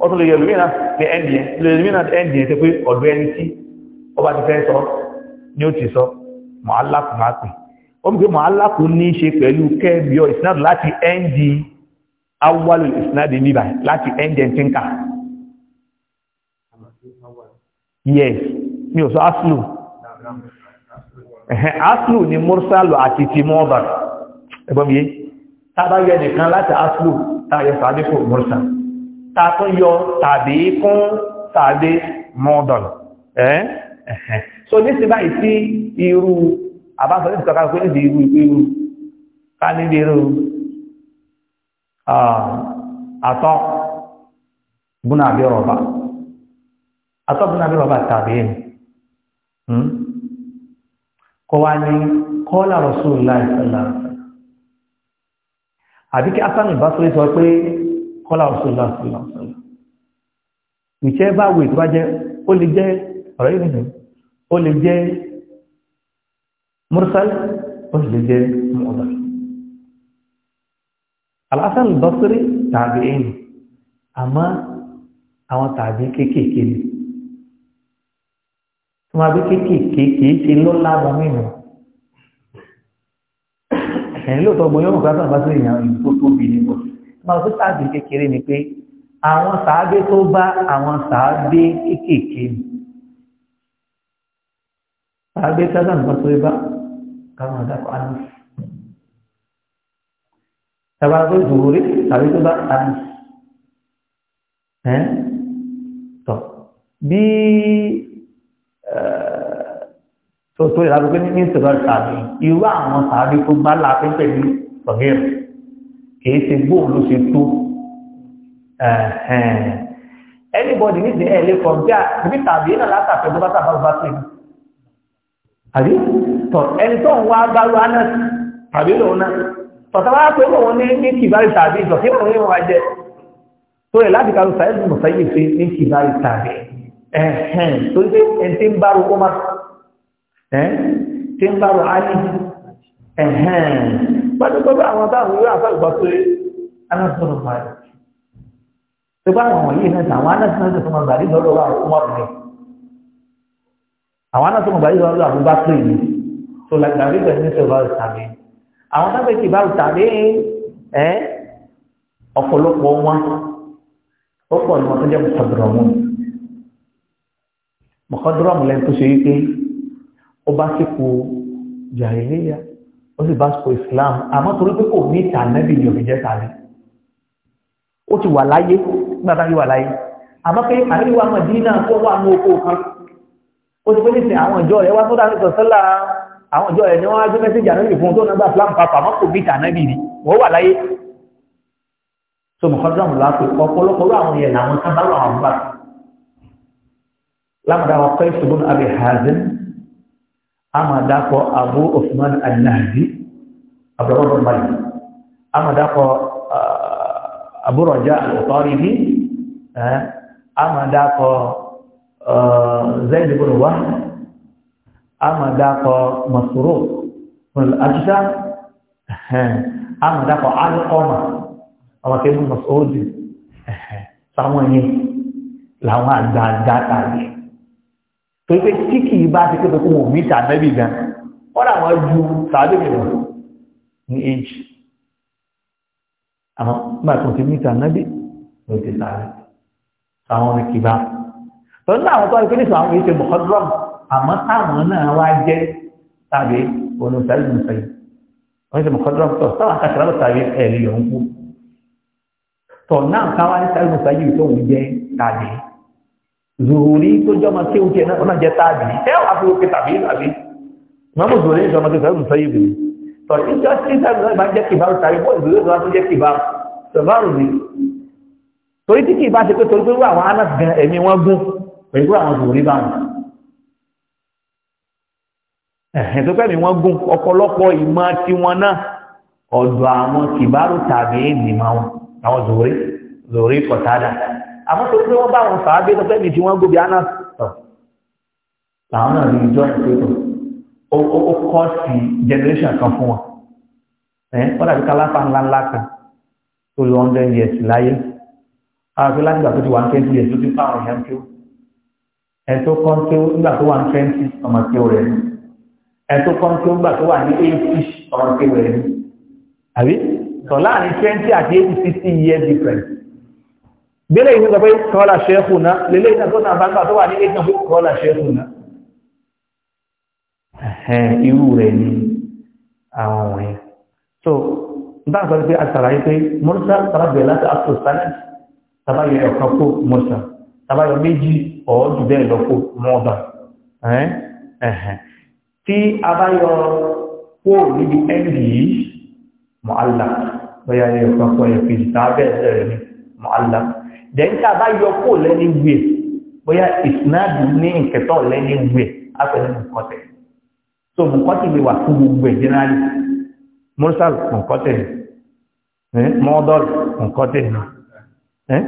ó tún lè yẹ lómìnà ní end yẹn lè lómìnà end yẹn tó pé ọ̀dọ̀ ẹni tí ọba ti fẹ́ sọ ni ó ti sọ mọ̀ alákùn máa pè ó mú pé ṣe pẹ̀lú kẹ́ẹ̀bíọ̀ ìsinádùn láti awalul isnadi níbà láti ẹ̀ǹjẹ̀ tí ń kà yes mi ò sọ aslu aslu ni mursalu àti ti mọ́ọ̀bà ẹgbọ́n yé tàbá yẹ nìkan láti aslu tààyẹ sàádẹ́kò mursal tààtún yọ tàbí kún tàbí mọ́ọ̀dọ̀n so ní sí báyìí sí irú àbáfẹ́ ní ìtọ́ka pé ní irú irú ká ní irú Atọ́ búnà àbí rọ̀bà Atọ́ búnà àbí rọ̀bà tàbí ẹni kọ wá ní kọ́lá Rasulullah sallallahu alaihi wasallam àbí kí Hasan al-Basri sọ pé kọ́lá Rasulullah sallallahu alaihi wasallam ìṣẹ́ bá wù ìtura jẹ́ ó lè jẹ́ ọ̀rọ̀ yìí ó lè jẹ́ mursal ó lè jẹ́ Al-Hasan al-Basri tàbíìn àmọ́ àwọn tàbí kéékèèké ni tí wọ́n bí kéékèèké kìí ṣe lọ́lá wọn nínú ẹ̀yìn lóòótọ́ gbọ́n yóò gbàgbọ́n bá sí ìyàn ìlú tó tóbi ní bọ̀ tí wọ́n bí tàbí kékeré ni pé àwọn sàábé tó bá àwọn sàábé kéékèèké ni sàábé tàbí àwọn sàábé tàbá tó dùúrí tàbí tó bá tàbí ẹ́ tọ̀ bí tó ìlànà pé ní ìṣòro tàbí irú àwọn tàbí tó bá láàfin pẹ̀lú ọ̀gẹ́rù kìí ṣe gbóhùn ló ṣe tó anybody ní ìdílé ẹ̀lẹ́ kan bí àbí tàbí náà látàfẹ́ tó bá tàbá bá tó yìí àbí tọ̀ ẹni tó ń wá bá ọ̀tọ́wá pé wọ́n ní ní kìbárì tàbí ìjọ̀kí wọ́n ní wọ́n jẹ́ tó rẹ̀ láti kàrù sàẹ́sì mùsáyì pé ní kìbárì tàbí ẹ̀hẹ́n tó ń pé ẹn tí ń bárò kọ́mà ẹn tí ń bárò áyì ẹ̀hẹ́n gbájúgbọ́dọ̀ àwọn táwọn yóò àfẹ́ ìgbà pé aláṣọ́rọ̀ máa rẹ̀ tó bá àwọn yìí náà àwọn aláṣọ́rọ̀ tó máa gbàdí lọ́dọ̀ àwọn aláṣọ́rọ̀ gbàdí lọ́dọ̀ àbúbá pè ní àwọn tó ń pè kí bá rùtà bí ẹ ọ̀pọ̀lọpọ̀ wọn ó pọ̀ ní wọn tó jẹ́ mọ̀kọ́dúrọ̀mù mọ̀kọ́dúrọ̀mù lẹ́nu tó ṣe wípé ó bá sípò jàìlíyà ó sì bá sípò Islam àmọ́ torí pé kò ní ìtàn náà bí ní òfin jẹ́ sáré ó ti wà láyé nígbà tá a yí wà láyé àmọ́ pé àríwá Mádínà kó wà ní oko kan ó ti pé nísìnyí àwọn ìjọ rẹ̀ wá tó dáa ní sọ̀sọ́là àwọn ìjọ rẹ̀ ni wọ́n á gbé mẹ́sẹ̀jì ànábì fún tó nígbà flam papa mọ́ kò bíta ànábì rí wọ́n wà láyé so mọ̀kọ́dúnrún láti ọ̀pọ̀lọpọ̀ àwọn yẹn làwọn sábà lọ àwọn bá lámàdá wa kọ́ ìṣòro abẹ hazin amadakọ abu usman al-nahdi abdulrahman mali amadakọ uh, abu raja al-utaridi eh, amadakọ uh, zayd ibn wahb amadakọ masoro al'ajida amadakọ alkọma ọmọkẹ́ mú masoodi sáwọn yìí làwọn àgbààgbà tàbí tó pé tí kì í bá ti pé kókó wọn mítà nẹ́bì gan wọ́n làwọn ju tàbí mi lọ ní èjì àmọ́ nígbà tó ti mítà nẹ́bì ló ti sáré sáwọn kì bá tọ́jú àwọn tó ń pè ní sọ àwọn èyí ṣe mọ̀ọ́dúnrún àmọ́ táwọn náà wá jẹ́ tàbí olùsẹ́lẹ̀ nìfẹ̀ẹ́ wọ́n ti mọ̀kọ́ dọ́rọ̀ tọ̀ táwọn akẹ́kọ̀ọ́ lọ́wọ́ tàbí ẹ̀rí yọ̀ ń kú tọ̀ náà káwá ní sẹ́lẹ̀ nìfẹ̀ẹ́ tó ń jẹ́ tàbí zòrí tó jọmọ tí ó jẹ náà jẹ́ tàbí ẹ wà fi òkè tàbí tàbí mọ́mú zòrí jọmọ tí sẹ́lẹ̀ nìfẹ̀ẹ́ bìí tọ̀ ìjọ sí sẹ́lẹ̀ nìfẹ̀ẹ́ bá jẹ́ kìbáru tàbí bọ́ ìzòrí tó wá tó jẹ́ kìbáru tọ̀báru ni torí tí kì ẹ̀hẹ̀ tó pẹ́mì wọ́n gùn ọ̀pọ̀lọpọ̀ ìmọ̀ tí wọn náà ọ̀dọ̀ àwọn kìbárù tàbí ìnìmọ̀ wọn àwọn zòrí zòrí kọ̀tádà àmọ́ tó pé wọ́n bá wọn fà á gbé tó pẹ́mì tí wọ́n gòbí àná tọ̀ làwọn náà ní ìjọ ìpétò ó kọ́ sí generation kan fún wọn ẹ̀ wọ́n dàbí kálápá ńláńlá kan tó lọ hundred years láyé àwọn tó láti gbà tó ti wà twenty years tó ti fáwọn èèyàn tó ẹ̀ tó kọ́ tó ẹ̀tọ́ kan tí ó gbà tó wà ní eighty ọ̀rọ̀ tí wẹ̀rẹ̀ ní àbí sọ láàrin twenty àti eighty sixty years difference gbélé yìí sọ pé kọ́lá ṣẹ́kù náà lélẹ́ ìtàn tó náà bá gbà tó wà ní eighty náà kọ́lá ṣẹ́kù náà irú rẹ̀ ni àwọn wọ̀nyí so nígbà tó pé àtàlàyé pé mọ́sá tàbí láti àtò sálẹ̀ tàbáyọ ọ̀kan kó mọ́sá tàbáyọ méjì ọ̀ọ́dù bẹ́ẹ̀ lọ́kọ̀ mọ́ọ̀dà tí a bá yọ kó níbi ẹ́ndì yìí mọ̀álà bóyá ní ọ̀kan kọ́ ẹ̀kọ́ ìjìta abẹ́ẹ̀sẹ̀ rẹ̀ ní mọ̀álà dẹ́ńtà bá yọ kó lẹ́ni gbé bóyá ìsinádì ní ìkẹtọ̀ lẹ́ni gbé afẹ́lẹ́ mọ̀kọ́tẹ̀ so mọ̀kọ́tẹ̀ lè wà fún gbogbo ẹ̀ jẹ́nárì mọ́sàl mọ̀kọ́tẹ̀ eh, mọ́dọ́l mọ̀kọ́tẹ̀ eh, eh,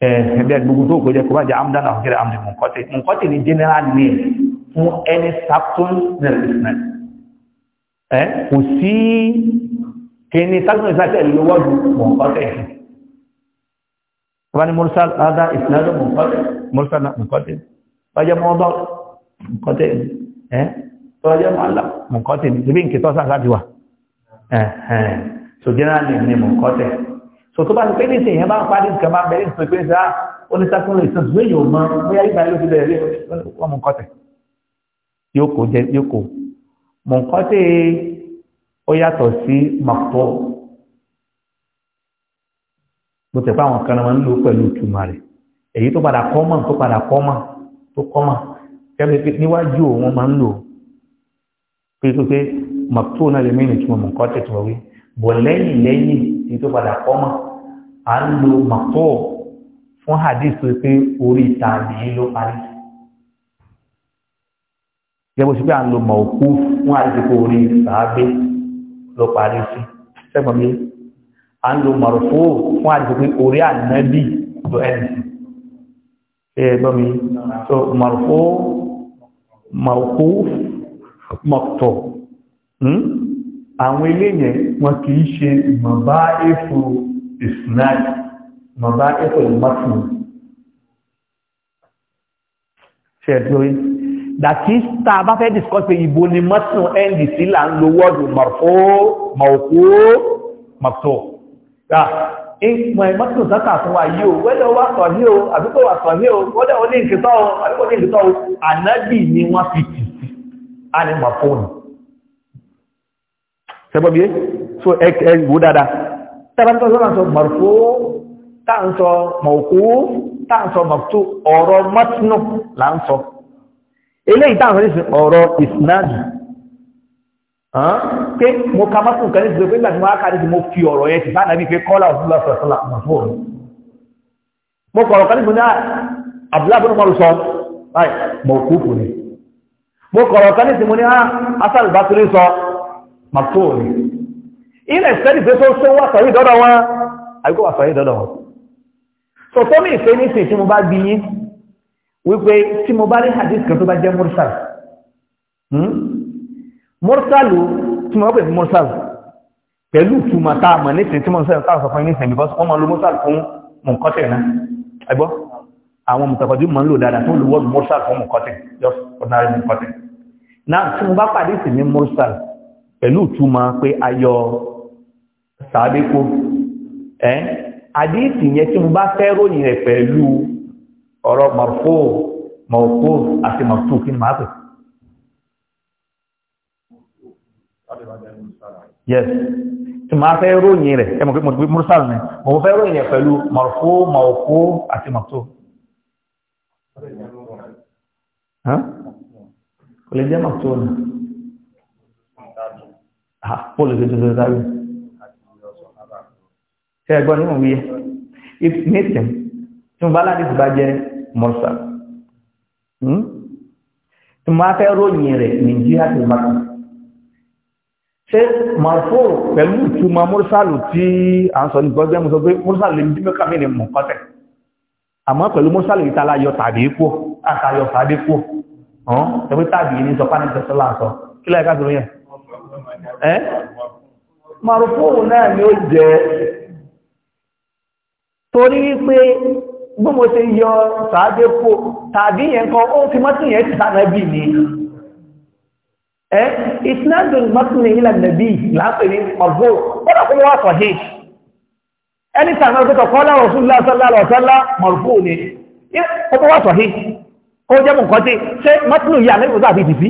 ẹ̀ẹ́dẹ́gbogbo tó kọjá kó bá jẹ́ amdana ọ̀kẹ́rẹ́ amdana mọ̀kọ́tẹ̀ mọ̀kọ́tẹ̀ ní jẹ́nárì ní fún ẹni sàkún nìrìsìnàì ẹ́ kò sí kíni sàkún ìsàkẹ́ ìlúwọ́dù mọ̀kọ́tẹ̀ wọ́n ni mursal ada isnadu mọ̀kọ́tẹ̀ mursal mọ̀kọ́tẹ̀ wájẹ́ mọ́ọ́dọ́ mọ̀kọ́tẹ̀ ẹ́ tọ́jẹ́ mọ́ọ́lá mọ̀kọ́tẹ̀ níbi nkìtọ́ sáàsáàdì wà ẹ̀hẹ́n so generally ni mọ̀kọ́tẹ̀ so tó bá ti pé nísìnyí ẹ bá ń parí nǹkan bá bẹ̀rẹ̀ nítorí pé sá oníṣàkúnrin ìsọ̀tún méjì ò mọ bóyá ìgbà yóò fi bẹ̀rẹ̀ rí ọmọ nǹkan yóò kó jẹ yóò kó mọ̀nkọ́tẹ́ ó yàtọ̀ sí mọ̀tọ́ bó tẹ̀ pé àwọn kan máa ń lò pẹ̀lú ìtumọ̀ rẹ̀ èyí tó padà kọ́mọ̀ tó padà kọ́mọ̀ tó kọ́mọ̀ kẹ́lẹ́ pé níwájú òun máa ń lò pé tó pé mọ̀tọ́ náà lè mí ní ìtumọ̀ mọ̀nkọ́tẹ́ tó wí bọ̀ lẹ́yìn lẹ́yìn èyí tó padà kọ́mọ̀ à ń lo mọ̀tọ́ fún hadith pé orí ìtàn yìí ló parí sí jẹ́ bó ṣe pé à ń lo mọ̀ òkú fún àìsíkò orí sàábé ló parí sí sẹ́gbọ̀n mi à ń lo mọ̀rọ̀fó fún àìsíkò orí ànábì ló ẹ̀rì sí ẹgbọ́n mi so mọ̀rọ̀fó mọ̀ òkú mọ̀tọ̀ hmm? àwọn eléyẹ wọn kì í ṣe mọ̀bá èfò ìsìnáì mọ̀bá èfò ìmọ̀tún ṣe ẹ̀dúrí that is tá a bá fẹ́ discuss pé ìbò ni mọ́tún ẹ́ndì sí là ń lo wọ́ọ̀dù marfu mawqu maqtu ta ìpọ̀ mọ́tún sáta fún wa yíò wẹ́lẹ̀ wà sọ ní o àbíkò wà sọ ní o wọ́dẹ̀ ó ní ìkìtọ́ o àbíkò ní ìkìtọ́ o ànábì ni wọ́n fi tì sí a ní marfu ni sẹ́gbọ́n bí so ẹ ẹ wò dáadáa tẹ́lá ń sọ marfu tá ń sọ mawqu tá ń sọ maqtu ọ̀rọ̀ mọ́tún là ń sọ eléyìí táwọn ní sin ọ̀rọ̀ ìsinádì pé mo ka mọ́sùn kan ní ìsinmi pé gbàgbọ́n akáde tí mo fi ọ̀rọ̀ yẹn ti bá nàbí pé kọ́lá òṣùlá sọ̀rọ̀sọ̀lá mọ̀ fún òun mo kọ̀rọ̀ kan ní ìsinmi àbúlá bó ní mọ́ sọ mọ̀ òkúùkù ni mo kọ̀rọ̀ kan ní ìsinmi ní asàlù bá torí sọ mọ̀ fún òun ni ilẹ̀ ìsẹ́ni wípé tí mo bá rí hadith kan tó bá jẹ́ mursal hmm? mursalu tí mo bá pè mursal pẹ̀lú túmọ̀ tá a mọ̀ nísìn tí mo ń sẹ́yìn káàkiri fún yín nísìn because wọ́n máa mursal fún mọ̀nkọ́tẹ̀ náà ẹgbọ́ àwọn mùtàkọ̀jú mọ̀ ń lò dáadáa tó ń mursal fún mọ̀nkọ́tẹ̀ just ordinary mọ̀nkọ́tẹ̀ náà tí mo bá pàdé sí ní mursal pẹ̀lú túmọ̀ pé ayọ̀ sàbẹ́kọ ẹ́ àdéhìsì yẹn tí mo bá fẹ́ ròyìn rẹ̀ pẹ̀lú ọ̀rọ̀ marfu mọ̀kú àti mọ̀tú kí ni máa pè. yes tí máa fẹ́ ròyìn rẹ̀ ẹmọ̀ pé mo gbé mursal ni mo fẹ́ ròyìn rẹ̀ marfu mọ̀kú àti mọ̀tú. kò lè jẹ́ mọ̀tú ni pọ́lù tó tó sáré ṣe ẹgbọ́n ní mo wí if nathan tí bá láti ti bá jẹ́ mursal hmm? tí máa fẹ́ ròyìn rẹ̀ ní jihati maka ṣe marfo pẹ̀lú ìtumọ̀ mursalu tí a ń sọ ní gbọ́gbẹ́ mú sọ mursalu lè ní mẹ́ka mí ni mọ̀ kọ́tẹ̀ àmọ́ pẹ̀lú mursalu ìtàlá yọ tàbí kú àtàyọ tàbí kú ọ̀n tẹ̀wé ni ní sọ pánẹ́ tẹ̀sọ́lá sọ kí láì káàkiri yẹn ẹ́ marfo náà ni ó jẹ torí pé bí mo ṣe yọ sàádé kó tàbí yẹn kan ó fi mọ́tún yẹn ti sáà bí ní ẹ́ ìsinádùn mọ́tún yẹn ilẹ̀ nàbí láàpẹ̀ ní ọgbọ́ ọlọ́kùnrin wà sọ̀hí ẹni tàbí ọdún kọ̀kọ́ láwọ̀ fún ni ọgbọ́ wà sọ̀hí ó jẹ́ mọ̀kọ́ tí ṣe mọ́tún yìí àlẹ́ ìwòsàn àti ìdìbí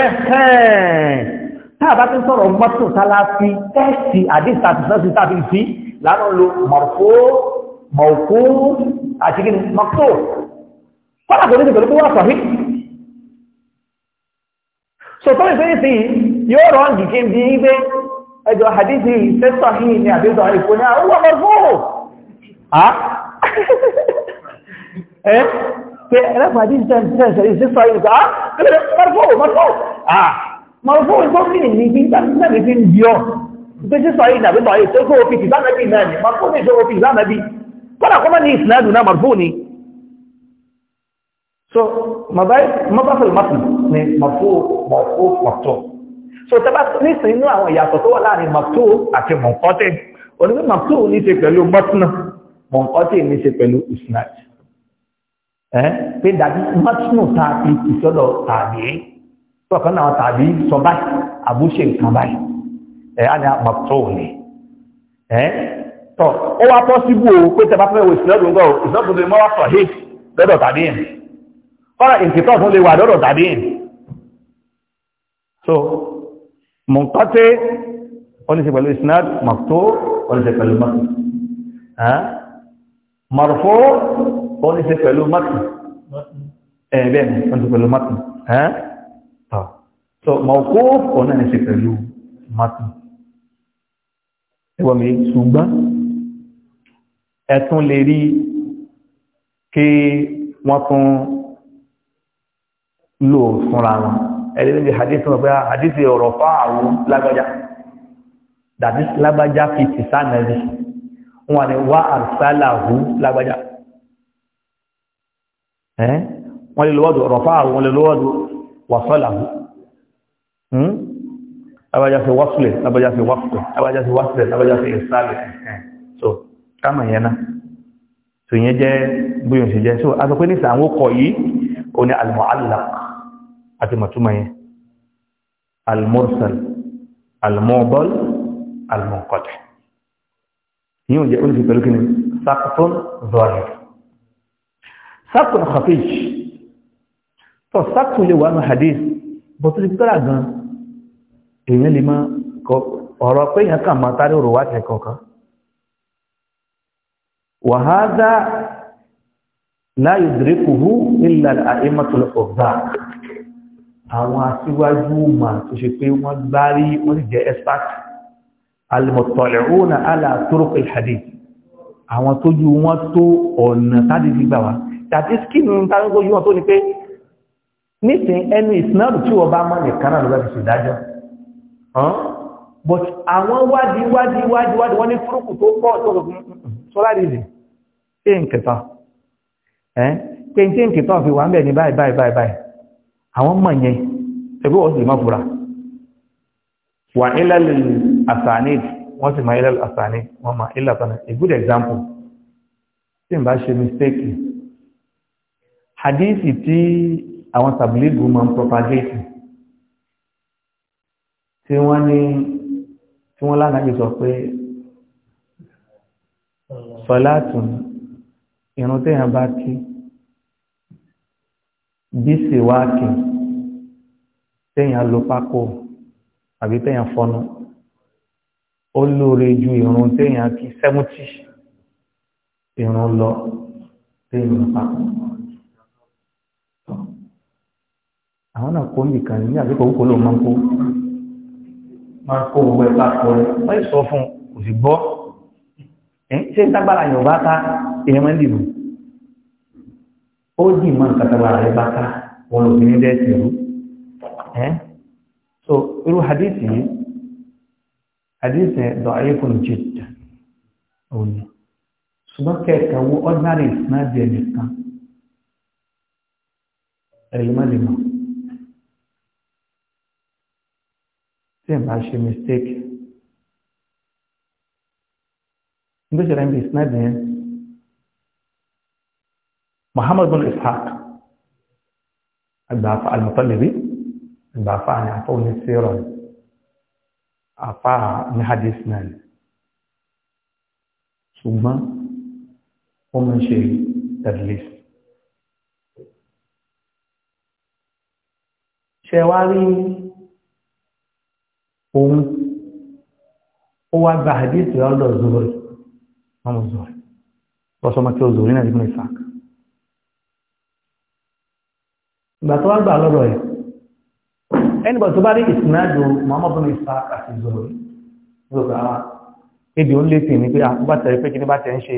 ẹ̀hẹ́n táàbá tí ń sọ̀rọ̀ mọ́tò sáláfí tẹ́ẹ̀sì àdísàtìsọ́sí tàbí sí lánà lo mọ̀kó mọ̀kó àti kí ni mọ́tò kọ́nà tó níbi pẹ̀lú pé wọ́n sọ̀rí so tó ìfẹ́ sí yóò rọ̀ ń gìkín bí i pé ẹjọ́ àdísì tẹ́tọ̀ yìí ni àdísọ̀ ìfò ní àwọn mọ̀kó ẹ́ pé ẹlẹ́fà àdísì tẹ́ẹ̀sì tẹ́ẹ̀sì mọ̀rọ̀fún ìgbófin ní gbígbà nígbà ní fi ń bí ọ́ gbèsè sọ yìí nàbí báyìí tó kówó fìtì bá nàbí náà ni mọ̀rọ̀fún ní ìṣòro fìtì bá nàbí kọ́nà kọ́nà ní ìsìnàdù náà mọ̀rọ̀fún ni so mọ̀báfẹ́lì mọ́tì ni mọ̀fún mọ̀fún mọ̀tọ́ so tẹ́bá nísìn inú àwọn ìyàtọ̀ tó wà láàrin mọ̀tọ́ àti mọ̀kọ́tẹ́ onígbé mọ̀tọ́ ní ṣe pẹ̀lú mọ́tìnà mọ̀kọ́tẹ́ ní ṣe pẹ̀lú ìsìnàdù ẹ́ pé dàbí mọ́tìnà tàbí ìṣọ́dọ̀ tàbí tọ́kan náà tàbí sọ báyìí àbúṣe nǹkan báyìí ẹ̀ á ní àpapọ̀ òní ẹ̀ tọ́ ó wá pọ́síbù o pé tẹ́bá fẹ́ wo ìsìlẹ́dùn gọ́ ìsìlẹ́dùn lè mọ́ wá sọ hé lọ́dọ̀ tàbí ẹ̀ kọ́ra so mọ̀ nǹkan tẹ́ ó ní ṣe pẹ̀lú ìsìlẹ́dùn mọ̀tò ó ní marfo ó ní ṣe pẹ̀lú mọ́tò ẹ̀ bẹ́ẹ̀ ni ó so mawquf ọ̀nà ní ṣe pẹ̀lú mati ẹwọ́n mi ṣùgbọ́n ẹ̀tún lè rí kí wọ́n tún lò fúnra wọn ẹ̀lẹ́lẹ́ bí hadith wọn pé ah, hadith ọ̀rọ̀ fá àwọn lágbájá dàbí lágbájá fi ti sánàrí wọn ni wá àṣálàhù lágbájá wọ́n lè lọ́wọ́dù ọ̀rọ̀ fá àwọn lè lọ́wọ́dù wàṣálàhù Hmm? abájá fi wáfúlẹ̀ abájá fi wáfúlẹ̀ abájá fi wáfúlẹ̀ abájá fi ìsàlẹ̀ eh, so káàmà yẹn náà so yẹn jẹ́ bóyún sí jẹ́ so a sọ pé nísà àwọn ọkọ̀ angu o ní al-mu'allaq àti mọ̀túnmọ̀ yẹn al-mursal al-mu'dal al-munqati yíò jẹ́ oníṣẹ́ pẹ̀lú kí ni sakton zahir sakton khafij so sakton je wà ní hadith bọ̀tún ti tọ́lá gan èèyàn lè máa ọ̀rọ̀ pé èèyàn kàn máa táré òrò wáṣẹ̀ kọ̀ọ̀kan wàhádá láyò dìrékùhú nílà àìmọ́tòlọ́pọ̀gbà àwọn aṣíwájú mà tó ṣe pé wọ́n gbárí wọ́n sì jẹ́ expert alìmọ̀tọ̀lẹ̀húnà aláàtòrókè hadith àwọn tójú wọn tó ọ̀nà tàbí gbígbà wá tàbí kí ni tàbí tójú wọn tó ní pé nísìn ẹnu ìsinárù tí wọ́n bá mọ́ nìkan náà lọ́gbà fi ṣèdájọ́ but àwọn wádìí wádìí wádìí wádìí wọ́n ní fúrúkù tó pọ̀ tó rọ̀ sọ́lá rìlì pé nkẹta ẹ́ pé tí nkẹta fi wà ń bẹ̀ ní báyìí báyìí báyìí báyìí àwọn mọ̀ yẹn ẹ̀bí wọ́n sì má fura wà ilẹ̀ asanid wọ́n sì má ilẹ̀ asanid wọ́n má ilẹ̀ asanid a good example tí n bá ṣe mistake hadithi tí àwọn tabligu máa ń propagate tí wọ́n ní tí wọ́n lánàájú sọ pé sọ́látùn ìrun téèyàn bá kí bí síwáàkì téèyàn lo pákó àbí téèyàn fọnú ó lóore ju ìrun téèyàn kí sẹ́mùtì ìrun lọ téèyàn pákó àwọn náà kó nìkan ní àbíkò òkú ló máa ń kó. máa kó gbogbo ẹ̀ rẹ̀ wọ́n yìí sọ fún kò sì gbọ́ ṣé ń tágbára yàn bá ká èèyàn máa ń dìbò ó dì mọ́ nǹkan rẹ̀ bá ká dẹ́ sí ìlú so irú hadith yìí hadith yẹn dọ̀ ayé fún jìjà òní ṣùgbọ́n wo tí ẹ̀ bá ṣe mistake nígbà tí ẹ̀rọ isnad yẹn muhammad bin ishaq àgbà afa al-mutalibi àgbà afa ni afa oní sèrò afa ní hadith náà ṣùgbọ́n wọ́n máa ń ṣe tadlis ṣe wá rí òun ó wá gba àdéhùn rẹ̀ ọ̀dọ̀ zòrì ọmọ zòrì lọ́sọ̀mọ́ tí ó zòrì náà ibùn ìfàk ìgbà tó wá gbà lọ́dọ̀ ẹ̀ ẹnìbọ̀ tó bá rí ìsìnàjò Muhammad bin Ishaq àti zòrì lọ́gbà wa ebi ó ń lé tèmi pé àkóbá ah, tẹ̀lé pé kí ni bá tẹ̀ ń ṣe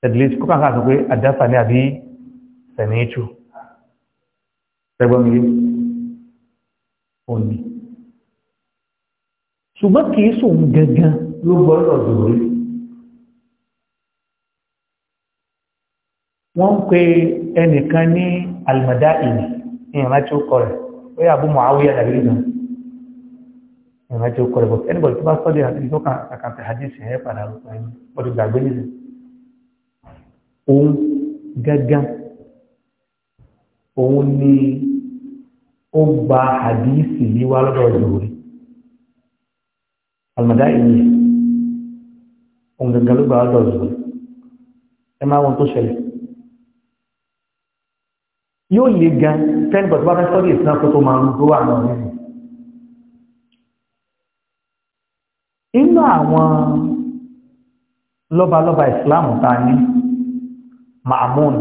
tẹ̀lé kó kàn kàn pé àdáfà ní àbí sẹ̀mí ètò ẹgbọ́n mi ò ṣùgbọ́n kìí sòun gangan ló gbọ́dọ̀ dòwe. wọ́n ń pe ẹnìkan ní alimọ̀dá ìlú ìrìnà tí ó kọ rẹ̀ ó yà bú Muawiya àdàbílì náà ìrìnà tí ó kọ rẹ̀ bọ̀ ẹnìbọ̀dì tó bá sọ́dọ̀ àti ìlú kan àkàǹtà hadisi ẹ̀ padà rúkọ ẹni ọdún gbàgbé nìyẹn. òun gangan òun ni ó gba hadisi yìí wá lọ́dọ̀ dòwe almadaiye òun gangan ló gbà á dọ̀ zùn ẹ máa wọn tó ṣẹlẹ̀ yóò le gan ten but bá fẹ́ sọ́dí ìsìn àkókò tó máa ń gbó àwọn ọ̀rẹ́ rẹ̀ inú àwọn lọ́balọ́ba ìsìláàmù tá a ní Ma'mun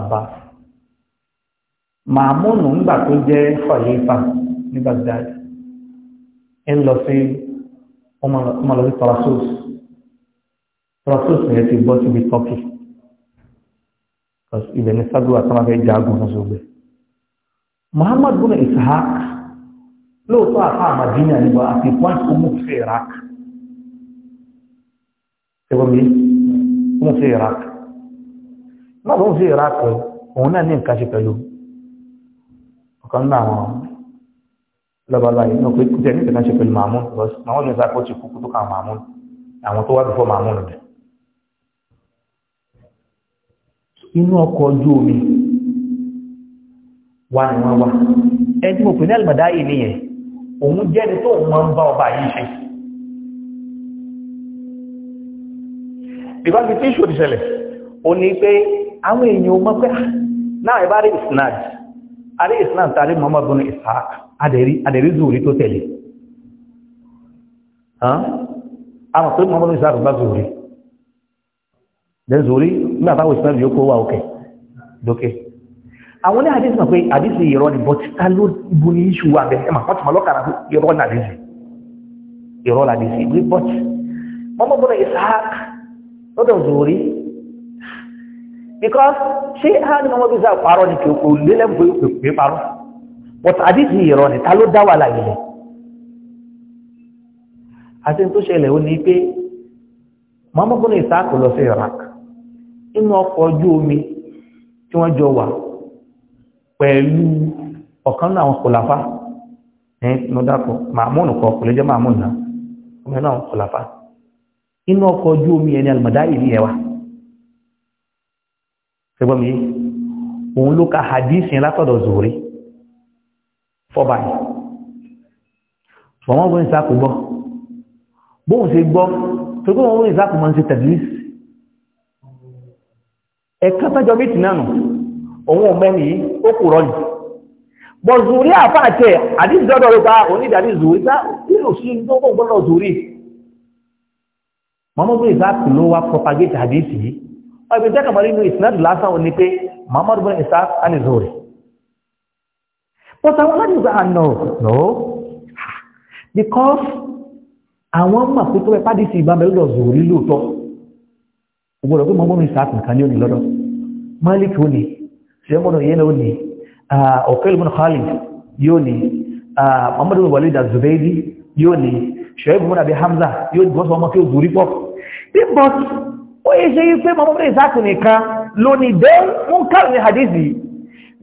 Abbas Ma'mun ń gbà tó khalifa ní Baghdad ń lọ sí ọmọ lọ sí parasus parasus yẹn ti bọ́ síbi Turkey ibẹ̀ ní sadua tó máa fẹ́ jagun fún Muhammad bin Ishaq lóòótọ́ àfa àmàdínà níbo àti point omu sí Iraq ṣẹ́gun mi omu sí Iraq náà omu sí Iraq òun náà ní nǹkan ṣe pẹ̀lú ọ̀kan náà lọ́balọ́ba yìí náà pé kò tẹ́ nígbà náà ṣe pẹ̀lú màmú màmú ní sáà kó ti kú kó tó kà màmú àwọn tó wá bí fọ́ màmú nìyẹn. inú ọkọ̀ ojú omi wà ní wọ́n wá ẹni tí mo pè ní àlùmọ̀dá yìí nìyẹn òun jẹ́ni tó máa ń bá ọba yìí ṣe. ìbáfi tí ìṣòdì ṣẹlẹ̀ ó ní pé àwọn èèyàn mọ̀ pé náà ìbá rí isnad a rí isnad tàbí Muhammad adẹ̀rí zòrí tó tẹ̀lé a mọ̀ pé mọ́mọ́ mi sáà bá zòrí lẹ́zòrí nígbà táwọn ìsìnkú yóò kó wà òkè lókè àwọn ní àdísì pé àdísì ìrọ́ ni bọ́tí ká ló bú ní iṣu ìrọ́ ní àdísì ìrọ́ ní àdísì bọ́tí mọ́mọ́ lọ́dọ̀ because ṣé ní mọ́mọ́ bí kò but àdìsí ìrọ̀ ni ta ló dá wà láyé rẹ̀ àti tó ṣẹlẹ̀ ó ní pé mọ́mọ́kún ní ìsáàkù lọ sí Iraq inú ọkọ̀ ojú omi tí wọ́n jọ wà pẹ̀lú ọ̀kan náà àwọn kòláfà ní nọ́dàkọ̀ màmúnù kọ kò lè jẹ́ màmúnù náà ọmọ inú ọkọ̀ ojú omi fọ́bà yìí bọ̀wọ́n bó ń sáàkù gbọ́ bóhùn sí gbọ́ tó kí wọ́n bó ń sáàkù mọ́ sí tẹ̀lís ẹ̀ka tọ́jọ́ mítì náà nù òun ọ̀mẹ́ni yìí ó kù rọ́ọ̀lì bọ̀ zùrí àfáàtẹ̀ àdíjọ́dọ̀ rẹ̀ bá onídàájú zùrí bá kílò sí tó kó gbọ́dọ̀ zùrí mọ́mọ́ bó ń sáàkù ló wá propagate àdíjì yìí ọ̀gbìn tẹ́kàmọ́lé inú ìsìnàdù lásán ò ní pé Muhammadu bin Isaac anizori But àwọn aláàdì ìgbà ah, no, no. Because àwọn mọ̀ pé tó pẹ́pá dìsí ìgbà mẹ́lú lọ́zọ̀ orí lóòótọ́. Ògbọ́dọ̀ pé mọ́mọ́ mi sáàkùn kan ní òní lọ́dọ̀. Malik ó ní, Ṣẹ́mọ́nà Yẹ́nà ó ní, Ọ̀kẹ́lù Khalid yóò ní, Muhammadu Walid Azubaidi yóò ní, Ṣẹ́bù Mọ́nà Hamza yóò ní bọ́sọ̀ ọmọ kí ó zùrí pọ̀. Bíbọ̀t, ó yẹ ṣe yí pé mọ́mọ́ mi sáàkùn nìkan lónìí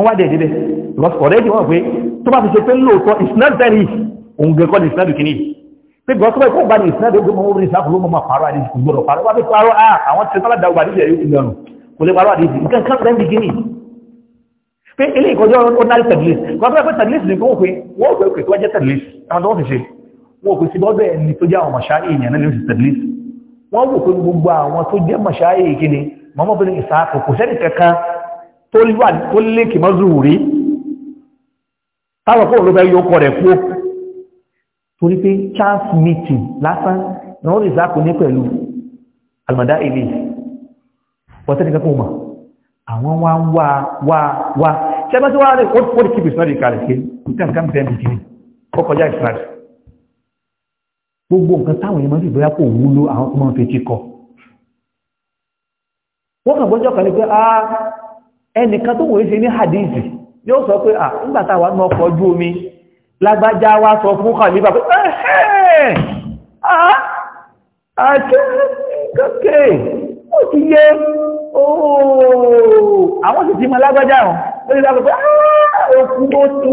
wọ́n wá dẹ̀dẹ̀ bẹ̀ because already wọ́n pé tó bá fi ṣe pé lóòótọ́ isnad bẹ̀rẹ̀ òun gẹ̀kọ́ ní isnad kìíní pé bí wọ́n tó bá ikú bá ní isnad ó gbé mọ́ orí ìsáfù ló mọ́ máa pàrọ̀ àdìsí kò gbọ́dọ̀ pàrọ̀ wá fi pàrọ̀ à ah, àwọn ti sábà dàgbà àdìsí ẹ̀yọ́ ìlú ọ̀nà kò lè pàrọ̀ àdìsí nǹkan kan rẹ̀ ń bìgínì pé ilé ìkọjọ́ ordinary tadlis wọ́n tó bá tadlis ní wọ́n pé wọ́n pè pé tó jẹ́ tadlis àwọn tó wọ́n ti ṣe wọ́n pè sí bọ́dọ̀ ẹni tó jẹ́ àwọn mọ̀ṣáì èèyàn náà ní oṣù tadlis wọ́n wò pé gbogbo àwọn tó tó wà tó lékè mọ́ zuhuri táwọn fóònù ló fẹ́ yóò kọ rẹ̀ kú torí pé chance meeting lásán ni wọ́n lè sáàkó ní pẹ̀lú almada ilé wọ́tẹ́nìkan kò mọ̀ àwọn wá ń wá wá wá ṣẹ́gbẹ́ tí wọ́n rẹ̀ ó ti kíbi ìsinmi kalẹ̀ pé peter nǹkan bẹ́ẹ̀ bí kiri ó kọjá ìsinmi gbogbo nǹkan táwọn èèyàn máa ń fi bóyá kò wúlò àwọn tó máa ń fetí kọ wọ́n kàn gbọ́jọ́ kan ní pé ah ẹnìkan tó wòye ṣe ní hadithi yóò sọ pé ah nígbàtà wà náà kọ ojú omi lágbájá wá sọ fún kàlíbà pé ẹ̀ẹ́ àkẹ́kẹ́kẹ́ ó ti yé ooo àwọn sì ti mọ lágbájá ọ̀ ó ti lágbàgbà òkú ó ti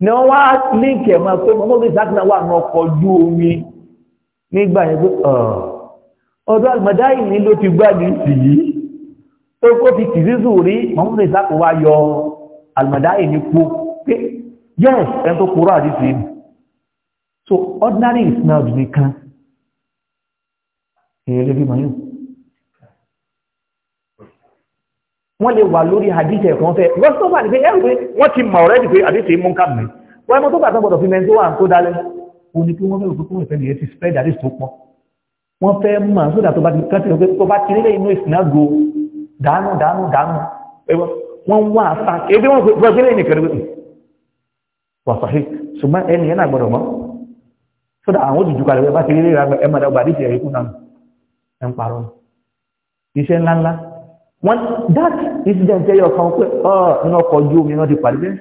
ni wọ́n wá líǹkì ẹ̀mọ́ pé mọ́mọ́bí sákìnà wà náà kọ ojú omi nígbà yẹn pé ọ̀dọ́ àgbàdá yìí ló ti gbádùn sí yìí tó kó fi kìrìsù rí mọ́múdé ìsáàkù wá yọ alìmọ̀dáyì ní po pé yes ẹni tó kúrò àdìsí ìlú so ordinary snubs nìkan èyí lè fi mọ̀ yóò wọ́n lè wà lórí àdíṣẹ́ ẹ̀kọ́ fẹ́ rọ́sọ́bà ní pé ẹ̀rù pé wọ́n ti mọ̀ rẹ́dì pé àdíṣẹ́ mú kàmì wọ́n mọ́ tó bàtán gbọ́dọ̀ fi mẹ́ntó wà tó dálẹ́ o ní pé wọ́n fẹ́ òkúkú ìfẹ́ nìyẹn ti spread àdíṣẹ́ tó pọ̀ wọ́n fẹ́ mọ̀ sódà tó bá ti kẹ́tẹ̀ tó bá ti nílé inú ìsìnágo dànù dànù dànù wọ́n wá àṣà ebi wọ́n gbọ́ gbélé nìkan rẹ̀ wàṣàhí ṣùgbọ́n ẹni ẹ̀nà gbọ́dọ̀ mọ́ sódà àwọn òjìjú kalẹ̀ wẹ́ bá ti rí rẹ̀ ẹmọ ẹ̀dá gbàdí ìṣẹ̀rí kú náà ẹ̀ ń parọ́ iṣẹ́ ńláńlá wọ́n that incident ẹyọ kan pé ọ́ inú ọkọ̀ ojú omi náà ti pàdé bẹ́ẹ̀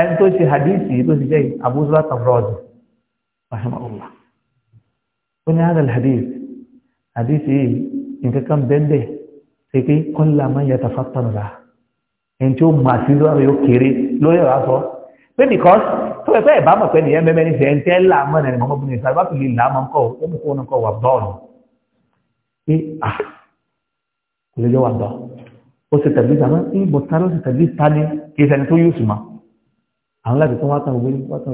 ẹni tó ṣe hadithi tó ṣe jẹ́ abúzọ́lá tàbúrọ́ọ̀dù rahimahullah ó ní hadal hadith hadith yìí nǹkan kan ṣe pé kọ́lá máa ń yàtọ̀ fápánù rà ẹni tí ó mọ àṣírí ọ̀rọ̀ yóò kéré lórí ọ̀rọ̀ àṣọ pé because tó ẹ fẹ́ ìbámu pẹ́ nìyẹn mẹ́mẹ́ ní sẹ́yìn tẹ́ là mọ́ ẹni mọ́mọ́ bìnrin sáré bá fi lè là mọ́ nǹkọ́ ó mú kó nǹkọ́ wà bọ́ọ̀lù pé à kò lè jọ wà bọ́ ó ṣe tẹ̀lé ìgbà wọn ń bọ̀ sáré ó ṣe tẹ̀lé ìtàní kì í ṣẹni tó yóò sùn mọ́ àwọn láti tó wá tàn ìwé wá tó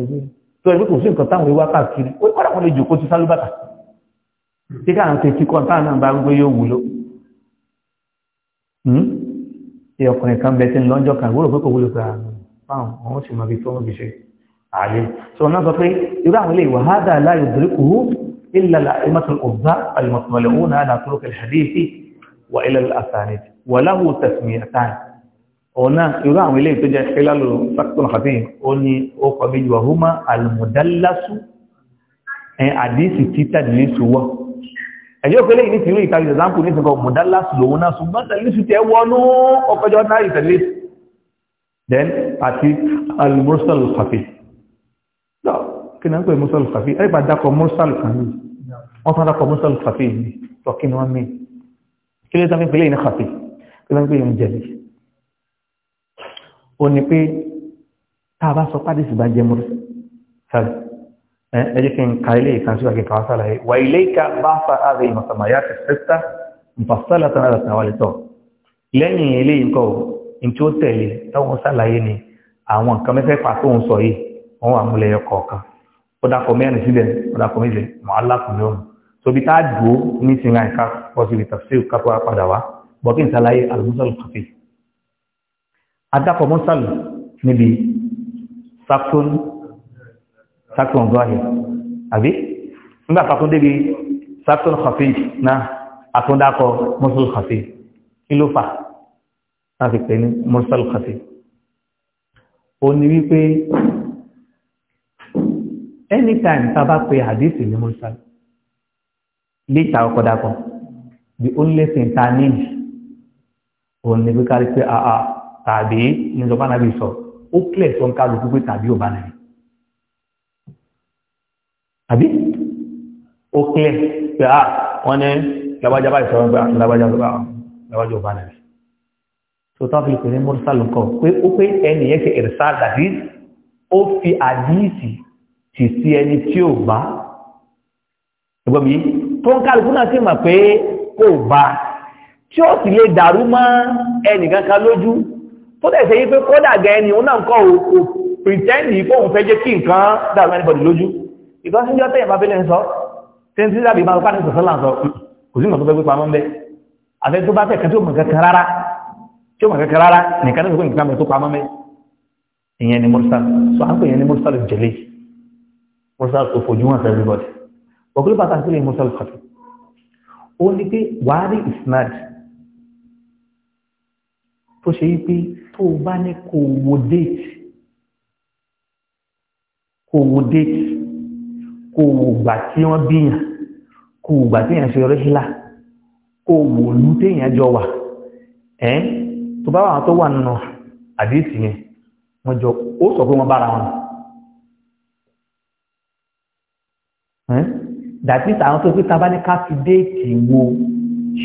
ẹ kò sí ẹ ọkùnrin kan bẹ tí ń lọ́jọ́ kan ìwúrò pé kò wúlò pé àwọn ọmọ sì máa fi tó wọn fi ṣe ààyè sọ wọn náà sọ pé irú àwọn ilé ìwà hádà láyò dìríkù إلا الأئمة الأبزاء المطملعون على طرق الحديث وإلى الأسانيد وله تسميتان هنا يرام إليه تجاه خلال سقط خفيف أني أقبل وهما المدلس حديث تتدلس هو ẹ̀yọ́ pẹ́lẹ̀ ìní ti rí ìkàrí ìzàmpù ní ìsìnkọ̀ mọ̀dálá lòun náà ṣùgbọ́n tẹ̀lẹ́sù tẹ́ wọnú ọkọjọ́ náà ìtẹ̀lẹ́ then àti al-mursal khafi lọ kí náà ń pè mursal khafi ẹ̀ bá dákọ̀ mursal khafi wọ́n tán ni wọ́n mí kí ló tán fi pẹ́lẹ̀ ìní khafi kí ló ń pè ní jẹ̀lẹ̀ ó ní pé tá a bá Eh, قائله كان شو كان قاصله واليك بعث هذه المسميات السته مفصله على التوالي lẹ́yìn ilé nǹkan ò ní tí ó tẹ̀lé táwọn ṣàlàyé ni àwọn nǹkan mẹ́fẹ̀ẹ́fà tó ń sọ yìí wọ́n wà múlẹ̀ ẹyọ kọ̀ọ̀kan ó dákọ̀ mẹ́rin síbẹ̀ ó dákọ̀ méje mọ́ alákùnrin ọ̀hún tóbi tá a dùn ó ní sinra ẹ̀ka pọ̀ síbi tafsir kápẹ́ wa padà wá bọ́ kí n ṣàlàyé alimusalu kàfé adákọ̀ mọ́sálù sákùn zọ́hìr àbí nígbà tàkún débi sákùn khafid náà àtúndákọ mọ́sùl khafid kí ló fà náà fi pè ní mọ́sùl khafid ó ní wípé anytime tá a bá pe hadith ní mọ́sùl léta ọkọ̀ dákọ̀ the only thing ta ní òun ni wípé kárí pé àà tàbí nígbà bá nàbí sọ ó clear tó ń kálukú pé tàbí ò bá nàbí àbí ó kílẹ̀ pé à ah, wọ́n ní lábájábá ìsọ̀rọ̀ pé lábájábá ah, lábájá ah, ò bá nàbí tó tán fi pè ní mọ́sálù kan pé ó pé ẹni yẹn ṣe ìrìsà dàbí ó fi àdíìsì tì sí ẹni tí ò bá ẹgbọ́n mi tó ń kálukú náà sì mà pé kò bá tí ó sì lè dàrú mọ́ ẹnìkan kan lójú tó dẹ̀ ṣe yí pé kódà gẹ̀ẹ́ni òun náà ń kọ́ òun kò pìtẹ́ndì kóun fẹ́ jẹ́ kí nǹkan dàrú ẹnìbọ̀dì lójú ìtọ́síjọ́ tẹ̀yìn bá fẹ́lẹ̀ ń sọ tí ń sísàbí máa fà ní sọ̀sọ́là sọ kò sí nǹkan tó fẹ́ gbé pamọ́ ń bẹ́ àfẹ́ tó bá fẹ́ kan tí ó mọ̀ kankan rárá tí ó mọ̀ kankan rárá nìkan tó fẹ́ nǹkan mọ̀ tó pamọ́ mẹ́ ìyẹn ni mursal so à ń pè yẹn ni mursal jẹlé mursal tó fojú hàn sí everybody ọkùnrin bàtà sí lè mursal kọtù ó ní pé wàá rí isnad tó ṣe pé tó o bá ní kò wo déètì kò wo déètì kó wò gbà tí wọ́n bíyàn kó wò gbà téèyàn ṣe rẹ́hílà kó wò lú téèyàn jọ wà ẹ́ tó bá wà tó wà nínú àdéhìsì yẹn wọ́n jọ ó sọ pé wọ́n bára wọn dàbí àwọn tó pé tá ní ká fi déètì wo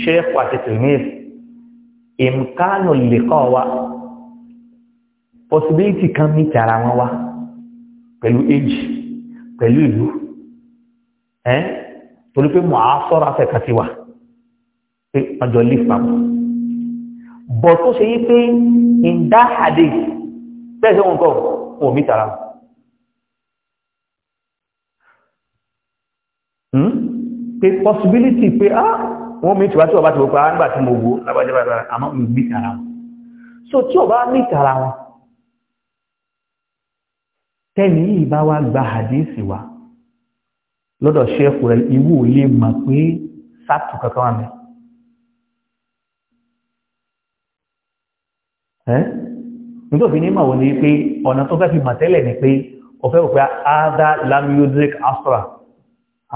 ṣẹ́ẹ̀kù àti tìrìmẹ́ẹ̀sì ìmùkánù lè kọ́ wa possibility kan ní ti wọn wá pẹ̀lú age pẹ̀lú ìlú ẹ́ torí pé mọ̀ á sọ́ra fẹ̀ka sí wa pé ọjọ́ lift papọ̀ bọ̀ tó ṣe yí pé in that hadith bẹ́ẹ̀ sẹ́wọ̀n kọ́ kò mí tara hmm? pé possibility pé á ah, wọ́n mi tìwá tí ọba ti wọ́pá ah, nígbà tí mo wo lábájábára àmọ́ mi mí tara wọn so tí ọba mí tara wọn tẹ́ni yìí bá wá gba hadith wa lọ́dọ̀ ṣẹ́ẹ̀kù rẹ̀ ìwọ lè mọ̀ pé sátù kankan wà mẹ́. nítorí fi ní mọ̀ wọ́n ni pé ọ̀nà tó fẹ́ fi mọ̀ tẹ́lẹ̀ ni pé ọ̀fẹ́ òpé ada lamudic astra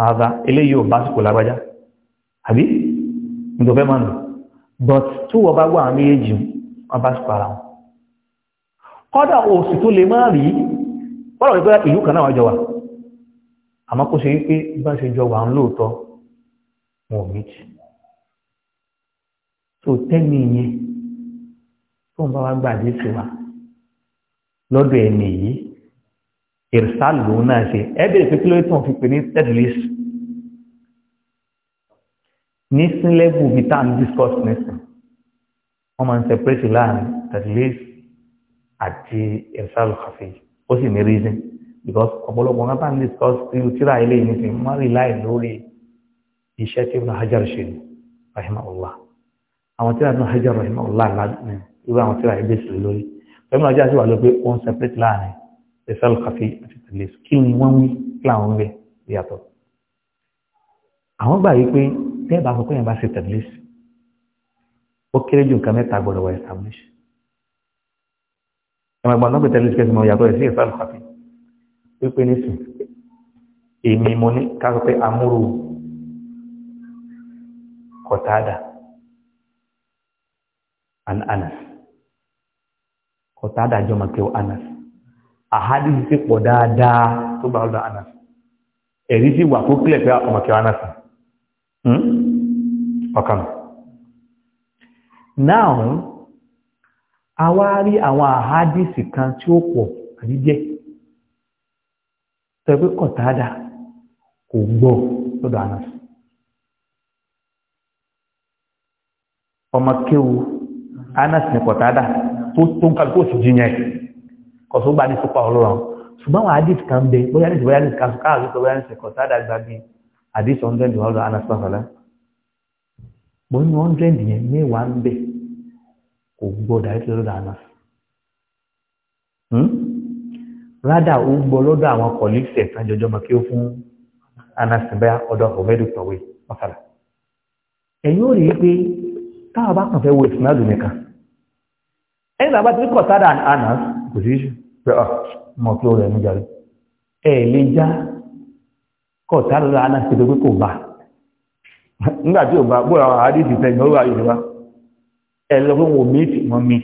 ada eléyìí ò bá sùkò lágbájá àbí nítorí fẹ́ mọ̀ but tí wọ́n bá wà méjì wọ́n bá sùkò ara wọn kọ́dà òsì tó lè má rí bọ́lọ̀ wípé ìlú kan náà wájọ wà àmọ́ kò ṣe wípé bá ṣe jọ wà ń lóòótọ́ wọn ò méjì tó tẹ́mi yẹn tó ń bá wa gbàdé sí wa lọ́dọ̀ ẹ̀mí yìí ìrìsàlù lòun náà ṣe ẹ bẹ̀rẹ̀ pé kí ló tó fi pè ní tẹ́dùlẹ́sì ní sínlẹ́bù bíi tá à ń discuss nísìn wọ́n máa ń separate láàrin tẹ́dùlẹ́sì àti ìrìsàlù kàfé ó sì ní reason because ọ̀pọ̀lọpọ̀ wọn bá ń discuss irú tíra ilé yìí nísìn wọ́n rí láì lórí iṣẹ́ tí Ibn Hajar ṣe ní rahimahullah àwọn tíra Ibn Hajar rahimahullah ní irú àwọn tíra ilé sílẹ̀ lórí pẹ̀lú ọjọ́ àti wà pé ó ń separate láàrin ìfẹ́ lọ́kàfí àti tẹ̀lé kí ni wọ́n wí kí làwọn ń wẹ̀ yàtọ̀ àwọn gbà yìí pé tẹ́ bá sọ pé yẹn bá ṣe tẹ̀lé ó kéré ju nǹkan mẹ́ta gbọ́dọ̀ wà establish ẹ̀mọ̀gbọ́n náà pé wípé nísìn èmi mo ní káàkiri pé amúrù kọ̀tádà an anas kọ̀tádà jọmọ kẹwàá anas àhádì sí pọ̀ dáadáa tó bá ọ̀dọ̀ anas ẹ̀rí sí wà tó kílẹ̀ pé ọmọ kẹwàá anas hmm? ọkàn náà a wá rí àwọn àhádìsì kan tí ó pọ̀ àdíjẹ́ tẹ̀wé kọ̀tàdà kò gbọ́ lọ́dọ̀ àná ọmọ kéwu anas ni kọ̀tàdà tó tó ń kàbí kó sì jiyàn kò tó gbà ní sípò ọlọ́run ṣùgbọ́n àwọn hadith kan bẹ bóyá ní bóyá ní kàṣù káàkiri tó bóyá ní kọ̀tàdà gba bí hadith hundred wà lọ́dọ̀ anas pàṣẹlá bóyá ní hundred yẹn mẹ́wàá ń bẹ kò gbọ́ dàrí lọ́dọ̀ anas. rádà ó gbọ́ lọ́dọ̀ àwọn colleagues ẹ̀ tán jọjọ́ mọ́ kí ó fún anasinbẹ́ ọ̀dọ̀ ọ̀mẹ́dù tọ̀wé masala ẹ̀yin ò rí i pé táwọn bá kàn fẹ́ wo nìkan bàbá ti anas kò sí iṣu pé ọ̀ ah, mọ̀ kí ó rẹ̀ mú jáde ẹ̀ lè já pé kò nígbà tí ò bá àwọn àdìsí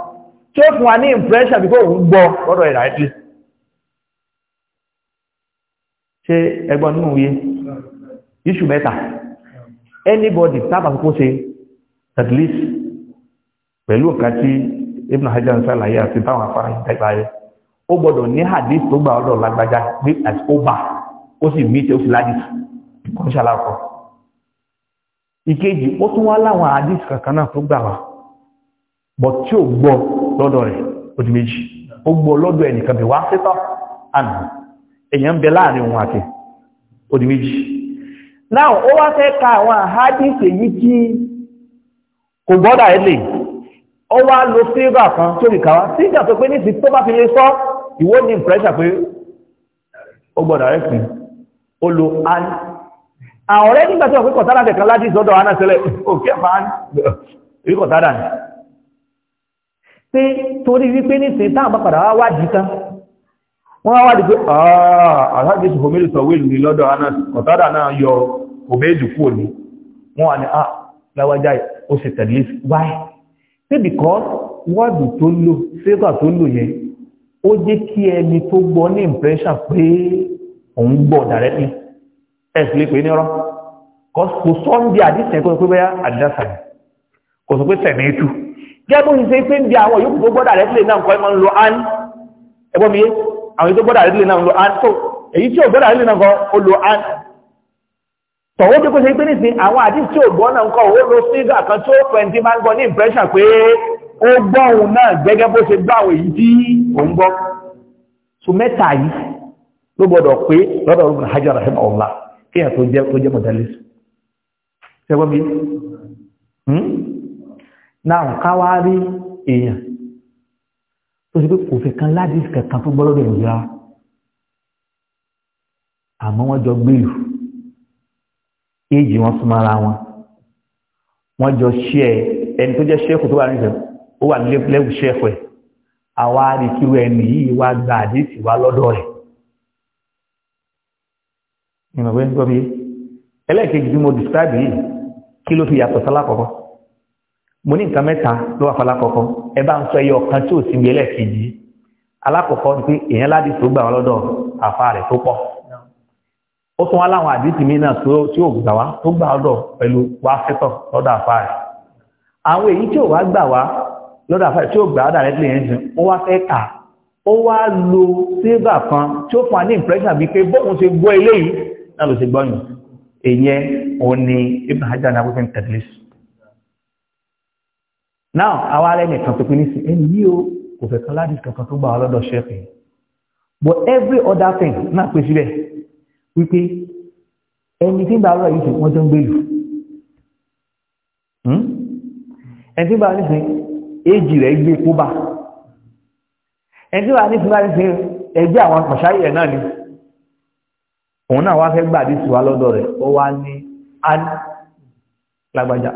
tí ó fún wa ní impression bí kò ń gbọ́ lọ́dọ̀ ìrà ìdílé ṣe ẹgbọ́n nínú yé issue mẹ́ta anybody tábà kókó ṣe at least pẹ̀lú nǹkan tí Ibn Hajar ṣàlàyé àti táwọn afárá ìdájọ́ ayé ó gbọ́dọ̀ ní hadith tó gbà ọ̀dọ̀ lágbájá pé as over ó sì mí tí ó fi ládìsì kò ń ṣàlàkọ̀ ìkejì ó tún wá láwọn hadith kankan náà tó gbà wá but tí ò gbọ́ lọ́dọ̀ rẹ̀ odi méjì ó gbọ́ lọ́dọ̀ ẹnìkan bẹ̀ wá sétọ́ àná èèyàn bẹ láàrin ka àwọn àhádìsì èyí tí kò gbọ́dà ẹ ó wá lo sígbà kan tó lè sígbà tó pé tó bá fi sọ ní ìpẹ́sà pé ó gbọ́dà rẹ̀ ó lo an (laughs) pé torí wípé nísìn táwọn bá padà wá wádìí tán wọ́n wá wádìí pé ààrẹ́gbèsì ah, homeru sọ̀wéèlù ní lọ́dọ̀ ọ̀tọ́dà náà yọ homeru kúrò ní wọ́n wà ní à ah, láwájá ó sì tẹ̀lé wáyé pé because wọ́ọ̀dù tó lò sígbà tó lò yẹn ó jẹ́ kí ẹni tó gbọ́ ní impression pé òun gbọ́ directly ẹ̀ sì lè pè é nírọ́ kò sọ́ndì àdìsẹ́ kó sọ pé bẹ́yà àdìsẹ́ kò sọ pé sẹ̀mẹ́tù gẹ́gbọ́n ṣe pé ń bí àwọn yòókù tó gbọ́dà rẹ̀ sílẹ̀ náà nǹkan ìmọ̀ ń lo án ẹgbọ́n mi yé àwọn gbọdọ gbọ́dà rẹ̀ sílẹ̀ náà ń lo án tó èyí tí ò gbọ́dà rẹ̀ sílẹ̀ náà kan ó lo án tọ̀wọ́ tó kó ṣe pé àwọn àdí tí gbọ́ náà ó lo kan tó pẹ̀ntì máa ń gbọ́ ní ìpẹ́ṣà pé ó náà gẹ́gẹ́ bó ṣe àwọn èyí tí gbọ́ so mẹ́ta yìí ló gbọ́dọ̀ pé lọ́dọ̀ náà ká wá rí èèyàn tó ṣe pé kò fi kan láti kankan tó gbọ́ lọ́dọ̀ ìlera àmọ́ wọ́n jọ gbé ìlú éèjì wọn súnmọ́ ara wọn wọ́n jọ ṣe ẹ ẹni tó jẹ́ ṣẹ́ẹ̀kù tó wà nílẹ̀ ó wà lẹ́wù ṣẹ́ẹ̀kù ẹ̀ àwa rí kíru ẹni yìí wá gba àdéhìí wá lọ́dọ̀ rẹ̀ ìmọ̀ pé ń gbọ́ mi ẹlẹ́ẹ̀kejì tí mo describe yìí kí ló fi yàtọ̀ sálákọ̀ọ́kọ́ mo ní nǹkan mẹ́ta ló wà fọlákọ̀ọ́kọ́ ẹ bá ń sọ ẹyọ kan tí ò sí gbélẹ̀ kejì alákọ̀ọ́kọ́ ni pé èèyàn láti tó gbà wá lọ́dọ̀ àfa rẹ̀ tó pọ̀ ó tún wá láwọn àdìsí mi náà tí ò gbà wá tó gbà lọ́dọ̀ pẹ̀lú wá fẹ́tọ̀ lọ́dọ̀ àfa rẹ̀ àwọn èyí tí ò wá gbà wá lọ́dọ̀ àfa rẹ̀ tí ò gbà wá dàrẹ́tìlì yẹn sìn ó wá fẹ́ kà ó wá lo sílvà kan tí ó fún wa ní impression bíi pé bóun ṣe gbọ́ eléyìí náà ló ṣe gbọ́yìn èyẹ òun ni ibn hajj anagun tẹ̀lé sí now àwa alẹ́ nìkan tó pín ní sí ẹni yìí o kò fẹ́ kan láti kankan tó gbà wá lọ́dọ̀ ṣẹ́ẹ̀kì but every other thing náà pè síbẹ̀ wípé ẹni tí ń bá wà yìí tó wọ́n jọ ń gbé lù hmm? ẹni tí ń bá wà nísìn éjì rẹ̀ gbé kó bá ẹni tí ń bá nísìn bá nísìn ẹgbẹ́ àwọn pàṣáyì ẹ̀ náà ni òun náà wá fẹ́ gbà dé sí wa lọ́dọ̀ rẹ̀ ó wá ní án lágbájá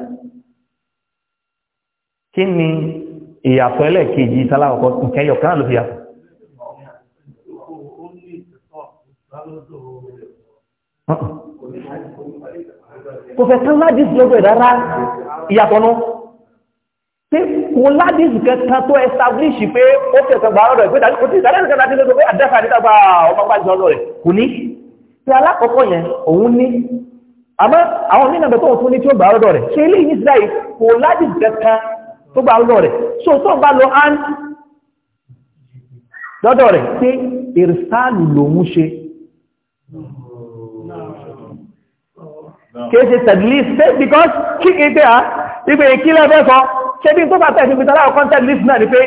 kí ni ìyàtọ̀ ẹlẹ́ẹ̀kejì sálákọ̀ọ́kọ́ nǹkan ẹyọ kan náà ló fi yàtọ̀ kò fẹ́ kán ládìsì lọ́dọ̀ ìdára ìyàtọ̀ náà tí kò ládìsì kẹta tó establish pé ó fẹ́ kan gbà ọ̀rọ̀ ìpé tàbí kò tí ìdárẹ́ kan láti lọ́dọ̀ pé àdẹ́fà ní tàbí ọmọ bá jọ lọ rẹ̀ kò ní tí alákọ̀ọ́kọ́ tó gba ọlọ́ rẹ̀ so tó bá lọ án lọ́dọ̀ rẹ̀ pé ìrìsáàlù lòun ṣe kéèṣe tẹ̀lìs pé because kí kí tẹ́ à ipé ìkílẹ̀ ẹgbẹ́ sọ ṣe bí tó bá tẹ́ ìsinmi tẹ́lá ọkọ̀ náà ni pé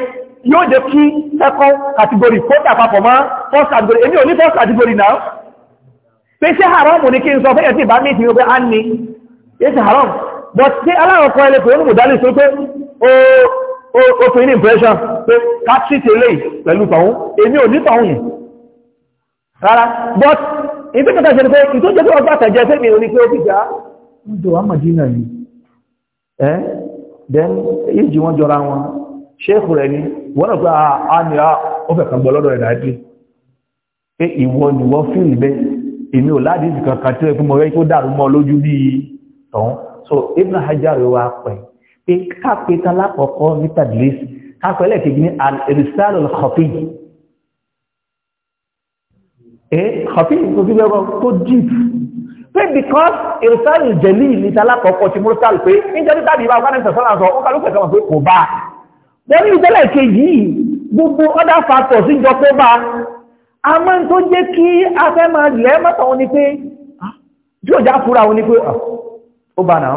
yóò jẹ́ kí second category kó tàpapọ̀ mọ́ first category èmi ò ní first category náà pé ṣe haram ní kí n sọ fẹ́yẹ̀ tí ìbá ní ìtìyàn pé a ní ṣe haram but ṣe aláwọ̀kọ́ ẹlẹ́kọ̀ọ́ mùdálì sọ pé ó fi ní impression pé káṣítì lè pẹ̀lú tọ̀hún èmi ò ní tọ̀hún yìí rárá but ìdí kẹta ṣe ni pé ìtó jẹ́ tó ọgbà tẹ̀jẹ́ pé mi ò ní pé ó fi gbà ń jọ wá Màdínà yìí ẹ́ then ìjì wọn jọra wọn ṣéèkù rẹ̀ ni wọ́n náà pé ah, a ní a ó fẹ̀ kan gbọ́ lọ́dọ̀ rẹ̀ dájú pé ìwọ ni wọ́n fíìlì bẹ́ẹ̀ èmi ò ládìí ìsìnkan kan tí ó yẹ kí mo rẹ́ kí ó dàrú mọ́ lójú bíi tọ̀hún so Ibn pé káàpẹ́ tán lákọ̀ọ́kọ́ ní tàdílẹ́sì káàpẹ́ ẹlẹ́ẹ̀kejì ní àrísàlù kọ̀fí ẹ̀ kọ̀fí kò sí lọ́kọ̀ tó deep pé because àrísàlù jẹ̀lì ní tàlákọ̀ọ́kọ́ ti mọ́sálù pé nítorí tàbí ìbá wà ní sọ̀sọ́lá sọ ó kálùkù ẹ̀kọ́ pé kò bá wọ́n ní ìtẹ́lẹ̀ kejì gbogbo other factors sí jọ pé bá a máa ni pé ah, ah, ó bá náà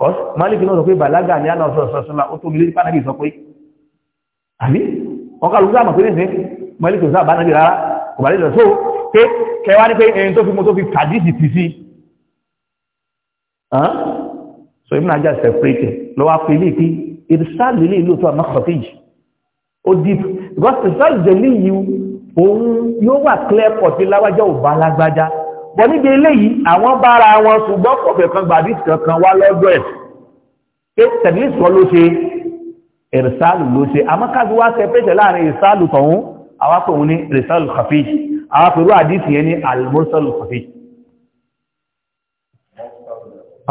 kọ́sí malik náà sọ pé bàlágà ní àná sọ̀sọ̀sọ̀lá ó tóbi lórí pánàbì sọ pé àbí wọn kà pé nìsín malik ò sáà bá nàbì rárá kò bá lè lọ sóò pé kẹwàá ní pé ẹni tó fi mo tó fi kàdísì tì sí so ibùn ajá separate lọ́wọ́ pé ilé pé ìrísàlù ilé ìlú tó àmọ́ cottage ó deep because ìrísàlù jẹ́ líyìí òun yóò wà clear cut láwájá ò bá bọ̀ níbi eléyìí àwọn bára wọn ṣùgbọ́n kọ̀ọ̀fẹ̀ kan gbàdí kankan wá lọ́dọ̀ ẹ̀ pé tẹ̀lís wọn ló ṣe ẹ̀rẹ̀sálù ló ṣe amákàtí wá ṣe pẹ́ṣẹ̀ láàrin ìrẹ̀sálù tọ̀hún àwápẹ̀ òun ní ìrẹ̀sálù khafi àwápẹ̀rú àdìsì yẹn ní almursalu khafi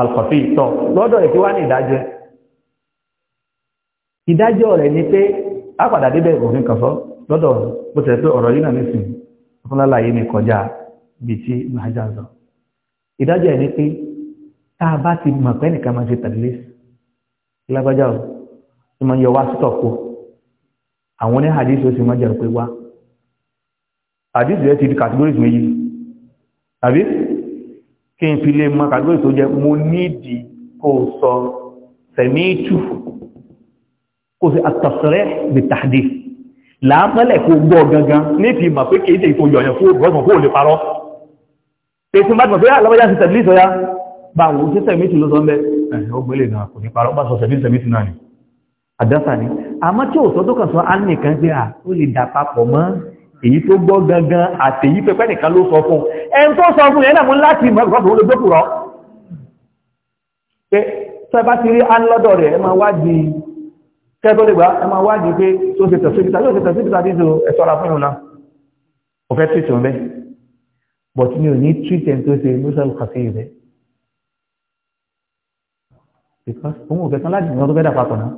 alkhafi tọ̀ lọ́dọ̀ ẹ̀ kí wá ní ìdájọ́ ìdájọ́ rẹ̀ ni pé ápàdà gbèsè ìhàjà zọ ìdájọ́ ẹ̀ ní pé tá a bá ti mọ̀ pé nìkan máa ṣe tẹ̀lé lágbájá o ṣe máa yọ wá sítọ̀ kó àwọn oní hadith ó sì máa jẹ́ pé wá hadith rẹ̀ ti di categories méjì àbí kí n fi lè mọ categories tó jẹ́ mo nídìí kó sọ tẹ̀mí ìtù kó sì àtọ̀sọ̀rẹ́ bí làápẹ́lẹ̀ kó gbọ́ gangan ní fi mọ̀ pé kì í ṣe ìfòyọ̀yàn fún ọgbọ́n kó lè parọ́ ètò bá tọ̀ pé alábájá ah, sí tẹ̀lé ìtọ́yá bá wò ó sí sẹ̀mítì ló sọ mẹ́ ọgbẹ̀lẹ̀ náà kò ní parọ́ bá sọ sẹ̀mítì náà ni àdásà ni àmọ́ tí ò sọ tó kàn sọ á nìkan pé à ó lè dà papọ̀ mọ́ èyí tó gbọ́ gangan àtèyí pẹpẹ́ nìkan ló sọ fún ẹn tó sọ fún yẹn náà mú láti mọ̀ ìgbà tó lè gbókù rọ pé tẹ́ bá ti rí á lọ́dọ̀ rẹ̀ ẹ máa wádìí kẹ́tọ́ lè gbà ẹ máa wádìí pé tó ṣe tẹ̀síbítà yóò ṣe tẹ̀síbítà but mi ò ní treat ẹni tó ṣe musal kàfíì rẹ̀ because òun ò fẹ́tàn láti ìran tó fẹ́ dà papọ̀ náà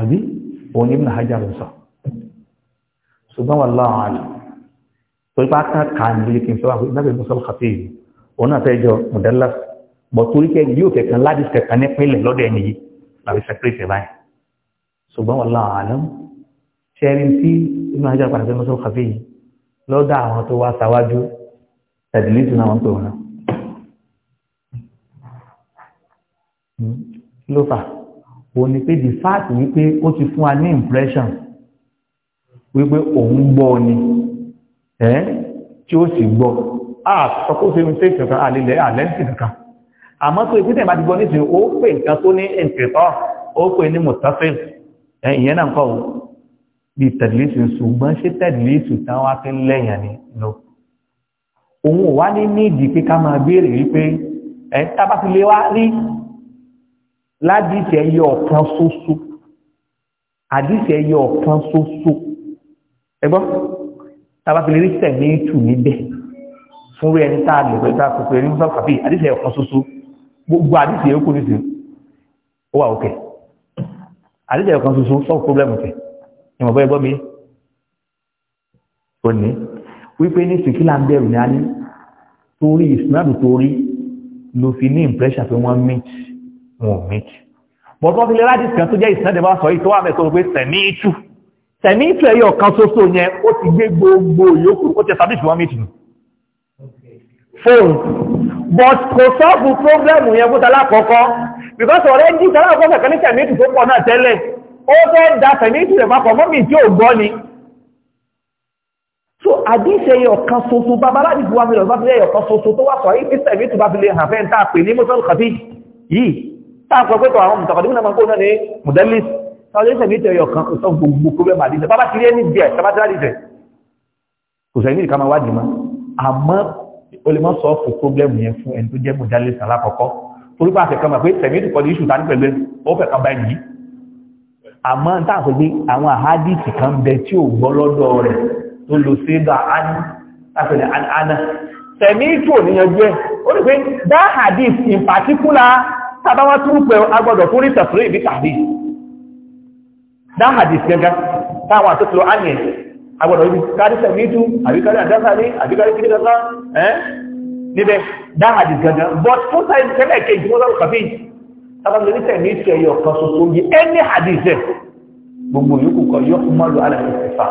àbí òun ní Ibn Hajar ló sọ ṣùgbọ́n wallahu a'lam torí pé aka kà ní ilé kí n sọ àwọn ìdábẹ̀ musal kàfíì rẹ̀ òun náà fẹ́ jọ mọ̀dálá bọ̀ torí kẹ́ yóò kẹ̀kan láti kẹ̀kan nípínlẹ̀ lọ́dọ̀ ẹni yìí làwọn ìṣàkíyèsí báyìí ṣùgbọ́n wallahu a'lam ṣẹ́rin tí inú ajá padà fẹ́ mọ́sọ́ kàfé yìí lọ́dọ̀ àwọn tó wá sáwájú tàdílítù náà wọ́n pè wọ́n hmm? ló fà òun ni pé the fact wípé ó ti fún wa ní impression wípé òun gbọ́ ni ẹ́ tí ó sì gbọ́ a sọ pé ó ṣe mistake kankan àlelẹ̀ àlẹ́ǹtì kankan àmọ́ tó ìpínlẹ̀ bá ti gbọ́ nísìnyí ó pè nǹkan tó ní ìpìtọ́ ó pè ní mùtáfẹ́ ìyẹn náà ń kọ́ òun bí tẹ̀lẹ́sì ṣùgbọ́n ṣé tẹ̀lẹ́sì táwọn afẹ́ lẹ́yìn ni lọ. òun ò wá ní nídìí pé ká máa béèrè wípé ẹ̀ tábà fi lè wá rí ládìsẹ̀ yẹ ọ̀kan ṣoṣo àdìsẹ̀ yẹ ọ̀kan ṣoṣo ẹgbọ́n tábà fi lè rí sẹ̀mí tù níbẹ̀ fún rí ẹni táà lè pẹ̀lú àpẹẹrẹ ní mọ́tò kàfí àdìsẹ̀ ọ̀kan ṣoṣo gbogbo àdìsẹ̀ yẹ kó ní sí ó wà òkè àdìsẹ̀ ọ̀kan ṣoṣo sọ́ọ̀ ìmọ̀ bọ́ ẹgbọ́ mi ò ní wípé ní sìkílà ń bẹ̀rù ní a ní torí ìsìnàdù torí ló fi ní ìmpẹ́ṣà pé wọ́n meet wọn meet bọ̀ tó fi lè rájì kan tó jẹ́ ìsìnàdù bá sọ ìtọ́wà mẹ́tọ́ pé sẹ̀mí ìtù sẹ̀mí ìtù ẹ̀yọ kan ṣoṣo yẹn ó ti gbé gbogbo yòókù ó ti establish wọn meet nù phone but kò sọ́ọ̀bù problem yẹn fún talákọ̀ọ́kọ́ because already talákọ̀ọ́kọ́ mẹ̀kánísà méjì tó pọ̀ náà tẹ́lẹ̀ ó fẹ́ da fẹ̀mí ìtìlẹ̀ papọ̀ mọ́mí tí ó gbọ́ ni so àdíṣẹ́ ẹyọ̀kan soso babaláàdì buwa mi lọ́wọ́ fílẹ̀ ẹyọ̀kan soso tó wà sọ yìí tí sẹ̀mí tó bá fi lè hàn fẹ́ ń tà pè ní mọ́sán kàfí yìí tà pọ̀ pẹ́tọ̀ àwọn mùtàkọ̀dé múnà mọ́kó náà ní mùdẹ́lì sọ́jọ́ sẹ̀mí tẹ̀ ẹyọ̀kan sọ gbogbo kó bẹ́ẹ̀ màdíṣẹ́ bábá kiri ẹni díẹ̀ tabatí àdíṣẹ́ kò sẹ́ni ìka máa wádìí mọ́ àmọ́ o lè mọ́ sọ fún pọ́blẹ́mù yẹn fún ẹni tó jẹ́ mùdẹ́lì sàlákọ̀ọ́kọ́ torí pàṣẹ kan mà pé sẹ̀mí tó kọ́ àmọ́ táàpẹ́ pé àwọn àhádìsì kan bẹ tí ò gbọ́ lọ́dọ̀ rẹ̀ tó lo sébà ánì lápẹ̀lẹ̀ àná tẹ̀mí tí ò níyanjú ẹ̀ ó rí pé dá hadith in particular tàbáwá tún pẹ̀ agbọ́dọ̀ tó rí tẹ̀sùrù ìbí tàbí dá hadith gẹ́gẹ́ táwọn àtúntò ánì ẹ̀ agbọ́dọ̀ ibi kárí tẹ̀mí tú àbíkárí àdáfà hadith gẹ́gẹ́ but fún sáyẹn tẹ́lẹ̀ kejì mọ́sálù kàfíì tábàlẹ́lẹ́tẹ̀ ní ìtẹ̀ ẹ̀yọ̀ kan ṣoṣo bí ẹni àdìsẹ̀ gbogbo yòókù kan yóò fún mọ́lù alẹ́fẹ́fà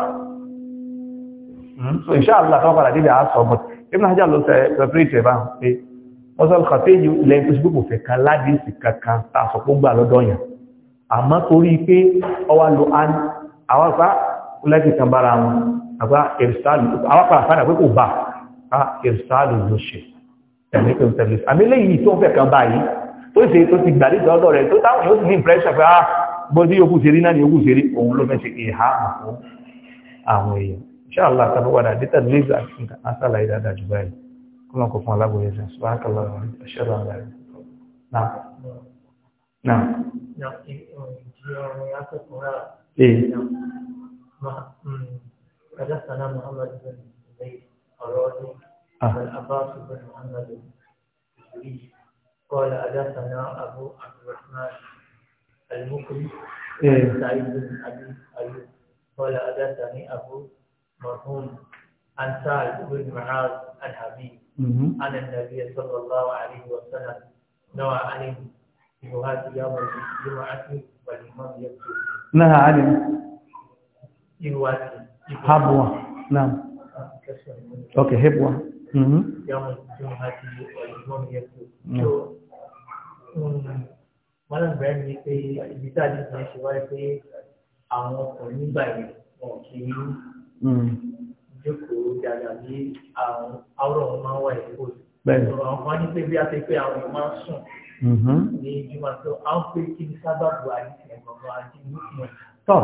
hmm? so inṣáàlá tó padà dídà sọ bọ̀ ibn Hajar ló sẹ rẹpírìtì bá pé lẹ́yìn tó ṣubú fẹ́ kan ládìsì kankan tá a sọ torí pé ọwá lo án àwọn pa kan bára wọn àgbà ìrìsàlù pé kò bá ó ṣe tó ti gbàdí tọ́lọ́ rẹ̀ tó táwọn yóò sì ní ìpẹ́ṣẹ̀ pé ah bọ́dí yóò ṣe rí náà ni yóò ṣe rí òun ló fẹ́ ṣe ìhá fún àwọn èèyàn ṣáàlá àtàbọ̀wàdà dítà lẹ́gbà àti nǹkan asálà ìdádá jù báyìí kọ́lọ́kọ̀ fún aláboyè ṣe ṣùgbọ́n àṣẹ́rọ̀ àgbà rẹ̀ قال حدثنا أبو عبد الرحمن المكري إيه. سعيد بن أبي أيوب قال حدثني أبو مرحوم عن سعد بن معاذ عن حبيب عن النبي صلى الله عليه وسلم نوى عن جهاد يوم الجمعة والإمام يبكي نهى عن حبوة نعم آه، أوكي حبوة يوم الجمعة والإمام يبكي نعم. mọ́lẹ́gbẹ̀ẹ́ mi pé ibi tá a ti sàn ṣe wáyé pé àwọn ọkùnrin nígbà yẹn wọn kì í hmm. jókòó dáadáa bí àwọn àwòrán máa ń wà ìdíbò bẹ́ẹ̀ni àwọn kan ní pé bí a ti pé àwọn máa ń sùn hmm. ní ìjùmọ̀ tó à ń pè kí ni sábàbù àdìsí ẹ̀gbọ̀n àti ìlú tọ́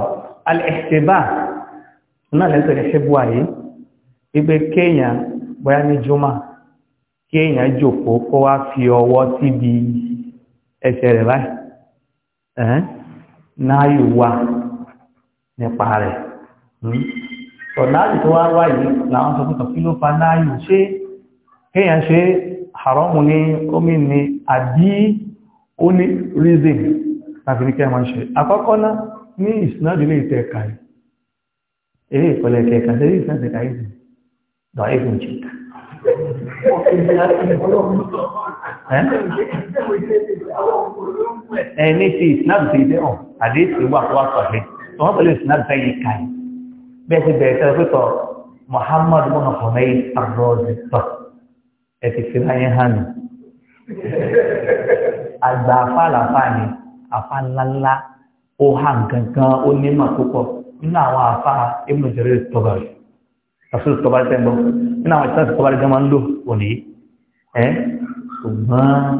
alẹ́sẹ̀bá náà lẹ́tọ̀ lẹ́sẹ̀ bú àyè wípé kéèyàn bóyá ní jùmọ̀ kéèyàn jókòó kó wá fi ọwọ́ síbi ẹsẹ̀ rẹ̀ báyìí ẹ̀hẹ́n náàyò wà nípa rẹ̀ sọ hmm? náàyò tó wá wá yìí làwọn sọ pẹ́tọ̀ kí ló fa náàyò ṣé kéèyàn ṣe haramu ní omi ni àbí ó ní reason láti ní kí a máa ṣe àkọ́kọ́ náà ní ìsinádìí lè tẹ̀ ẹ̀ka yìí eré ìpẹ̀lẹ̀ kẹ̀kẹ́ sí ìsinádìí ẹ̀ka yìí dọ̀ ẹ̀kùn jìkà ẹ ní ti islam ti dẹ́ hàn àdéhùn wà wà pàdé tó wọ́n pẹ̀lú islam fẹ́ yìí ká yìí bẹ́ẹ̀ ti bẹ̀rẹ̀ tẹ́lẹ̀ pẹ́tọ̀ muhammadu muhammadu arọ́ọ̀dì tọ̀ ẹ ti fi láyé hàn mí àgbà afá làfá ni afá ńláńlá ó hàn gangan ó ní mà púpọ̀ nínú àwọn afá ṣùgbọ́n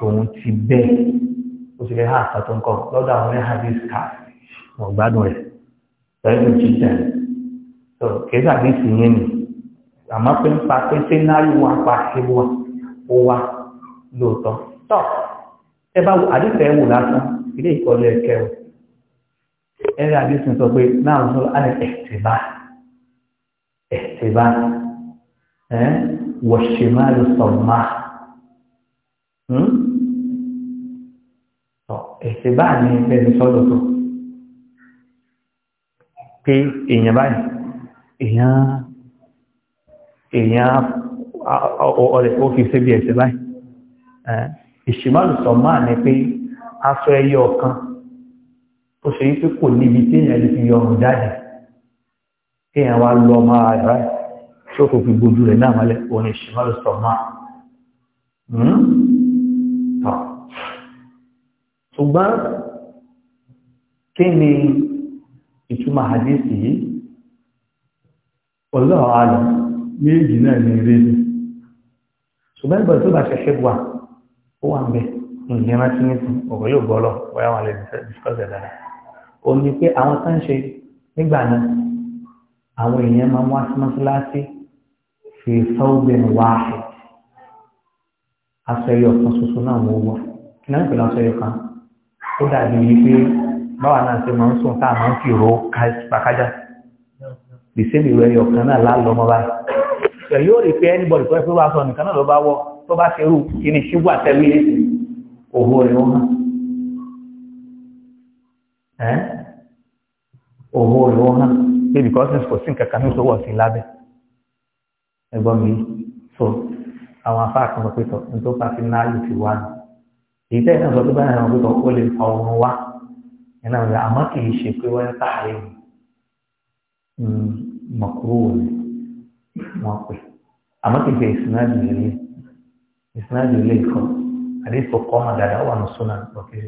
òun ti bẹ́ẹ̀ ó sì fẹ́ hà sàtọ́ nǹkan lọ́dọ̀ àwọn ẹ̀hà bíi ska wọn gbádùn rẹ̀ pẹ̀lú jíjà tó kéésà bíi sì yẹn ni àmọ́ pé ń pa pé sẹ́nárì wà pa ṣẹ́wó wa ó wá lóòótọ́ tọ́ ẹ bá àdìsẹ́ wò lásán ilé ìkọlẹ̀ kẹwò ẹ̀rí àdìsẹ́ sọ pé náà ń sọ alẹ́ ẹ̀tìbá ẹ̀tìbá ẹ̀ wọ̀ṣẹ̀máàlú sọ̀máà. ẹ̀sẹ̀ bá ní ẹgbẹ̀rún sọ́lọ̀tọ̀ pé èèyàn báyìí èèyàn èèyàn ọ̀rẹ̀ ó fi ṣe bí ẹ̀sẹ̀ báyìí ìṣìmọ́lùsọ máa ní pé aṣọ ẹyọ ọ̀kan ó ṣe wípé kò níbi tí èèyàn lè fi yọrùn jáde èèyàn wá lọ ọmọ ara rẹ̀ tí kò fi gbójú rẹ̀ náà mọ́lẹ̀ òun ìṣìmọ́lùsọ hmm? máa ṣùgbọ́n kí ni ìtumọ̀ hadisi yìí ọlọ́rọ̀ alọ́ méjì náà ní ìrẹ́lẹ̀ ṣùgbọ́n ìgbà tó bá ṣẹ̀ṣẹ̀ wà ó wà ń bẹ ìyẹn rántí nìkan ọ̀rọ̀ yóò gbọ́ lọ wáyà wà lè discuss ẹ̀ dáadáa ó ní pé àwọn tá èèyàn máa ń wá sí mọ́ṣáláṣí fi sọ́ọ̀bìn wáhì aṣọ ẹyọ kan ṣoṣo náà wọ́n kí náà ń pè lọ́ṣọ ẹyọ kan ó dàbí wípé báwa náà ṣe máa ń sùn tá a máa ń fi ro pàkájà ìṣèlú ẹyọ kan náà lálọ́ mọ́ báyìí ẹ̀ yóò rí pé anybody tó ẹ pé wàá sọ nìkan náà ló bá wọ tó bá ṣe rú kí ni ṣubú àtẹ́wílé òwò rẹ̀ wọ́n hàn òwò rẹ̀ wọ́n hàn pé because kò sí nǹkan kan ní ìṣòwò ọ̀sìn lábẹ́ ẹgbọ́n mi so àwọn afáàkùn lọ pé tọ̀ ní tó bá fi náà yóò fi wá nù. ìtẹ́ ìtàn sọ pé báyìí àwọn ọ̀gbẹ́tọ̀ ó lè fa oorun wá ẹ̀nà ọ̀gá àmọ́ kì í ṣe pé wọ́n tààrí mọ̀kúrò rẹ̀ wọ́n pè àmọ́ kì í ṣe ìsinádìí ilé ìsinádìí ilé ìkọ́ àdéhùn kọ́ mà dáadáa wà ní sọ́nà lọ kì í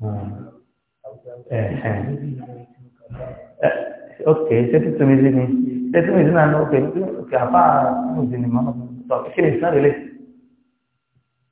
hmm, eh, ok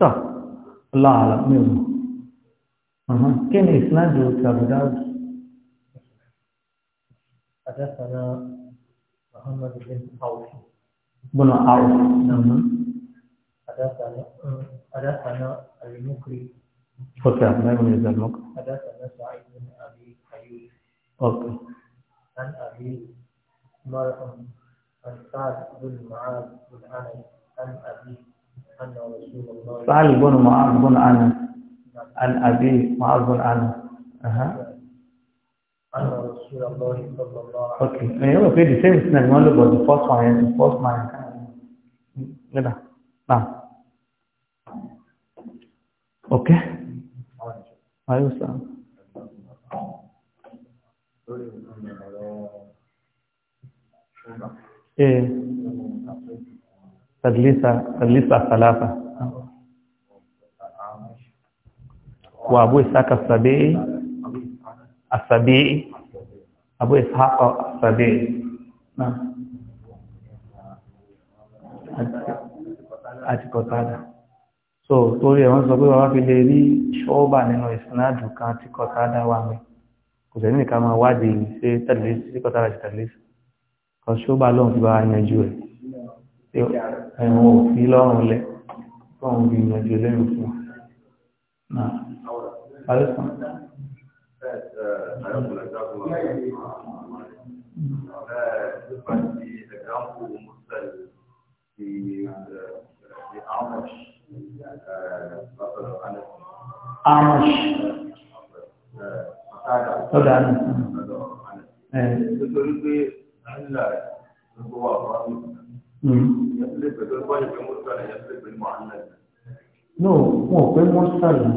tọ́ lọ́ọ̀lọ́ mi ò mọ̀ kí ni islam yóò ti àbúdá rẹ̀. حدثنا محمد بن عوف بن عوف نعم. حدثنا حدثنا المكري فتح ما يميز المكري حدثنا سعيد بن ابي ايوب اوكي عن ابي مرحوم سعد بن معاذ بن انس عن ابي ان رسول الله سعد بن معاذ بن انس عن ابي معاذ بن انس اها أن رسول الله صلى الله عليه وسلم. Okay. Yeah, okay. The same thing. One look at the first one نعم اوكي ايوه السلام eh tadlisa tadlisa thalatha wa abu ishaq as-sabi'i as-sabi'i abu ishaq as-sabi'i atikotada so tori ẹ̀wọ́n sọ pé wọ́n fi lè rí ṣọ́ọ́bà nínú ìsinádù kan tí kọ̀tàdà wà mẹ́ kò sẹ́ni nìkan ọ̀ṣọ́bà lọ́n fi bá yanjú ẹ̀ ẹ̀wọ̀n òfin lọ́rùn lẹ̀ lọ́rùn fi yanjú lẹ́yìn fún Amash. Ọ̀dà náà. Nítorí Allah zuwa faru ya fi lefe tó bá yẹ mọ́sálà ya fi lefe no wọn ò pé mọ́sálà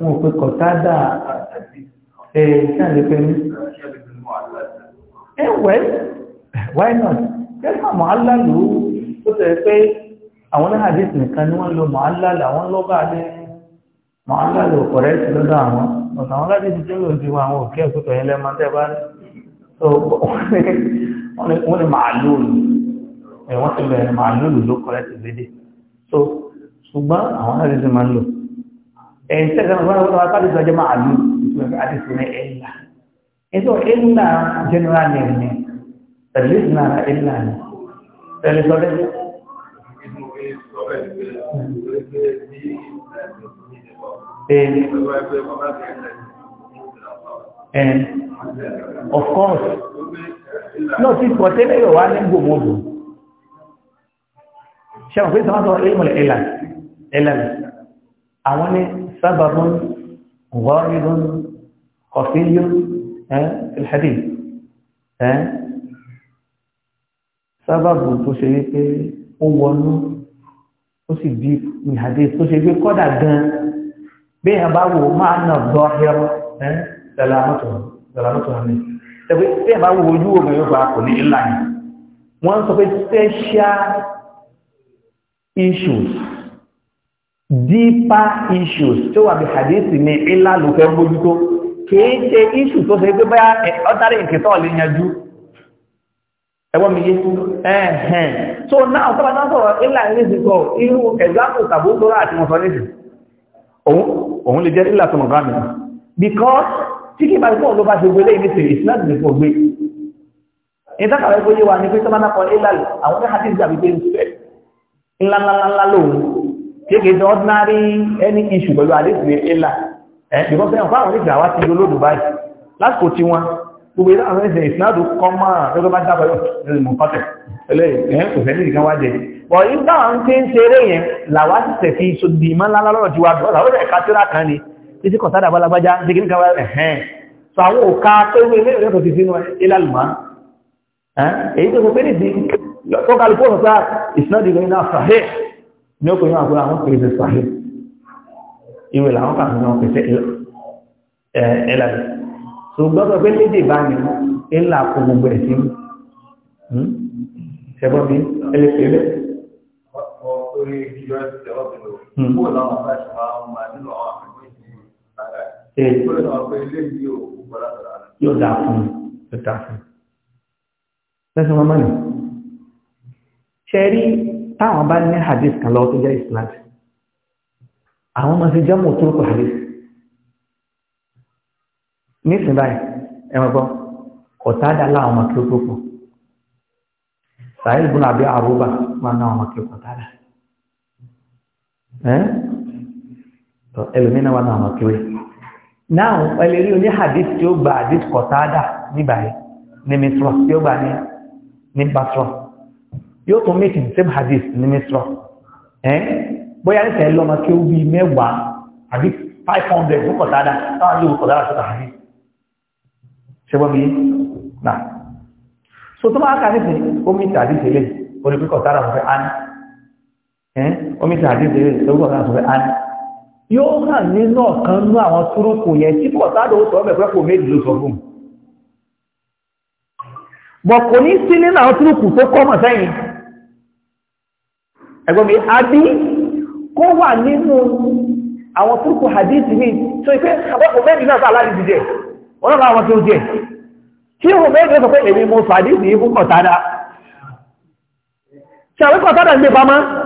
wọn ò pé kọ̀tádà ẹ̀ ṣàlẹ́fẹ́ ní ẹ̀ why not kẹ́sà mọ́álà ló ó tẹ̀ pé àwọn hadith nìkan ni wọ́n lo mọ́álà làwọn lọ́gbà lé mọ́álà lò kọ̀rẹ́tì lọ́dọ̀ àwọn ọ̀sán wọn láti ti jẹ́ òdiwọ̀n àwọn òkè ẹ̀kútọ̀ yẹn lẹ́mọ́ (laughs) wọ́n ni màálùú ẹ̀wọ́n ti bẹ̀rẹ̀ màálùú ló kọ́ láti gbédé so ṣùgbọ́n àwọn àrẹ ti máa ń lò ẹ̀yìn tẹ́sẹ̀ náà wọ́n wá káàdì ìgbàjẹ́ màálùú ìtumẹ̀ àti ìtumẹ̀ ẹ̀là ẹ̀tọ́ ẹ̀là general name ni And of course, náà ti pọ̀ tẹ́lẹ̀ yọ̀ wá ní gbòmòdò. Ṣé àwọn fẹ́sẹ̀ máa sọ ilmọ̀lẹ̀ ẹ̀là ẹ̀là àwọn ní sábàbùn wọ́ọ̀rìdùn kọfíyù ìlhàdì sábàbù tó ṣe wípé ó wọnú ó sì di ìhàdì tó ṣe wípé kọ́dà gan-an bí ẹ̀ bá wò máa nà gbọ́ ẹ̀rọ salamatu salamatu hàn ní ẹgbẹ́ tí ẹ̀ bá wo ojú omi yóò kò ní ńlá yẹn wọ́n sọ pé special issues deeper issues tó wà bí hadithi ní ńlá ló fẹ́ bójútó kìí ṣe issue tó ṣe pé bá ọ̀tàrí ìkìtọ́ lè yanjú ẹwọ́n mi yé ẹ̀hẹ̀n so now tọ́ba náà sọ̀rọ̀ ilà ìrísí sọ irú example tàbí ó tọ́ra àti mọ̀sán nísì òun lè jẹ́ ilà tó mọ̀gá mi because tí kí ìbáṣe fún ọlọ́ba ṣe gbélé ní tèrè ìsìnà ìdílé fún ọgbẹ́ ìdákàwé gbóyè wa ni pé tó bá dákọ ìlàlù àwọn ní hadith dàbí pé ń fẹ́ ńláńláńlá lòun kéèké tó ordinary any issue pẹ̀lú àdéhùn ìlà ẹ̀ bíkọ́ fẹ́ràn fáwọn oníṣẹ́ àwa ti olódò báyìí lásìkò tí wọn gbogbo ìlànà àwọn ẹ̀sìn ìsìnàdù kọ́ máa lọ́dọ́ bá dábàá yóò ẹ̀sìn mọ̀ pátẹ̀ ẹlẹ́yìn bọ̀ yìí dáwọn tí ń ṣeré yẹn làwa ti tẹ̀ fi sodìmọ́ lálọ́rọ̀ tiwa bọ́ làwọn ẹ̀ka tíra kan ni isi kọ̀tádà balagbájá tí kí ní kàwà ẹ̀hẹ́n so àwọn òka tó wé ilé ìrẹ́kọ̀ ti sínú ilálùmá èyí tó pé nìdí tọ́kàlù fóònù sáà ìsinádì lóyìn náà sàhẹ́ ní ó pè náà fún àwọn pèsè sàhẹ́ ìwé làwọn kà fún àwọn pèsè ilálù so gbọ́dọ̀ pé lédè bá ní ilà kò gbogbo ẹ̀ sí ṣẹbọ́ bí ẹlẹ́pẹ̀lẹ́ Orí ìjọ ẹ̀sẹ̀ ọ̀bìnrin, kó làwọn fẹ́ ṣe máa ń máa nínú àwọn àfẹ́ yóò dà fún yóò dà fún lẹ́sùn ọmọ nì ṣe rí táwọn bá ní hadith kan lọ tó jẹ́ islam àwọn ọmọ sí jẹ́mù tó kò hadith nísìn báyìí ẹ̀wọ̀n gbọ́ ọ̀tádà láwọn ọmọ kí ó tó kù sàáyé ìbúnà àbí àrùbà wọn náà ọmọ kí ó kọ̀ tádà náà ẹlẹ́ rí oní hadith tí ó gba hadith kọ̀tádà níbàáyé ní misra tí ó gba ní ní basra yóò tún méjì ní same hadith ní misra ẹ́ bóyá ní sẹ́yìn lọ́mọ kí ó bí mẹ́wàá àbí five hundred fún kọ̀tádà táwọn yóò kọ̀tádà tó kàn ní ṣẹ́gbọ́n mi náà so tó máa kà ní omi tàbí tẹ́lẹ̀ onípínkọ̀tádà tó fẹ́ án omi tàbí tẹ́lẹ̀ yóò hàn nínú ọ̀kan ní àwọn túrùkù yẹn tí kọ̀ sádò ó sọ mẹ́fẹ́ kò méjì ló sọ fún bọ̀ kò ní sí nínú àwọn túrùkù tó kọ́ mọ̀ sẹ́yìn ẹgbọ́n mi àbí kó wà nínú àwọn túrùkù hadith mi tó ipé ọkọ̀ méjì náà sá aláàrí jíjẹ wọn náà láwọn tí ó jẹ kí ó méjì sọ pé èmi mo sọ hadith yìí fún kọ̀tádà ṣàwé kọ̀tádà ń gbé pamọ́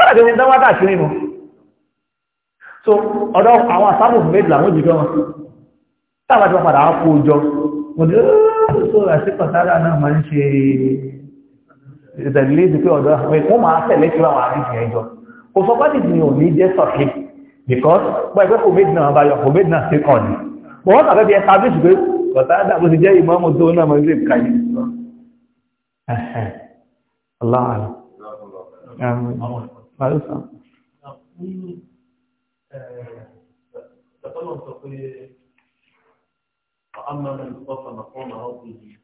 kọ́lá kí ní dánwà káàkiri nù so ọ̀dọ́ àwọn àsábò méjì làwọn jù gọ́mọ̀ táwọn ti padà á kó jọ mo ní ó àti pàtàkì náà máa ń ṣe ìtẹ̀lé ìdúpẹ́ ọ̀dọ́ wọ́n máa tẹ̀lé kí wọ́n àrí ìjìn ẹjọ́ kò sọ pàtì jẹ́ sọ̀kì because wọ́n ẹgbẹ́ kò méjì náà bá yọ kò méjì náà ṣe kàn ní but wọ́n establish pé pàtàkì bó ti jẹ́ ìmọ̀ọ́mù tó náà máa ń lè kà yìí Allah Allah. معروفة نعم من اصطفى مقام ربه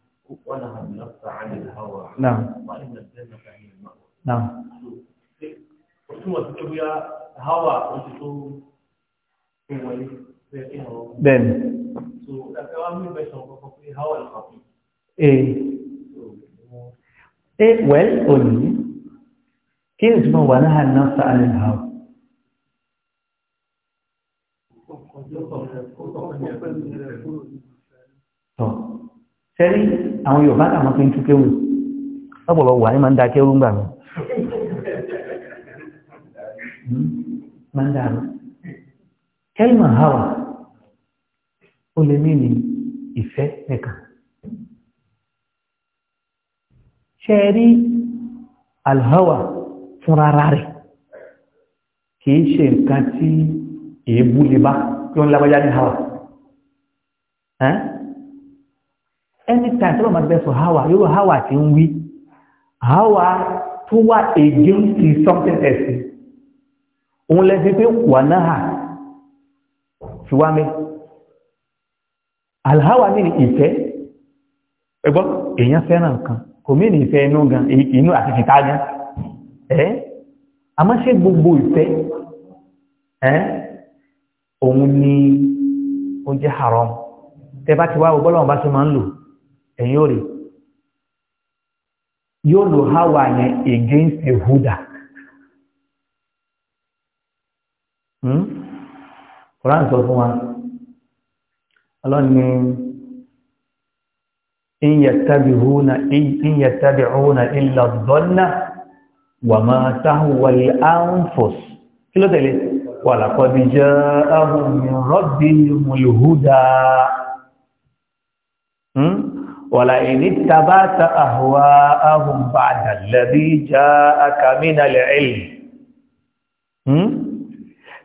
ونهى النفس عن الهوى نعم وإن الجنة هي المأوى نعم ثم تكتب هوى بين سو الكلام بين هوى الخطيب ايه ايه ويل قول كيف ما هو نهى الناس عن الهوى سيدي اهو يوبان اما تنكو كيو ابو لو وعي من دا كيو من دا من دا كلمة هوا ولميني إفه نكا شاري الهوى fúnra ara rẹ̀ kì í ṣe nǹkan tí èébú lè bá kí wọ́n lábájá ní hawa ẹni tàì tó máa bẹ́ sọ hawa yóò hawa ti ń wí hawa tó wà against something else òun lẹ́sìn pé wà náà fi wá mi alhawa ní ìfẹ́ ẹgbọ́n èèyàn fẹ́ràn kan kò mí ní ìfẹ́ inú gan inú àti fìtá gan Ee, a máa ee, gbogbo ìfẹ́ ẹ́ òun ni ó jẹ́ haram tẹ bá ti wá gbogbo ọlọ́run bá ṣe máa ń lò ha òrè yóò lò háwà yẹn against a huda hmm? Quran sọ fún wa ọlọ́run in yattabi'una illa wà máa táwọlé ánfọ̀s kí ló tẹ̀lé wà lápọ̀dé jẹ́ ahùnmírọ́dé mùlùhúdà wàlá ìní tabata àhùwà ahùnbà àdàlẹ́bí jẹ́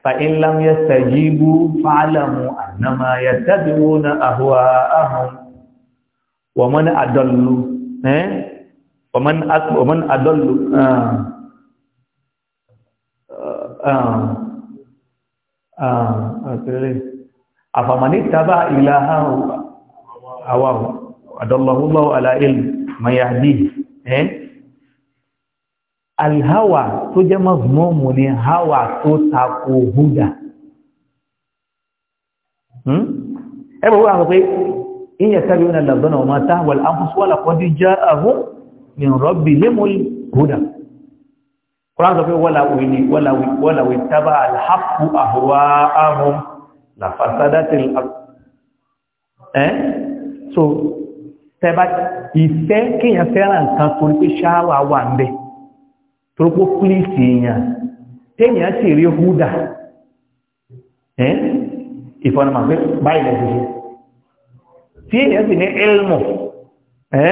فإن لم يستجيبوا فعلموا أنما يتبعون أهواءهم ومن أضل ومن أكبر ومن أضل آه أفمن اتبع إلهه هواه أدله الله على علم ما يهديه الهوى tó jẹ́ mazmum ni hawa tó tako huda hmm? ẹgbẹ̀rún àwọn pé in yẹ tàbí wọn lọ́gbọ́n ọmọ táwọn al'amfus wọ́n lọ́kọ́ dí jẹ́ ahun min rabbi limul huda Quran sọ pé wọ́làwì ni wọ́làwì wọ́làwì tábà alhaqqu ahwa'ahum la fasadatil ard ẹ́ so tẹ́bá ìfẹ́ kíyàn fẹ́ràn nǹkan torí pé ṣáwà wà ń bẹ torípó pílìsì èèyàn téèyàn sì rí húdà ẹ́ ìfọ́nàmà pé báyìí lẹ́sẹ̀ tí èèyàn sì ní ilmu ẹ́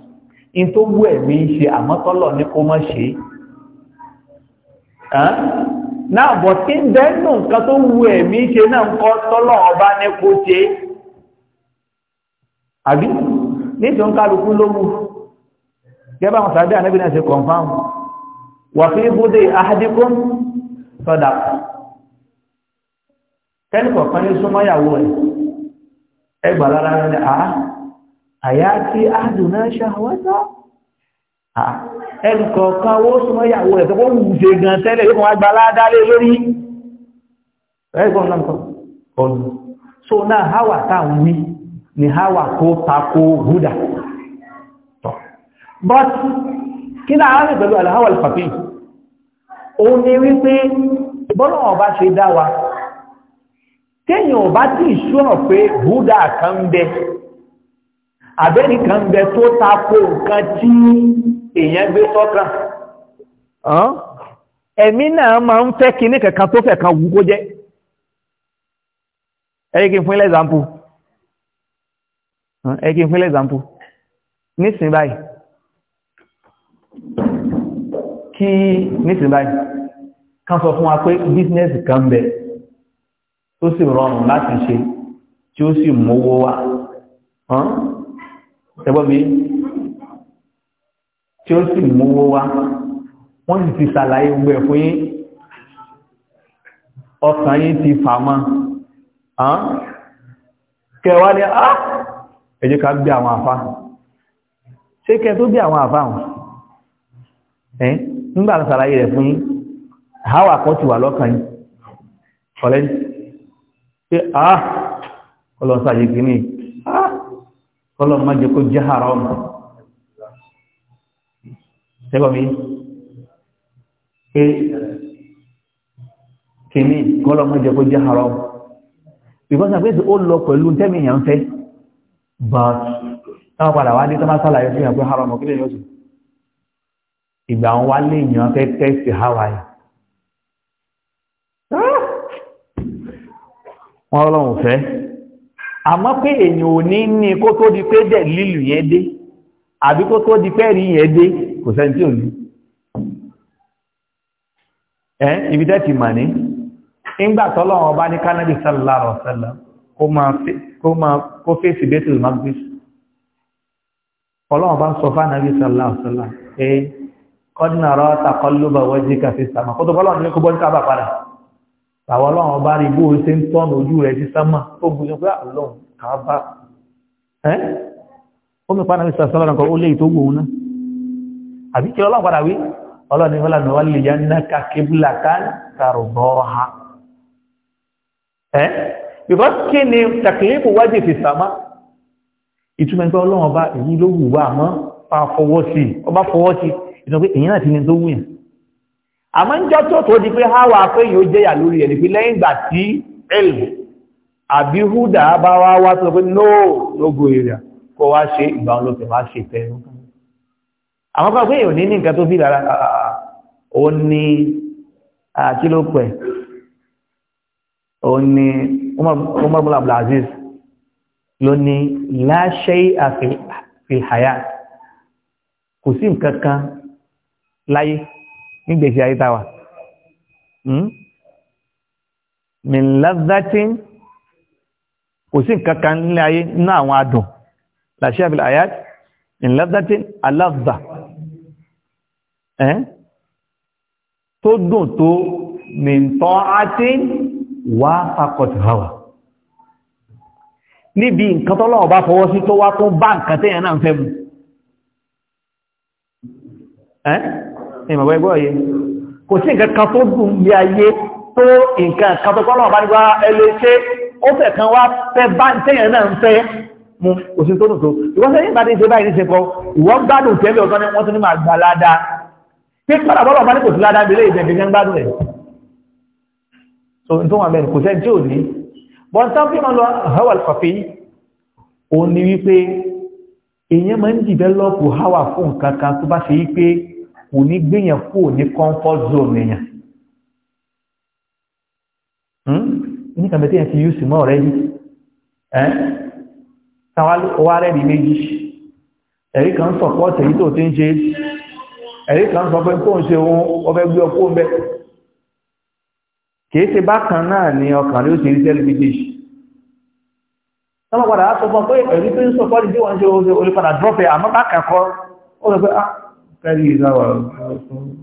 in tó wú ẹ̀mí ṣe àmọ́tọ́lọ̀ ní kó mọ́ ṣe náà bọ̀ tí ń bẹ́ẹ̀nù nǹkan tó wú ẹ̀mí ṣe náà ń kọ́ tọ́lọ̀ ọba ní kó ṣe àbí nítorí ń wọn sàdé náà ṣe confam wà fi búdé ahadikum sọ́dà kẹ́nìkọ̀ọ̀kan ní ẹ̀ ẹgbàlára ní àá àyàtí àdùnà ṣàwọ́tọ́ ẹnìkọ̀ọ̀kan owó súnmọ́ ìyàwó ẹ̀ tọ́kọ́ wù ṣe gan tẹ́lẹ̀ yóò kàn wá gba aládálé lórí ẹ̀kọ́ lọ́nkọ̀ ọ̀nà so náà háwà táwọn wí ni háwà tó tako buddha tọ́ but kí náà rárẹ̀ pẹ̀lú aláháwà alfàfí òun ni wípé bọ́lá ọba ṣe dá wa téèyàn ọba tí ìṣúrọ̀ pé buddha kan bẹ́ẹ̀ àbẹ́ni kan bẹ tó tako nǹkan tí èèyàn gbé sọ́kàn ẹ̀mí náà máa ń fẹ́ kí ní kẹ̀kan tó fẹ̀ kan wù kó jẹ́ ẹ̀yí kí n fún ilẹ̀ example ẹ̀yí fún ilẹ̀ example nísìn báyìí kí nísìn báyìí kan sọ fún wa pé business kan bẹ tó sì rọrùn láti ṣe tí ó sì mówó wá ẹgbọ́n mi tí ó sì mówó wá wọ́n sì ti sàlàyé gbogbo ẹ̀ fún yín ọkàn yín ti fà mọ́ kẹwa ni á ah! ẹjẹ́ ká gbé àwọn àfá ṣé kẹ tó gbé àwọn àfá wọn ẹ́ nígbà sàlàyé rẹ̀ fún yín àwà kan ti wà lọ́kàn yín ọ̀lẹ́ni kọ́lọ̀ má jẹ́ kó jẹ́ haram tẹ́gbọ́mí pé kìíní because má jẹ́ kó jẹ́ haram because àpé ó lọ pẹ̀lú tẹ́mì èèyàn fẹ́ but táwọn padà wá ní tọ́mà sálàyé sí àpé haram ọ̀kílẹ̀ yóò sì ìgbà wọn wá lè èèyàn fẹ́ tẹ́sì hawaii ah! wọ́n lọ́wọ́ fẹ́ àmọ́ pé èyàn ò ní ní kó tó di pé dẹ̀ lílù yẹn dé àbí kó tó di pé rí yẹn dé kò sẹ́ni tí ò ní ẹ́ ibi tẹ́ ti mà ní ńgbà tọ́lọ́wọ́n bá ní kánábì sallallahu alaihi wasallam kó fèsì Baitul Maqdis ọlọ́wọ́n bá sọ fún ànábì sallallahu àwọn ọlọ́run ọba rí bó ṣe ń tọ́nà ojú rẹ̀ sí sánmà tó gbójú pé àlọ́run ah, kàá bá ẹ́ ó mẹ́fà náà sọ sọ́lọ́run kan ó lé ìtó gbòun náà àbí kí ọlọ́run padà wí ọlọ́run ìfọ́lá ní wọ́n lè yá ná ká kébùlà ká bọ́ ha àmọ́ ń jọ tó tó di pé háwà pé yóò jẹ́yà lórí ẹni pé lẹ́yìn ìgbà tí elmo àbí húdà bá wá wá tó pé no lógo èrè kó wá ṣe ìgbà wọn ló fẹ́ wá ṣe tẹ́rù àwọn kan pé èèyàn ní nǹkan tó fi lára ó ní àti ló pẹ̀ nígbèsí ayé tá a wà hmm? min lazzatin kò sí nǹkan kan nílé ayé nínú àwọn adùn làṣẹ àbílẹ̀ ayat min lazzatin alazza tó dùn tó min ta'atin wá fakọ̀tì hawa níbi nǹkan tọ́lọ́wọ́ bá fọwọ́ sí tó wá tó bá nǹkan tẹ́yàn náà fẹ́ mu ìmọ̀wẹ́ gbọ́ yìí kò sí nǹkan kan tó dùn bí ayé tó nǹkan kan tó kọ́lọ̀ bá ní wá ẹlẹ́ ṣe ó fẹ́ kan wá fẹ́ bá tẹ́yàn náà ń fẹ́ mú kò sí tónù tó ìwọ́n sẹ́yìn bá ti ṣe báyìí ṣe kọ ìwọ́n gbádùn tẹ́lẹ̀ ọ̀tọ́ ni wọ́n tún ní máa gbà ládàá pé padà bọ́lọ̀ bá ní kò sí ládàá bí léèdè bí gbádùn rẹ̀ so n tó wà mẹ́rin kò sẹ́ tí ò ní bọ́n tán fi máa kò ní gbéyàn kúrò ní comfort zone èèyàn hmm? ní kàmẹ́ tí yẹn ti yúùsì mọ́ ọ̀rẹ́ yìí ẹ́ táwa wá rẹ́rìí méjì ẹ̀rí kan support èyí tó ti ń ṣe ẹ̀rí kan sọ pé kó ń ṣe ohun ọbẹ̀ gbé ọkọ̀ ń bẹ́ kìí ṣe bákan náà ni ọkàn rí ó ti rí tẹ́lifíṣì tọ́lọ́padà á sọ fún ọ pé ẹ̀rí pé ń support ìdíwọ̀n ṣe olùpadà drop ẹ̀ àmọ́ bákan kọ́ ó sọ pé ah, kẹ́rì ìzáwà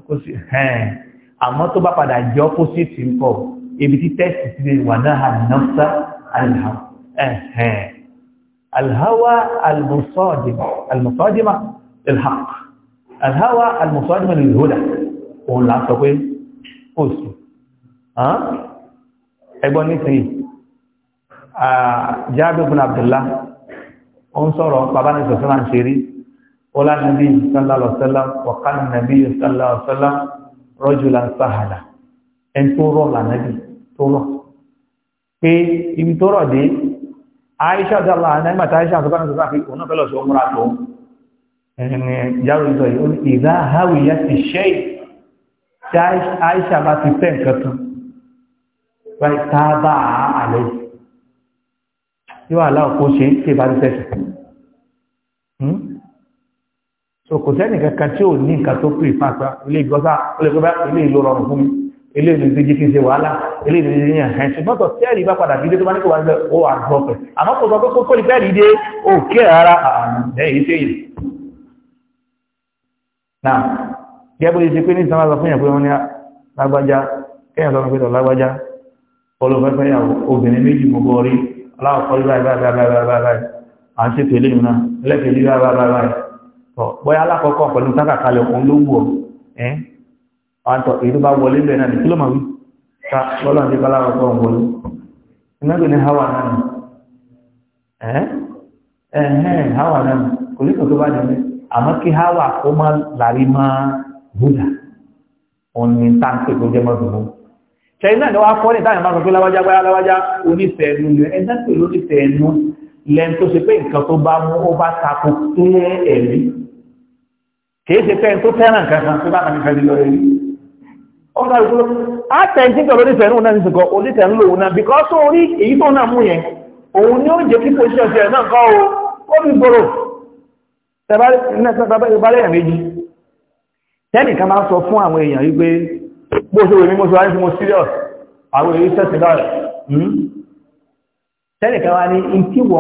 kó sí ẹ̀ẹ́n àmọ́ tó bá padà jọ kó sí ti ń kọ̀ ibi tí tẹ́sì ti lè wà náà ànáfsá ẹ̀ẹ́n alhawa almusadima almusadima ilhaq alhawa almusadima lilhuda òun là ń sọ pé kò sí ẹgbọ́n nísìnyí ah, jábẹ́ bin ó ń sọ̀rọ̀ bàbá ní ń ṣe rí قال Nabi Sallallahu الله عليه وسلم وقال النبي صلى الله عليه وسلم رجلا سهلا ان تورو لا نبي تورو pé ibi tó rọ̀ dé aisha dala anima ta aisha sọ kánà sọ́kàfí òun náà fẹ́ lọ sí ọmọ àtọ́ ìyàwó ìtọ́ yìí ìdá hawiya ti ṣe tí aisha bá ti fẹ́ nǹkan tán wáyé tá a bá a àlẹ́ yóò aláwọ̀ kó ṣe é tí ìbá ti fẹ́ sùn so kò sẹ́ni kankan tí ò ní nǹkan tó pè fún àpá ilé ìgbọ́sá ilé ìgbọ́sá ilé ìlú rọrùn fún mi ilé ìlú ti jí kí n ṣe wàhálà ilé ìlú ti yàn hẹ́n ṣùgbọ́n tó tẹ́ẹ̀rì bá padà bídé tó bá ní kò wá lọ ó wà gbọ́ pẹ̀ àmọ́ kò sọ pé kó ní bẹ́ẹ̀ dìde ó kẹ́ ara àmì ṣéyìn. na gẹ́gbẹ́ yìí ti pé ní ìsinmi àgbà fún yàn pé wọ́n ní lágbájá kéèyàn sọ pé lágbájá olùfẹ́fẹ́ yàwó obìnrin méjì bóyá alákọ̀ọ́kọ́ pẹ̀lú tákàkalẹ̀ òun ló wù ọ́ ẹ́ àtọ̀ èdè bá wọlé bẹ̀rẹ̀ náà ní kí ló máa wí ká lọ́lọ́ ní kọ́lá ọ̀pọ̀ òun wọlé ìnáwó ní hawa náà ẹ́ ẹ̀hẹ́n hawa náà kò ní kòtò bá dẹ̀ àmọ́ kí hawa kó má lárí má búdà òun tó ni wọ́n á kọ́ ní táyà máa sọ pé láwájá gbáyà láwájá onífẹ̀ẹ́nu ni ẹ̀ dáńtì lónífẹ̀ẹ́nu lẹ́nu tó ṣe pé nǹkan tó bá mú ó bá takò tó ẹ̀mí kìí ṣe pẹ́ tó fẹ́ràn kankan tó bá kàní fẹ́rí lọ rí ọ̀rọ̀ ìṣòro àtẹ̀yìn pẹ̀lú onífẹ̀ẹ́ náà ní ṣùgbọ́n onífẹ̀ẹ́ ń lò wọn náà bìkọ́ tó rí èyí tó náà mú yẹn òun ni ó jẹ́ kí pòṣíṣẹ́ ọ̀ṣẹ́ náà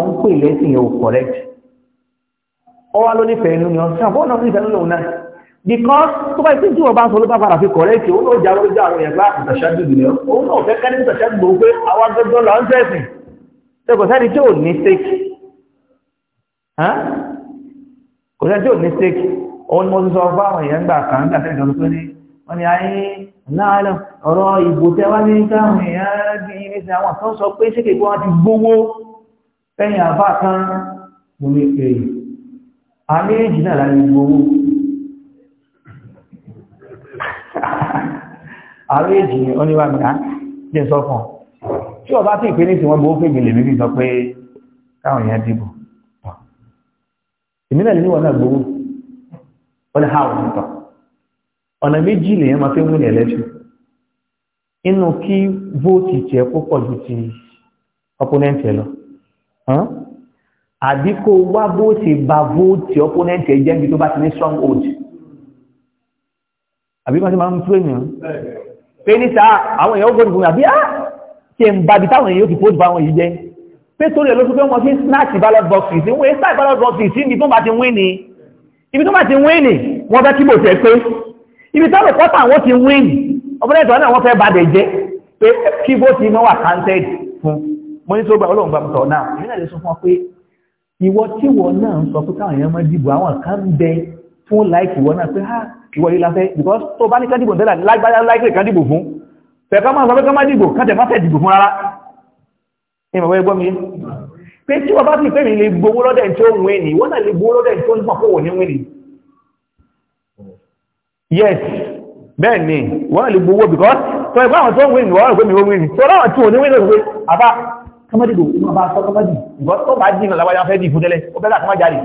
kọ́ o ẹ̀ ọwá ló nífẹ̀ẹ́ inú ni ọ̀sán fún ọ̀nà ìfẹ́ lónà náà because tó bá ìpín tí wọ́n bá ń sọ ló bá fara fi kọ̀rẹ́ẹ̀kì ó lóòjà lóòjà àwọn èèyàn bá ah, ìtàṣájú ìlẹ̀ òun náà fẹ́ kẹ́ni ìtàṣájú lòun pé àwa gbọ́dọ̀ lọ ń tẹ̀sìn ṣe kò sẹ́ni tí ò ní stake kò sẹ́ni tí ò ní stake òun ni mo ti sọ fún àwọn èèyàn gbà kàn ń gbà sẹ́ni ìjọba pé ní wọ́n ní ayé láàárọ̀ ọ̀rọ̀ ìbò tẹ́ wá ní káwọn èèyàn bí ní sin àwọn kan sọ pé ṣé kékeré wọn ti gbowó fẹ́yìn àbá kan mo ní kéèyàn àmì èjì náà láti gbowó àmì èjì ni ó níwà mìíràn jẹ́ sọ fún tí ọba tí ìpínlẹ̀ tí wọ́n gbowó fèmí lè mí sọ pé káwọn èèyàn dìbò èmi náà níwọ̀n náà gbowó ó ní háwọn nìkan ọ̀nà méjì lèèyàn máa fi ń wílẹ̀ inú kí vóòtì tiẹ̀ kó ju ti ọpọ́nẹ́ǹtì lọ hm? àbí kó wá bóòtì bá bóòtì ọ́pọ́nẹ́ntì ẹ̀jẹ̀ níbi tó bá ti ní strong hold àbí wọ́n ti máa ń tún ènìyàn pé ní sáà àwọn èèyàn gbọ́dọ̀ fún mi àbí áà tí ẹ̀ ń bá bí táwọn èèyàn ti fóòtù báwọn yìí jẹ́ pé torí ẹ̀ ló tún pé wọ́n fi snatch ballot box sí wọ́n snatch ballot box sí ibi tó bá ti win ni ibi tó bá ti win ni wọ́n fẹ́ kí bò tẹ́ pé ibi táwọn pọ́tà wọ́n ti win ọmọdé ìtọ́ náà wọ́n fẹ́ bàdẹ̀ jẹ́ pé kí bó ti mọ́ wà counted fún mo ní tó gba ọlọ́run gbàmùtọ̀ náà ìwọ tí wọ́n náà ń sọ pé káwọn èèyàn máa dìbò àwọn kan ń bẹ fún láìkì wọ́n náà pé ha ìwọ yìí la fẹ́ because tó bá ní ká dìbò tẹ́lá lágbájá láìkì kan dìbò fún fẹ̀ká máa sọ pé ká má dìbò ká tẹ̀fá fẹ́ dìbò fún rárá ìmọ̀ wẹ́ gbọ́ mi pé tí wọ́n bá ti fẹ́ mi lè gbowó lọ́dẹ̀ tí ó ń win ni wọ́n náà lè gbowó lọ́dẹ̀ tí ó ń pọ̀ kó wò ní win ni yes bẹ́ẹ̀ ni wọ́n náà lè gbowó because tọ́ ìgbà àwọn tó ń win ni wọ́n rẹ̀ pé mi ó win ni tọ́ láwọn tí ò ní win náà pé àbá kọ́mọ́dé gbò ní ọba sọ kọ́mọ́dé ìgbọ́n tó bá jìnà lábáyá fẹ́ dìfún tẹ́lẹ̀ ó bẹ́ẹ̀ àtúmọ̀ jáde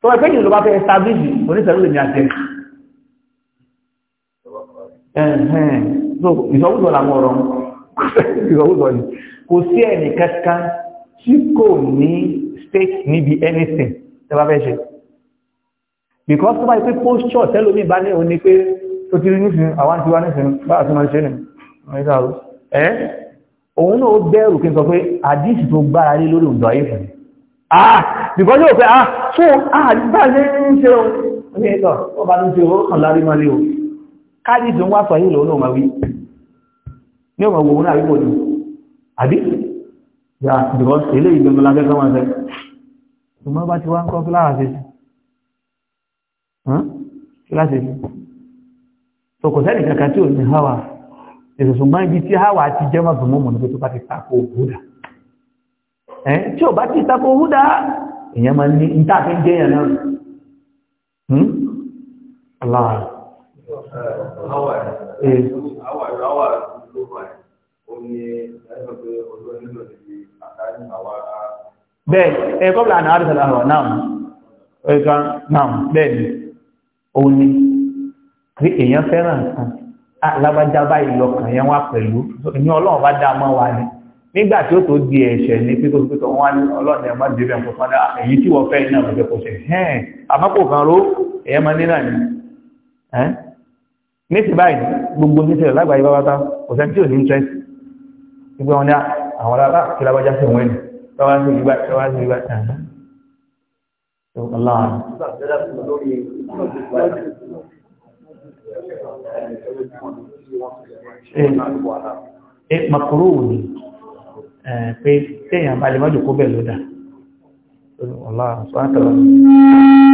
tó ẹgbẹ́ yìí ló bá fẹ́ establish oníṣẹ́lú lèmi àti ẹ̀ so ìsọwúsọ làwọn ọ̀rọ̀ ìsọwúsọ ni kò sí ẹnì kankan tí kò ní state níbi anything tẹ́ bá fẹ́ ṣe because tó bá yẹ pé posture tẹ́lómi bá ní òun ni pé tó ti rí nífin àwọn àti wá nífin bá àti máa ṣe nì ẹ̀ òun náà bẹ̀rù kí n sọ pé àdíṣì tó gbára lé lórí ọ̀dọ̀ ayé fún ah because yóò pé ah tó àdíbà lé ń ṣe ohun ní ẹ̀tọ́ ó bá ní ṣe ó kàn lárí máa lé o káàdì tó ń wá sọ yìí lòun náà máa wí ní ọmọ wo náà wípò ní àbí ya because eléyìí gbẹmọ lábẹ́ fẹ́ wọn fẹ́ tó máa bá ti wá ń kọ́ kíláà ṣe sí kíláà ṣe ìṣùgbọ́n ibi tí háwà ti jẹ́ mọ́sùmọ́mù ní pé tó bá ti tako húdà ẹ̀ tí ò bá ti tako húdà èyàn máa ní ìtàfẹ́ jẹ́yàn náà hmm? aláwà bẹ́ẹ̀ ẹ̀ kọ́bùlà àná àrísàlá àwọn náà ẹ̀kan náà bẹ́ẹ̀ ni òun ni èyàn fẹ́ràn kan alábàjá ah, báyìí lọkàn yẹn wá pẹ̀lú ní ọlọ́run bá dá mọ́ wa ni nígbà tí ó tó di ẹ̀ṣẹ̀ ní pípọ́ pípọ́ wọn ní ọlọ́run ẹ̀ má débẹ̀ nǹkan kan dá ah, èyí tí wọ́n fẹ́ náà lọ́jọ́ kò ṣe hẹ́n àmọ́pò kan ró ẹ̀yẹ́ máa nínà ni ní ti báyìí gbogbo ní sẹ̀rẹ̀ lágbàáyé bá bátá kò sẹ́ni tí ò ní interest gbogbo wọn ní ah, àwọn ará kí lábàjá sì wọ́n ẹni tọ́wá sí Eh, eh, makuru ni pé téèyàn bá lè má jòkó bẹ́ẹ̀ ló dà